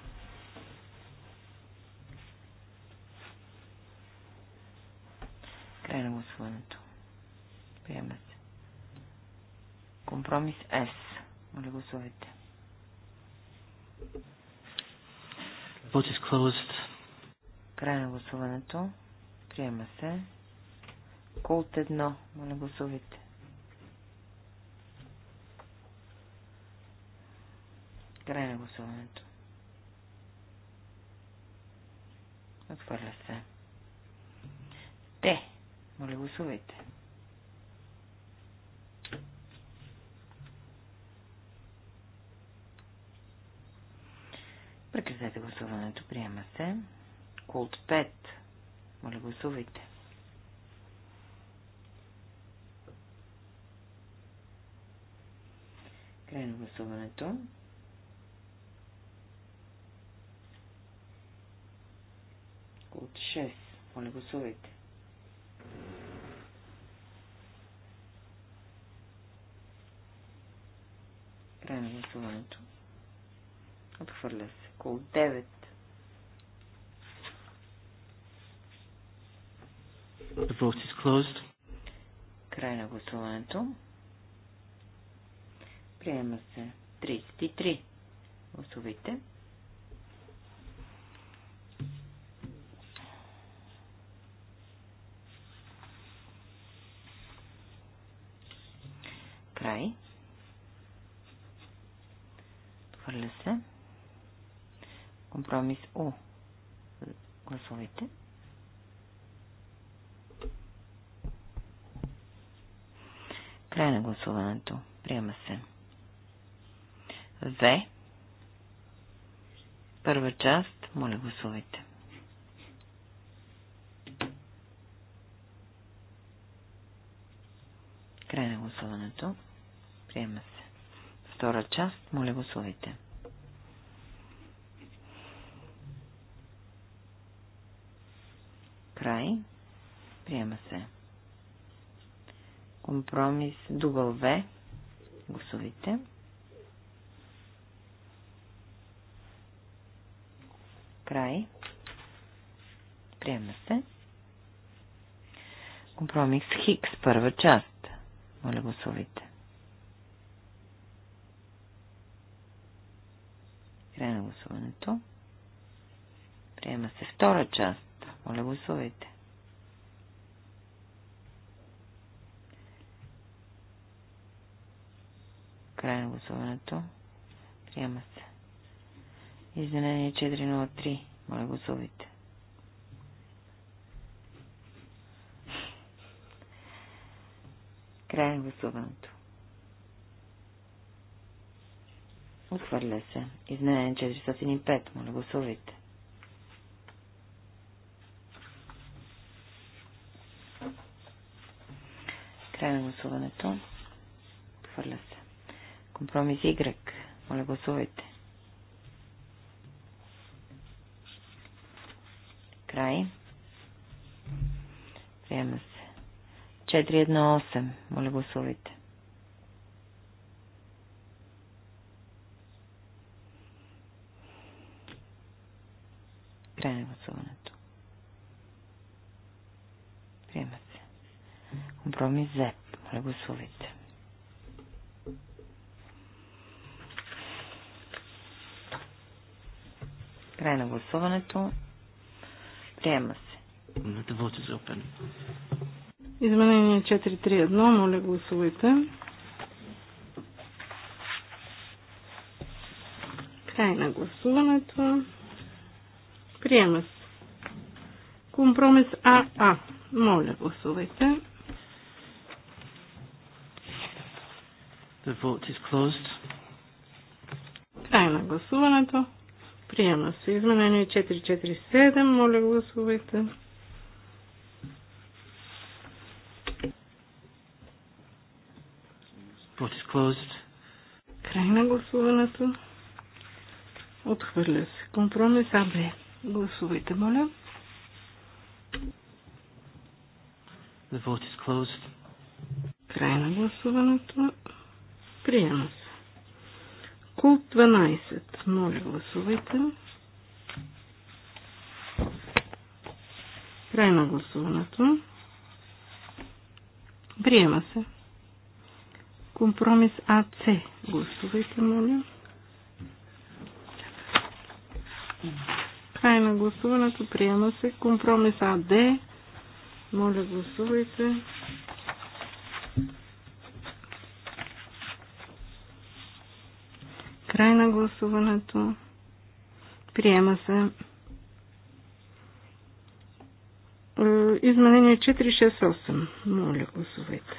Край на гласуването. Приема се. Компромис С. Моля, гласувайте. Vote is closed. Край на гласуването. Приема се. Колт едно. Моля гласувайте. Край на гласуването. Отвърля се. Те. Моля гласувайте. Прекратете гласуването. Приема се. Култ 5. Моля, гласувайте. Край на гласуването. Култ 6. Моля, гласувайте. Край на гласуването. Отхвърля се около 9. The vote is closed. Край на гласуването. Приема се 33. Гласовите. с О. Гласовете. Край на гласуването. Приема се. В. Първа част. Моля, гласувайте. Край на гласуването. Приема се. Втора част. Моля, гласувайте. Край. Приема се. Компромис дубъл В. Гласовите. Край. Приема се. Компромис Хикс, първа част. Моля, гласовите. Край на гласуването. Приема се втора част. Моля, гласувайте. Край на гласуването. Приема се. Изменение 403. Моля, гласувайте. Край на гласуването. Отхвърля се. Изменение 405. Моля, гласувайте. Край на гласуването. Хвърля се. Компромис Y. Моля, гласувайте. Край. Приема се. 418. Моля, гласувайте. Край на гласуването. Компромис Z. Моля Край на гласуването. Приема се. Имате воти за опен. Изменение 4.3.1. Моля гласувайте. Край на гласуването. Приема се. Компромис АА. Моля гласувайте. The vote is closed. Край на гласуването. Приема се изменение 447. Моля гласувайте. Vote is closed. Край на гласуването. Отхвърля се. Компромис АБ. Гласувайте, моля. The vote is closed. Край на гласуването. Приема се. Култ 12. Моля, гласувайте. Край на гласуването. Приема се. Компромис АЦ. Гласувайте, моля. Край на гласуването. Приема се. Компромис АД. Моля, гласувайте. гласуването. Приема се. Е, изменение 468. Моля, гласувайте.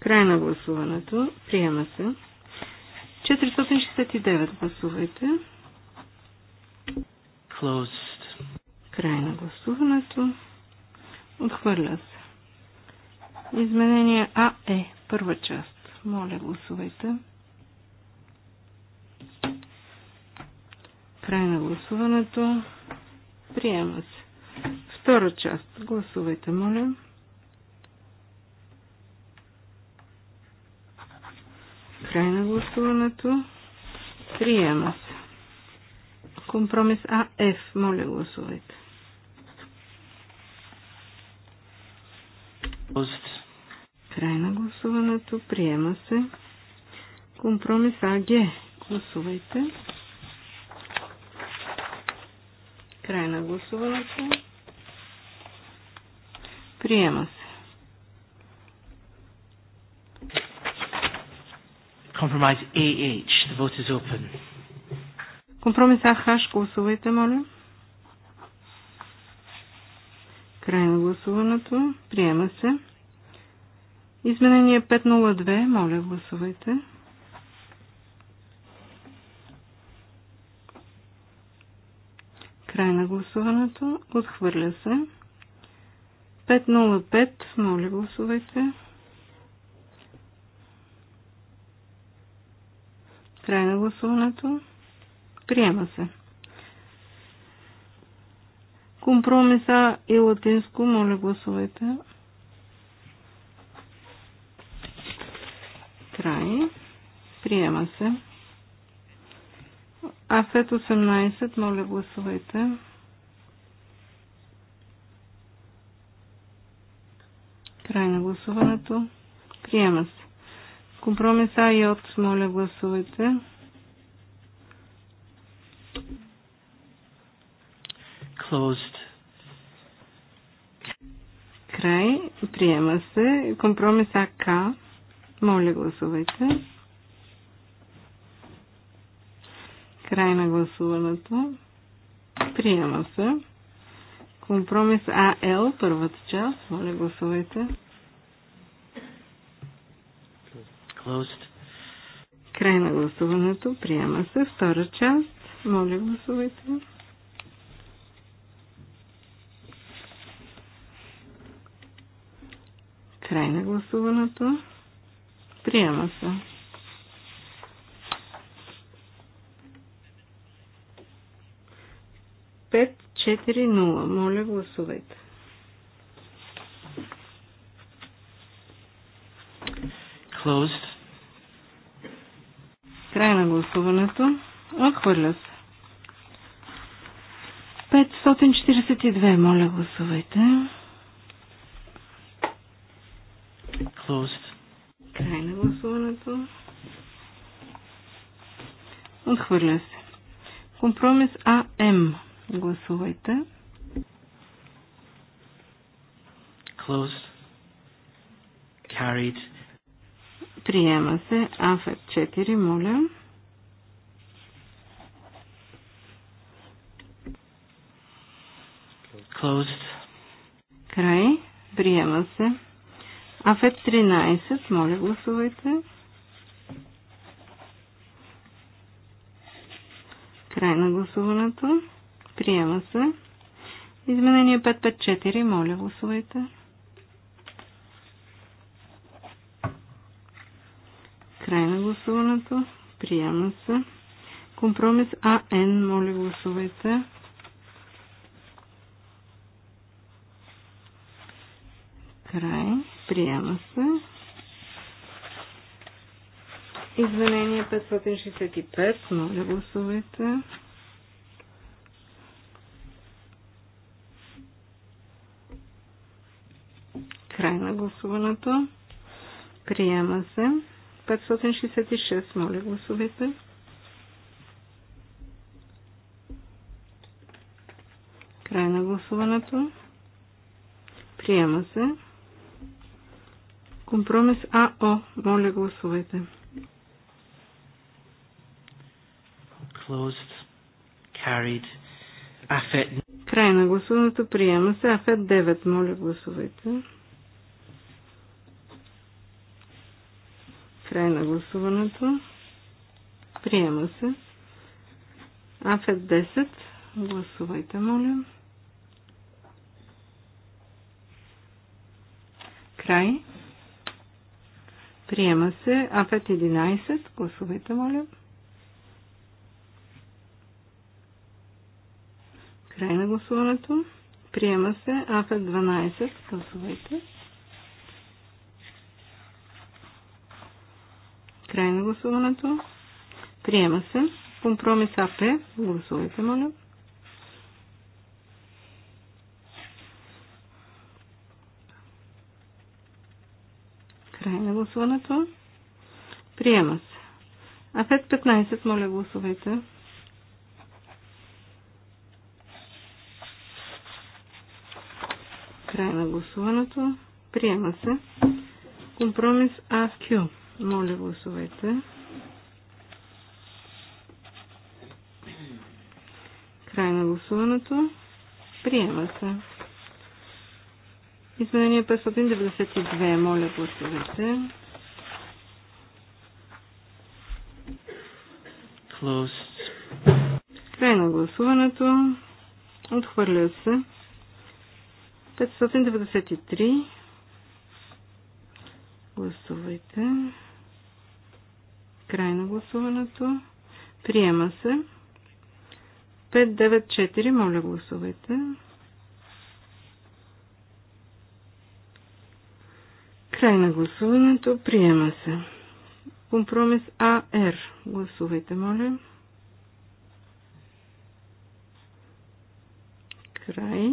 Край на гласуването. Приема се. 469 гласувайте. Closed. Край на гласуването. Отхвърля се. Изменение АЕ, първа част. Моля, гласувайте. Край на гласуването. Приема се. Втора част. Гласувайте, моля. Край на гласуването. Приема се. Компромис АФ. Моля, гласувайте. Край на гласуването. Приема се. Компромис АГ. Гласувайте. Край на гласуването. Приема се. Компромис АХ. The vote is open. Компромис АХ. Гласувайте, моля. Край на гласуването. Приема се. Изменение 502, моля гласувайте. Край на гласуването. Отхвърля се. 505, моля гласувайте. Край на гласуването. Приема се. Компромиса и латинско, моля гласувайте. Край. Приема се. Афет 18, моля гласувайте. Край на гласуването. Приема се. Компромис А и от, моля гласувайте. Closed. Край. Приема се. Компромис АК. Моля, гласувайте. Край на гласуването. Приема се. Компромис АЛ, първата част. Моля, гласувайте. Closed. Край на гласуването. Приема се. Втора част. Моля, гласувайте. Край на гласуването. Приема се. Пет, четири, нула. Моля, гласувайте. Closed. Край на гласуването. Отхвърля се. 542, моля гласувайте. Closed времето. Отхвърля се. Компромис АМ. Гласувайте. Closed. Carried. Приема се. аф 4, моля. Closed. Край. Приема се. АФЕТ 13, моля гласувайте. Край на гласуването. Приема се. Изменение 554. Моля, гласувайте. Край на гласуването. Приема се. Компромис АН. Моля, гласувайте. Край. Приема се. Извинение 565. Моля, гласувайте. Край на гласуването. Приема се. 566. Моля, гласувайте. Край на гласуването. Приема се. Компромис АО. Моля, гласувайте. Край на гласуването приема се. Афет 9. Моля гласувайте. Край на гласуването. Приема се. Афет 10. Гласувайте, моля. Край. Приема се. Афет 11. Гласувайте, моля. Край на гласуването. Приема се АФА 12. Гласувайте. Край на гласуването. Приема се. Компромис АП. Гласувайте, моля. Край на гласуването. Приема се. А 15, моля, гласувайте. Край на гласуването. Приема се. Компромис АСК. Моля, гласувайте. Край на гласуването. Приема се. Изменение 592. Моля, гласувайте. Closed. Край на гласуването. Отхвърля се. 593. Гласувайте. Край на гласуването. Приема се. 594. Моля, гласувайте. Край на гласуването. Приема се. Компромис АР. Гласувайте, моля. Край.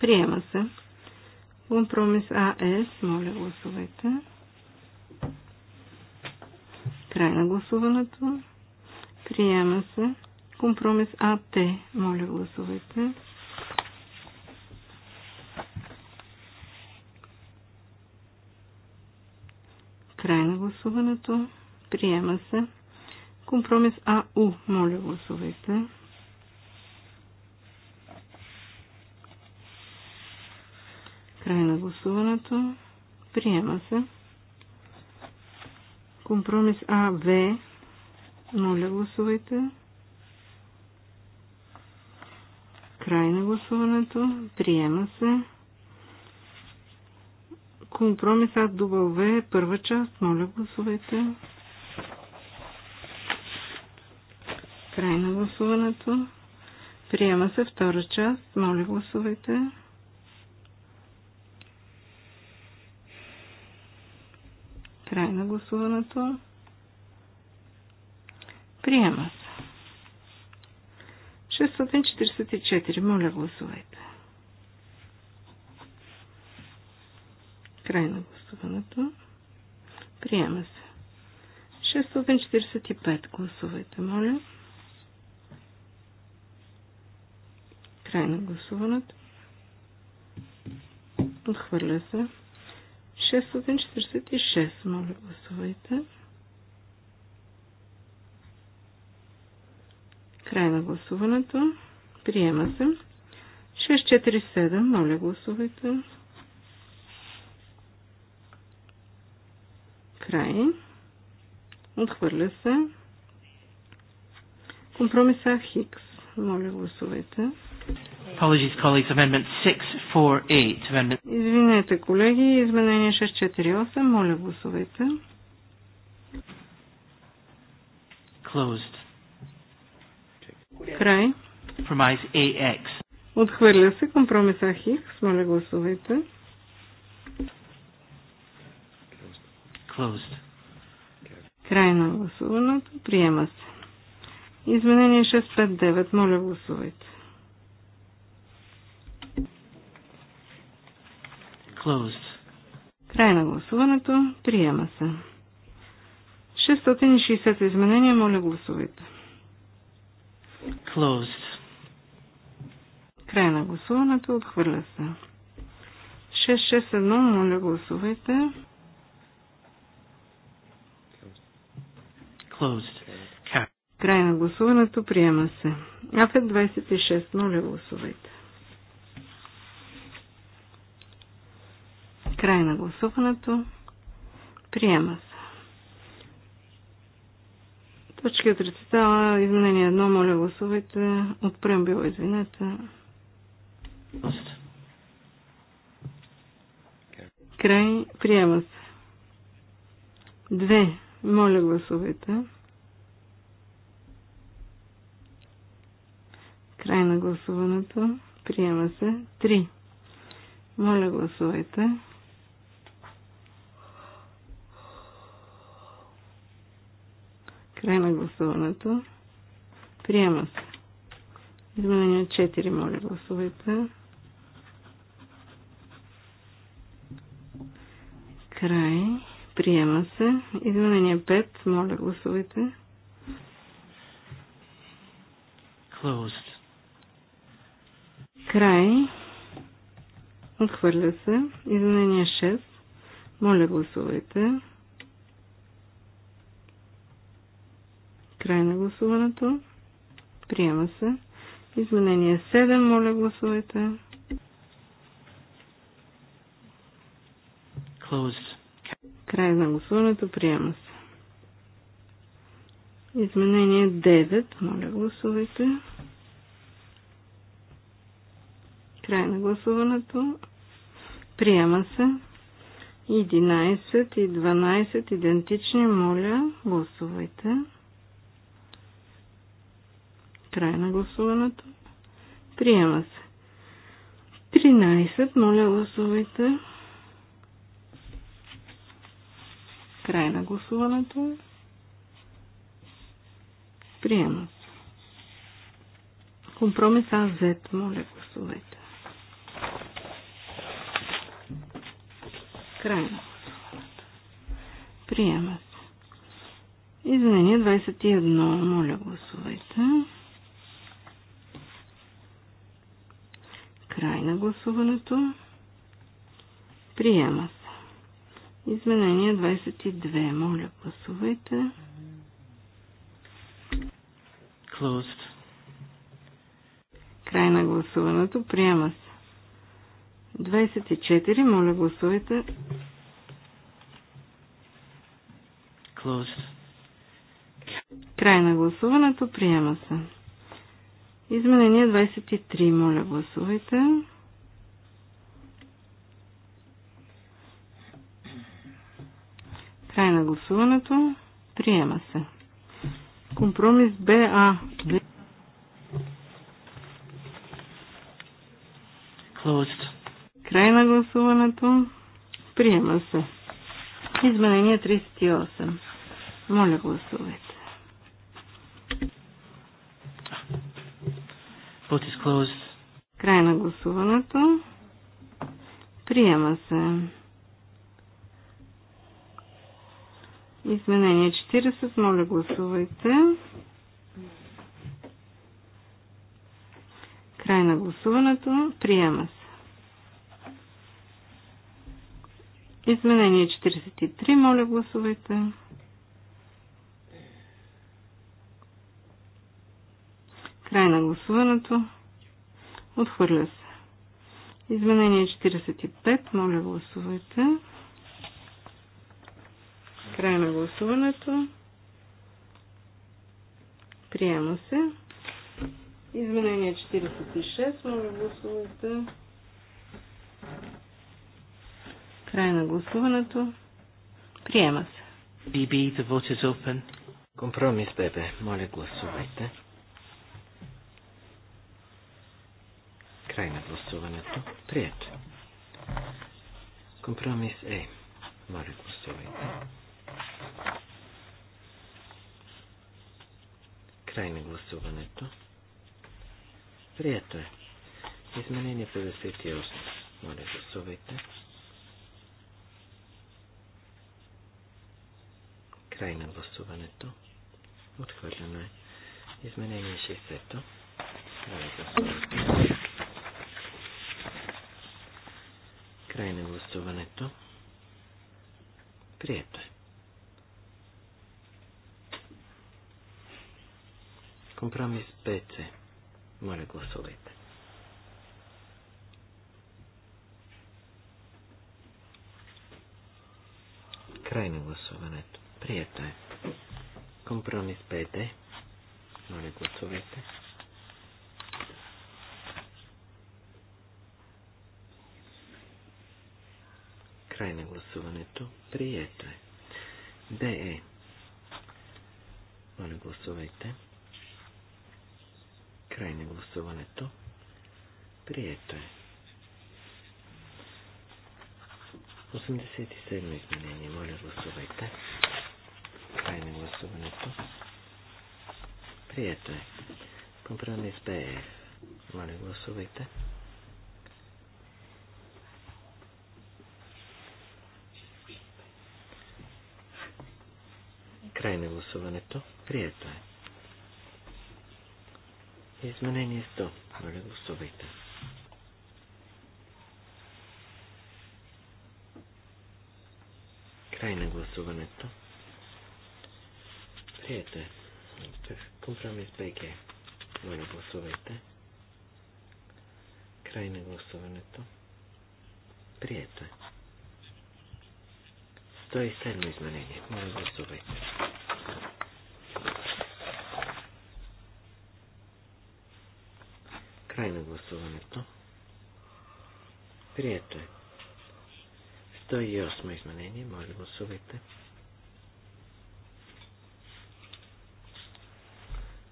Приема се. Компромис АС. Моля, гласувайте. Край на гласуването. Приема се. Компромис АТ. Моля, гласувайте. Край на гласуването. Приема се. Компромис АУ. Моля, гласувайте. Край на гласуването. Приема се. Компромис АВ. нуля гласувайте. Край на гласуването. Приема се. Компромис В. Първа част. Моля, гласувайте. Край на гласуването. Приема се втора част. Моля, гласувайте. Край на гласуването. Приема се. 644. Моля, гласувайте. Край на гласуването. Приема се. 645. Гласувайте, моля. Край на гласуването. Отхвърля се. 646. Моля, гласувайте. Край на гласуването. Приема се. 647. Моля, гласувайте. Край. Отхвърля се. Компромиса Хикс. Моля, гласувайте. Apologies, colleagues. Amendment 648. Amendment... Извинете, колеги. Изменение 648. Моля, гласувайте. Closed. Край. Compromise AX. Отхвърля се компромис АХИХ. Моля, гласувайте. Closed. Край на гласуването. Приема се. Изменение 659. Моля, гласувайте. closed. Край на гласуването. Приема се. 660 изменения. Моля гласувайте. Closed. Край на гласуването. Отхвърля се. 661. Моля гласувайте. Closed. Край на гласуването. Приема се. Афет 26. Моля гласувайте. Край на гласуването. Приема се. Точка рецитала. изменение едно моля гласувайте. От преамбил, извинете. Край, приема се. Две. моля гласувайте. Край на гласуването. Приема се. Три. Моля гласувайте. Край на гласуването. Приема се. Изменение 4, моля, гласувайте. Край. Приема се. Изменение 5, моля, гласувайте. Closed. Край. Отхвърля се. Изменение 6. Моля, гласувайте. Край на гласуването. Приема се. Изменение 7. Моля гласувайте. Closed. Край на гласуването. Приема се. Изменение 9. Моля гласувайте. Край на гласуването. Приема се. 11 и 12 идентични. Моля, гласувайте. Край на гласуването. Приема се. 13. Моля гласувайте. Край на гласуването. Приема се. Компромис АЗ. Моля гласувайте. Край на гласуването. Приема се. Изменение 21. Моля гласувайте. Край на гласуването. Приема се. Изменение 22. Моля, гласувайте. Closed. Край на гласуването. Приема се. 24. Моля, гласувайте. Closed. Край на гласуването. Приема се. Изменение 23, моля гласувайте. Край на гласуването. Приема се. Компромис БА. Closed. Край на гласуването. Приема се. Изменение 38. Моля гласувайте. Vote is closed. Край на гласуването. Приема се. Изменение 40. Моля гласувайте. Край на гласуването. Приема се. Изменение 43. Моля гласувайте. Край на гласуването. Отхвърля се. Изменение 45. Моля гласувайте. Край на гласуването. Приема се. Изменение 46. Моля гласувайте. Край на гласуването. Приема се. BB, the vote is open. Компромис, бебе. Моля гласувайте. Край на гласуването. Прието. Компромис Е. Моля, гласувайте. Край на гласуването. Прието е. Изменение 58. Моля, гласувайте. Край на гласуването. Отхвърлено е. Изменение 60. Моля, гласувайте. Край на гласуването. Прието е. Компромис 5. се. Моля, гласувайте. Край на гласуването. Прието е. Компромис 5. Е. Моля, гласувайте. Край на гласуването. Прието е. ДЕ. Е? Моля, гласувайте. Край на гласуването. Прието е. 87 изменение. Моля, гласувайте. Край на гласуването. Прието е. Компромис БЕ. Моля, гласувайте. Край на гласуването. Прието е. Изменение 100. Моля, гласувайте. Край на гласуването. Прието е. Компромис БГ. Моля, гласувайте. Край на гласуването. Прието е. 107 изменение. Моля, гласувайте. Край на гласуването. Прието е. 108 изменение. Моля, гласувайте.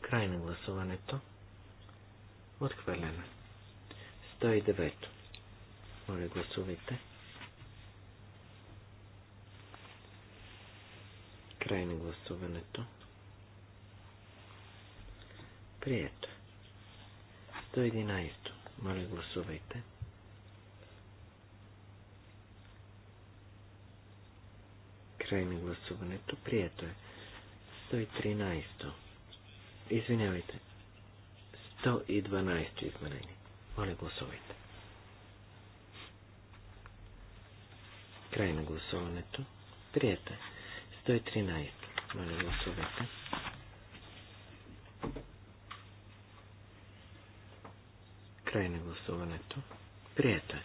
Край на гласуването. Отхвърлено. 109. Моля, гласувайте. Край на гласуването. Прието. 111. Моля, гласувайте. Край на гласуването. Прието е. 113. Извинявайте. 112 изменение. Моля, гласувайте. Край на гласуването. Прието е. 113. Моля, гласувайте. Край на гласуването. Прието е.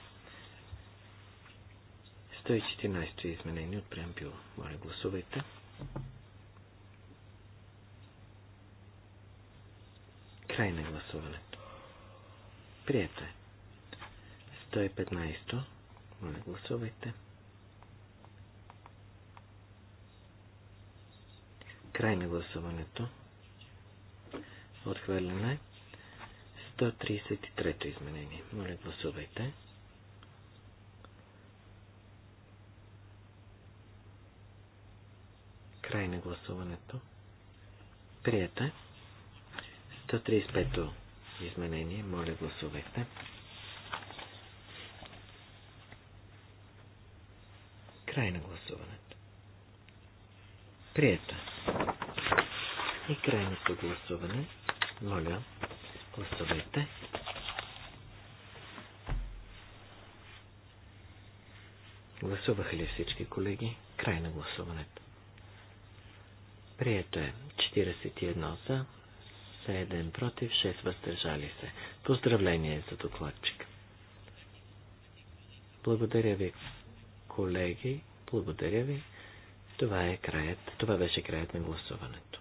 114 изменение от преамбюла. Моля, гласувайте. Край на гласуването. Прието е. 115. Моля, гласувайте. Край на гласуването. Отхвърляме. 133-то изменение. Моля, гласувайте. Край на гласуването. Приета. 135-то е. изменение. Моля, гласувайте. Край на гласуването. Прията. Е. И крайното гласуване. Моля, гласувайте. Гласуваха ли всички колеги? Край на гласуването. Прието е 41 за, 7 против, 6 въздържали се. Поздравление за докладчик. Благодаря ви, колеги. Благодаря ви. Това е краят. Това беше краят на гласуването.